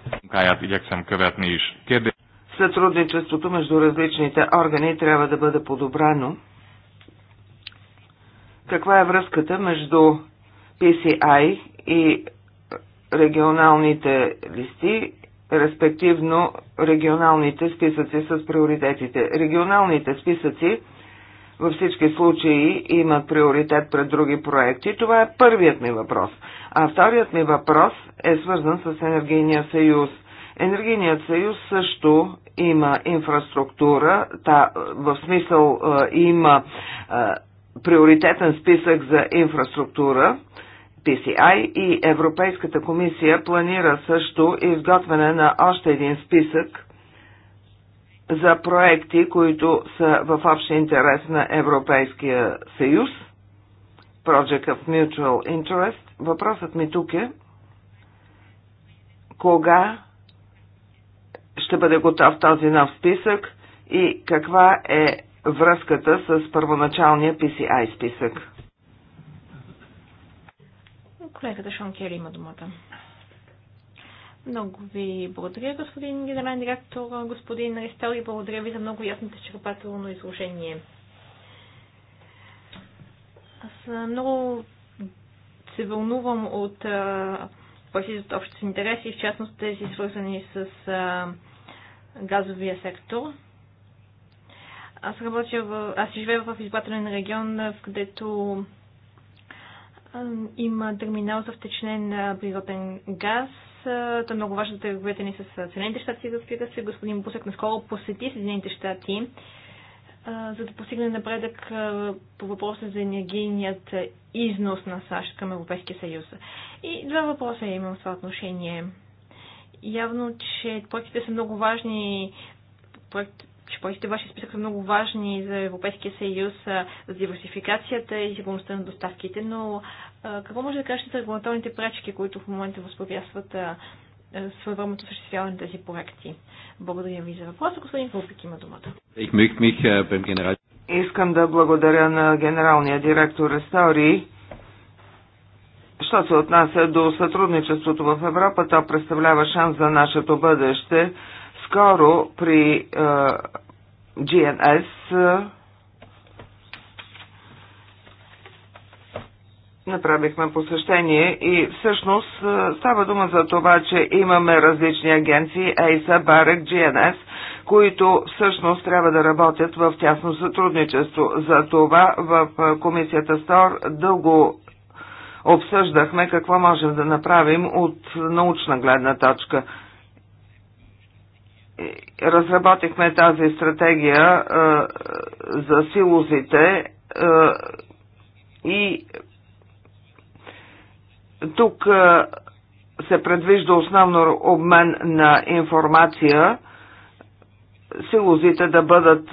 сътрудничеството между различните органи трябва да бъде подобрано. Каква е връзката между PCI и регионалните листи, респективно регионалните списъци с приоритетите. Регионалните списъци във всички случаи имат приоритет пред други проекти. Това е първият ми въпрос. А вторият ми въпрос е свързан с Енергийния съюз. Енергийният съюз също има инфраструктура, та, в смисъл е, има е, приоритетен списък за инфраструктура, PCI и Европейската комисия планира също изготвяне на още един списък за проекти, които са в общ интерес на Европейския съюз. Project of Mutual Interest. Въпросът ми тук е кога ще бъде готов този нов списък и каква е връзката с първоначалния PCI списък. Колегата Шон Кери има думата. Много ви благодаря, господин генерален директор, господин Ристел, и благодаря ви за много ясното изчерпателно изложение. Аз много се вълнувам от пъти от общите интереси, в частност тези свързани с а, газовия сектор. Аз работя в... Аз живея в избирателен регион, в където има терминал за втечнен природен газ. Това е много важно да търговете ни с Съединените щати, разбира се. Господин Бусек наскоро посети Съединените щати, за да постигне напредък по въпроса за енергийният износ на САЩ към Европейския съюз. И два въпроса имам в това отношение. Явно, че проектите са много важни проект, че проектите вашия списък са много важни за Европейския съюз, за диверсификацията и сигурността на доставките, но какво може да кажете за регулаторните пречки, които в момента възпрепятстват своевременното осъществяване на тези проекти? Благодаря ви за въпроса. Господин Фулпик, има думата. Искам да благодаря на генералния директор Рестори. Що се отнася до сътрудничеството в Европа, то представлява шанс за нашето бъдеще. Скоро при GNS направихме посещение и всъщност става дума за това, че имаме различни агенции, ASA, BAREC, GNS, които всъщност трябва да работят в тясно сътрудничество. За това в комисията СТОР дълго обсъждахме какво можем да направим от научна гледна точка разработихме тази стратегия за силозите и тук се предвижда основно обмен на информация, силозите да бъдат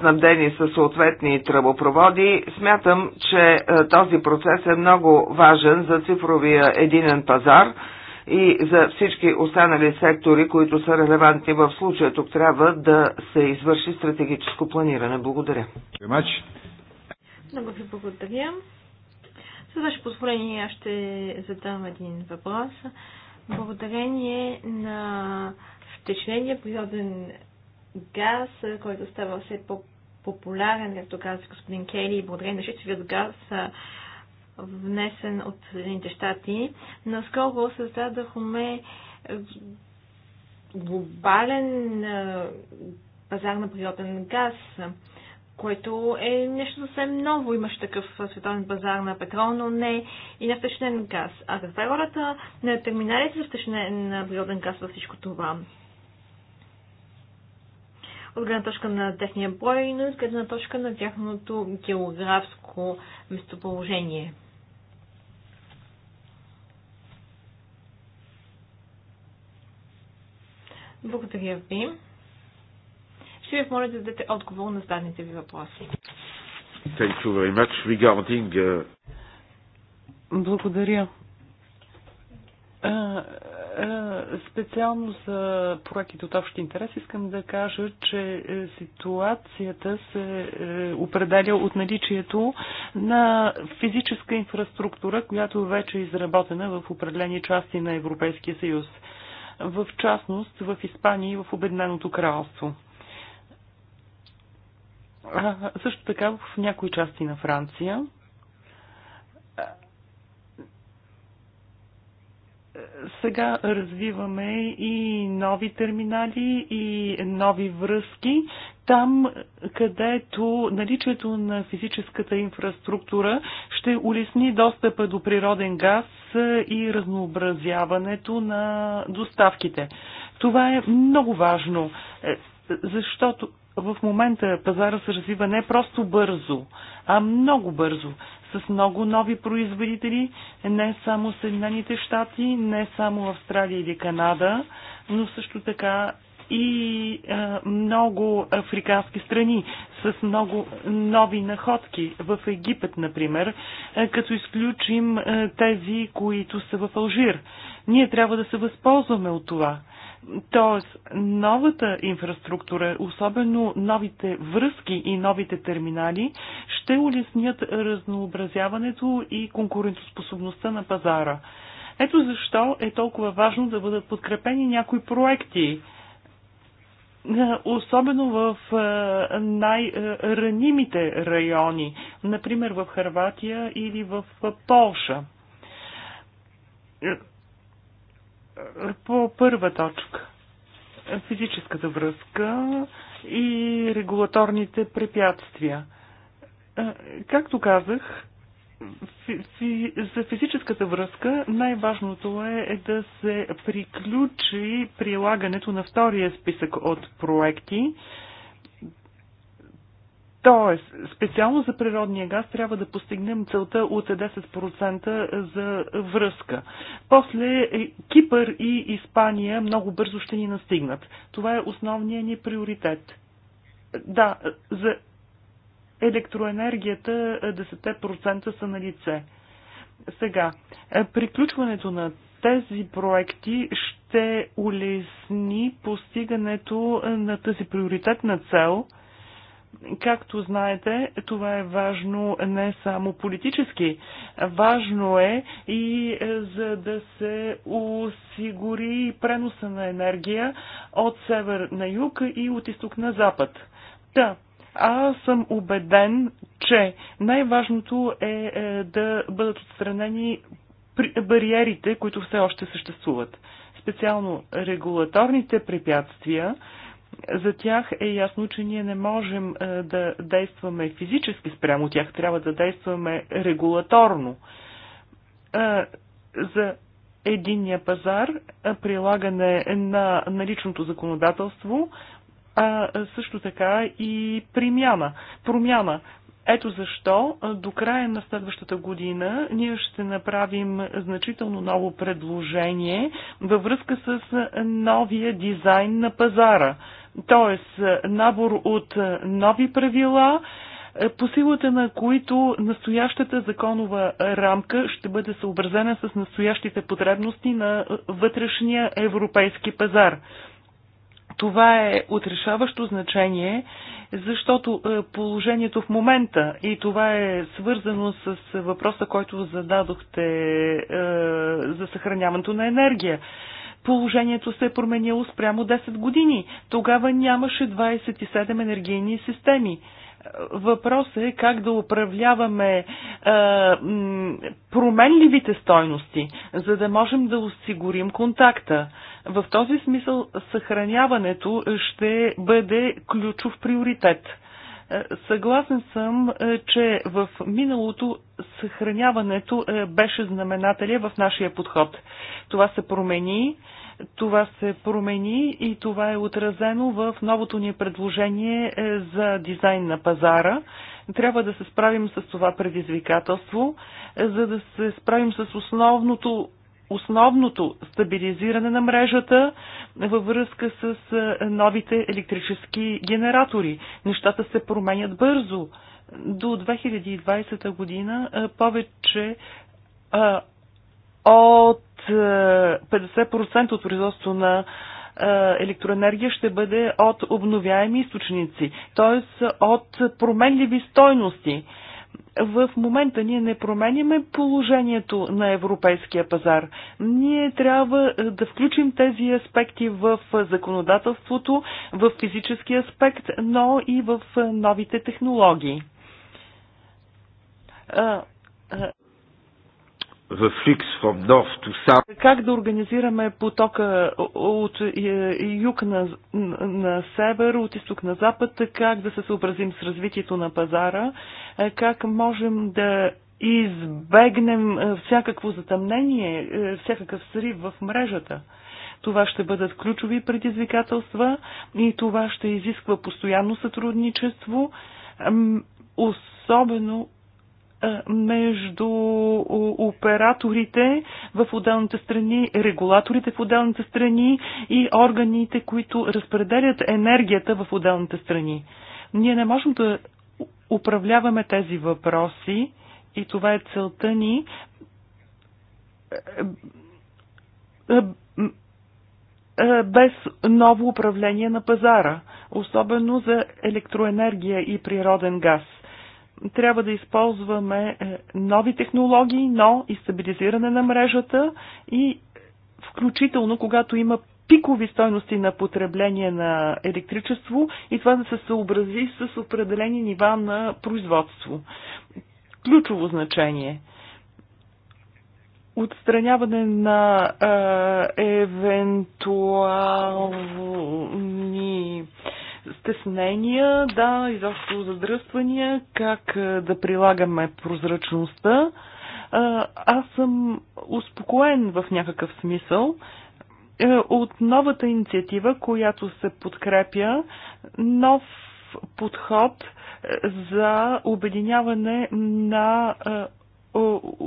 снабдени със съответни тръбопроводи. Смятам, че този процес е много важен за цифровия единен пазар – и за всички останали сектори, които са релевантни в случая. Тук трябва да се извърши стратегическо планиране. Благодаря. Много ви благодаря. С ваше позволение аз ще задам един въпрос. Благодарение на втечнения природен газ, който става все по-популярен, както каза господин Кели, благодарение на шестовият газ, внесен от Съединените щати. Наскоро създадахме е, глобален е, пазар на природен газ, което е нещо съвсем ново. Имаше такъв световен пазар на петрол, но не и на втечнен газ. А каква е ролята на терминалите за втечнен природен газ във всичко това? от гледна точка на техния брой, но и от гледна точка на тяхното географско местоположение. Благодаря ви. Ще ви помоля да дадете отговор на зададените ви въпроси. Thank you very much regarding... Uh... Благодаря. специално за проектите от общи интерес искам да кажа, че е, ситуацията се е, определя от наличието на физическа инфраструктура, която вече е изработена в определени части на Европейския съюз в частност в Испания и в Обединеното кралство. А, също така в някои части на Франция. Сега развиваме и нови терминали, и нови връзки, там, където наличието на физическата инфраструктура ще улесни достъпа до природен газ и разнообразяването на доставките. Това е много важно, е, защото в момента пазара се развива не просто бързо, а много бързо, с много нови производители, не само Съединените щати, не само Австралия или Канада, но също така и много африкански страни с много нови находки в Египет, например, като изключим тези, които са в Алжир. Ние трябва да се възползваме от това. Тоест, новата инфраструктура, особено новите връзки и новите терминали, ще улеснят разнообразяването и конкурентоспособността на пазара. Ето защо е толкова важно да бъдат подкрепени някои проекти е, особено в е, най-ранимите райони, например в Харватия или в е, Полша. По първа точка физическата връзка и регулаторните препятствия. Както казах, за физическата връзка най-важното е, е да се приключи прилагането на втория списък от проекти. Тоест, специално за природния газ трябва да постигнем целта от 10% за връзка. После е, Кипър и Испания много бързо ще ни настигнат. Това е основният ни приоритет. Да, за електроенергията 10% е, са на лице. Сега, е, приключването на тези проекти ще улесни постигането е, на тази приоритетна цел. Както знаете, това е важно не само политически, важно е и за да се осигури преноса на енергия от север на юг и от изток на запад. Та, да, аз съм убеден, че най-важното е, е да бъдат отстранени бариерите, които все още съществуват. Специално регулаторните препятствия, за тях е ясно, че ние не можем е, да действаме физически спрямо тях, трябва да действаме регулаторно. Е, за единния пазар, прилагане на наличното законодателство, а също така и промяна. промяна. Ето защо до края на следващата година ние ще направим значително ново предложение във връзка с новия дизайн на пазара. Тоест набор от нови правила, по силата на които настоящата законова рамка ще бъде съобразена с настоящите потребности на вътрешния европейски пазар. Това е отрешаващо значение, защото е, положението в момента, и това е свързано с въпроса, който зададохте е, за съхраняването на енергия, положението се е променило спрямо 10 години. Тогава нямаше 27 енергийни системи. Въпросът е как да управляваме е, променливите стойности, за да можем да осигурим контакта. В този смисъл съхраняването ще бъде ключов приоритет. Е, съгласен съм, е, че в миналото съхраняването е, беше знаменателя в нашия подход. Това се промени това се промени и това е отразено в новото ни предложение е, за дизайн на пазара. Трябва да се справим с това предизвикателство, е, за да се справим с основното основното стабилизиране на мрежата е, във връзка с новите електрически генератори. Нещата се променят бързо. До 2020 година повече от 50% от производство на електроенергия ще бъде от обновяеми източници, т.е. от променливи стойности. В момента ние не променяме положението на европейския пазар. Ние трябва да включим тези аспекти в законодателството, в физически аспект, но и в новите технологии. Как да организираме потока от е, юг на, на север, от изток на запад, как да се съобразим с развитието на пазара, е, как можем да избегнем е, всякакво затъмнение, всякакъв срив в мрежата. Това ще бъдат ключови предизвикателства и това ще изисква постоянно сътрудничество, особено между операторите в отделните страни, регулаторите в отделните страни и органите, които разпределят енергията в отделните страни. Ние не можем да управляваме тези въпроси и това е целта ни е, е, е, без ново управление на пазара, особено за електроенергия и природен газ трябва да използваме е, нови технологии, но и стабилизиране на мрежата и включително когато има пикови стойности на потребление на електричество и това да се съобрази с определени нива на производство. Ключово значение отстраняване на а, е, евентуални стеснения, да, изобщо задръствания, как да прилагаме прозрачността. Аз съм успокоен в някакъв смисъл е, от новата инициатива, която се подкрепя, нов подход е, за обединяване на е,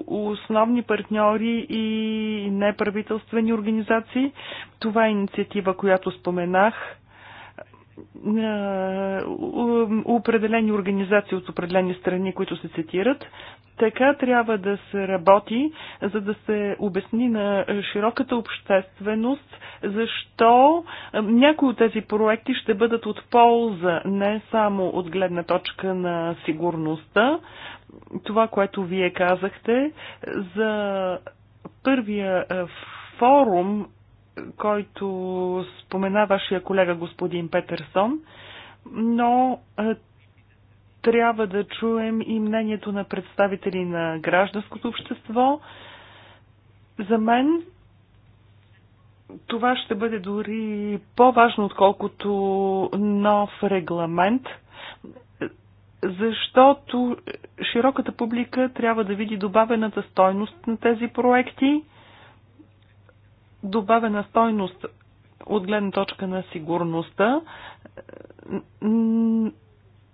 основни партньори и неправителствени организации. Това е инициатива, която споменах определени организации от определени страни, които се цитират. Така трябва да се работи, за да се обясни на широката общественост защо някои от тези проекти ще бъдат от полза не само от гледна точка на сигурността, това, което вие казахте за първия форум който спомена вашия колега господин Петерсон, но е, трябва да чуем и мнението на представители на гражданското общество. За мен това ще бъде дори по-важно, отколкото нов регламент, защото широката публика трябва да види добавената стойност на тези проекти добавена стойност от гледна точка на сигурността,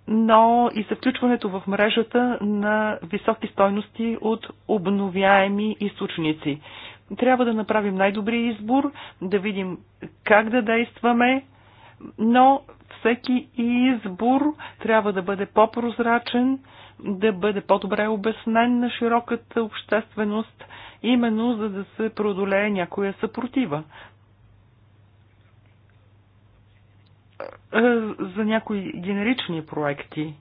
но и за включването в мрежата на високи стойности от обновяеми източници. Трябва да направим най-добрия избор, да видим как да действаме, но всеки избор трябва да бъде по-прозрачен, да бъде по-добре обяснен на широката общественост, именно за да се преодолее някоя съпротива. Е, за някои генерични проекти.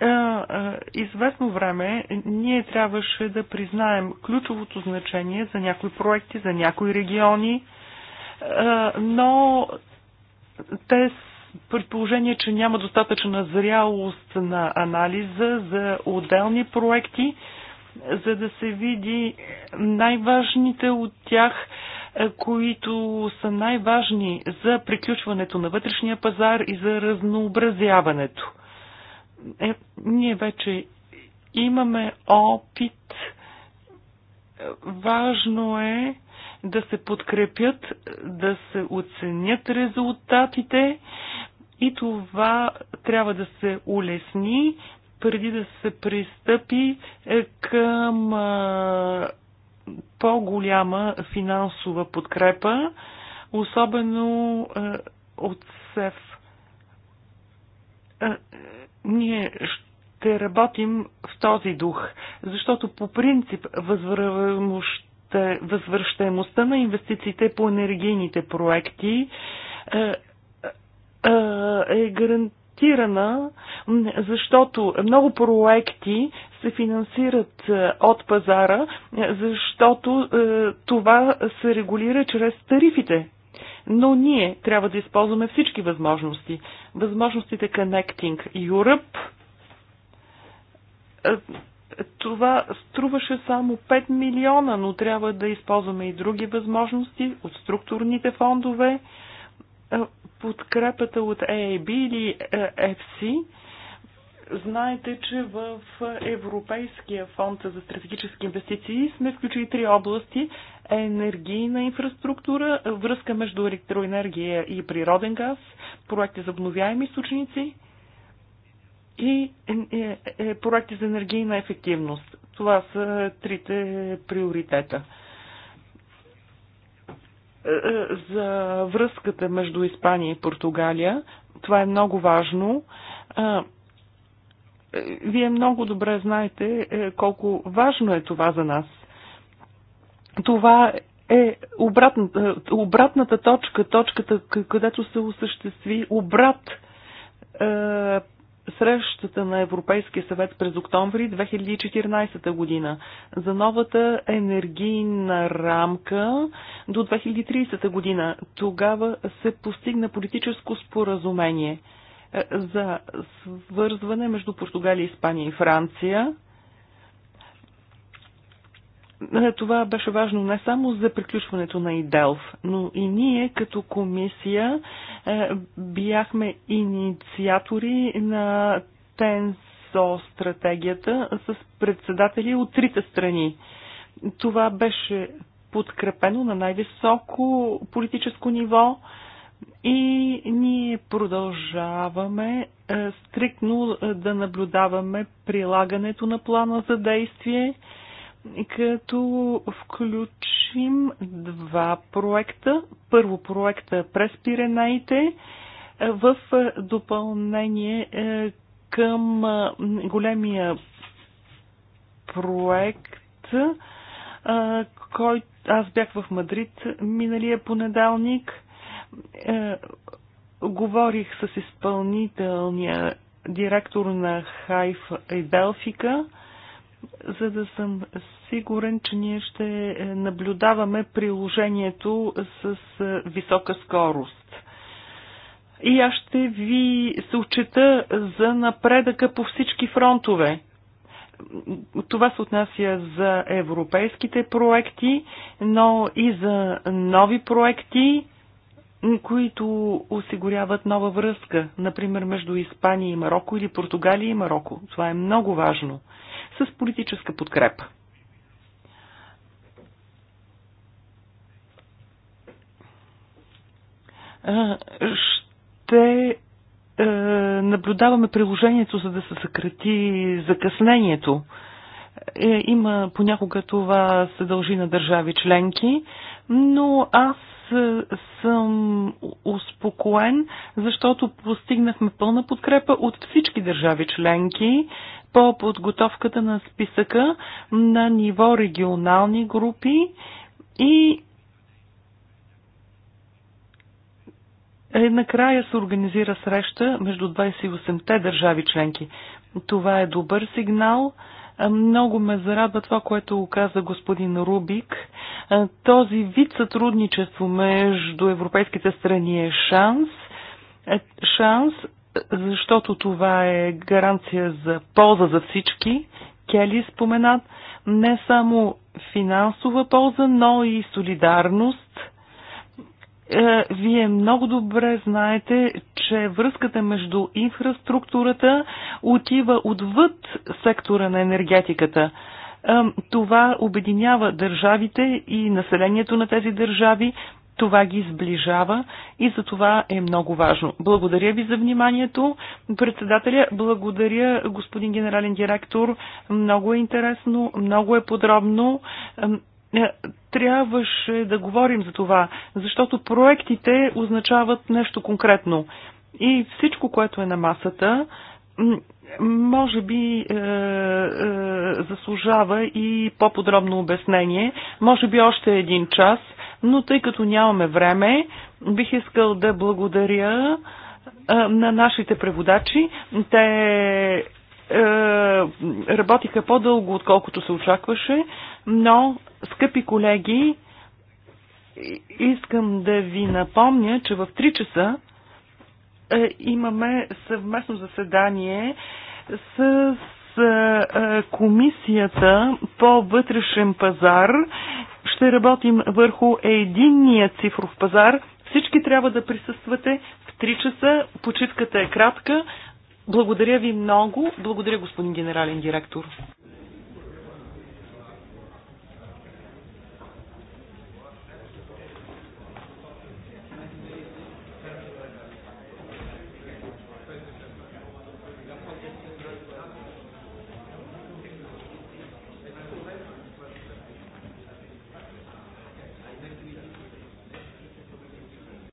Е, е, известно време ние трябваше да признаем ключовото значение за някои проекти, за някои региони, но те при положение, че няма достатъчна зрялост на анализа за отделни проекти, за да се види най-важните от тях, е, които са най-важни за приключването на вътрешния пазар и за разнообразяването. Е, ние вече имаме опит. Важно е да се подкрепят, да се оценят резултатите и това трябва да се улесни преди да се пристъпи е, към по-голяма финансова подкрепа, особено от СЕФ. Ние ще работим в този дух, защото по принцип възвръмощ е, възвръщаемостта на инвестициите по енергийните проекти е, е, е гарантирана, защото много проекти се финансират от пазара, защото това се регулира чрез тарифите. Но ние трябва да използваме всички възможности. Възможностите Connecting Europe това струваше само 5 милиона, но трябва да използваме и други възможности от структурните фондове, е, подкрепата от AAB или е, FC. Знаете, че в Европейския фонд за стратегически инвестиции сме включили три области – енергийна инфраструктура, връзка между електроенергия и природен газ, проекти за обновяеми източници – и е, е, е, проекти за енергийна ефективност. Това са трите приоритета. За връзката между Испания и Португалия, това е много важно. Вие много добре знаете колко важно е това за нас. Това е обратната, обратната точка, точката, където се осъществи обрат срещата на Европейския съвет през октомври 2014 година за новата енергийна рамка до 2030 година. Тогава се постигна политическо споразумение е, за свързване между Португалия, Испания и Франция е, това беше важно не само за приключването на ИДЕЛФ, но и ние като комисия е, бяхме инициатори на ТЕНСО стратегията с председатели от трите страни. Това беше подкрепено на най-високо политическо ниво и ние продължаваме е, стриктно да наблюдаваме прилагането на плана за действие като включим два проекта. Първо проекта е през Пиренаите е, в допълнение е, към големия проект, който аз бях в Мадрид миналия понеделник. Говорих с изпълнителния директор на Хайф и Белфика за да съм сигурен, че ние ще наблюдаваме приложението с висока скорост. И аз ще ви се отчета за напредъка по всички фронтове. Това се отнася за европейските проекти, но и за нови проекти, които осигуряват нова връзка, например между Испания и Марокко или Португалия и Марокко. Това е много важно с политическа подкрепа. Ще наблюдаваме приложението, за да се съкрати закъснението. Е, има понякога това се дължи на държави членки, но аз съм успокоен, защото постигнахме пълна подкрепа от всички държави членки по подготовката на списъка на ниво регионални групи и е, накрая се организира среща между 28-те държави членки. Това е добър сигнал. Много ме зарадва това, което каза господин Рубик. Е, този вид сътрудничество между европейските страни е шанс. Е, шанс защото това е гаранция за полза за всички. Кели споменат не само финансова полза, но и солидарност. Е, вие много добре знаете, че връзката между инфраструктурата отива отвъд сектора на енергетиката. Това обединява държавите и населението на тези държави, това ги сближава и за това е много важно. Благодаря ви за вниманието. Председателя, благодаря господин генерален директор. Много е интересно, много е подробно е, трябваше да говорим за това, защото проектите означават нещо конкретно. И всичко, което е на масата, може би е, е, заслужава и по-подробно обяснение. Може би още един час – но тъй като нямаме време, бих искал да благодаря на нашите преводачи. Те работиха по-дълго, отколкото се очакваше, но, скъпи колеги, искам да ви напомня, че в 3 часа имаме съвместно заседание с Комисията по вътрешен пазар ще работим върху единния цифров пазар. Всички трябва да присъствате в 3 часа. Почивката е кратка. Благодаря ви много. Благодаря, господин генерален директор.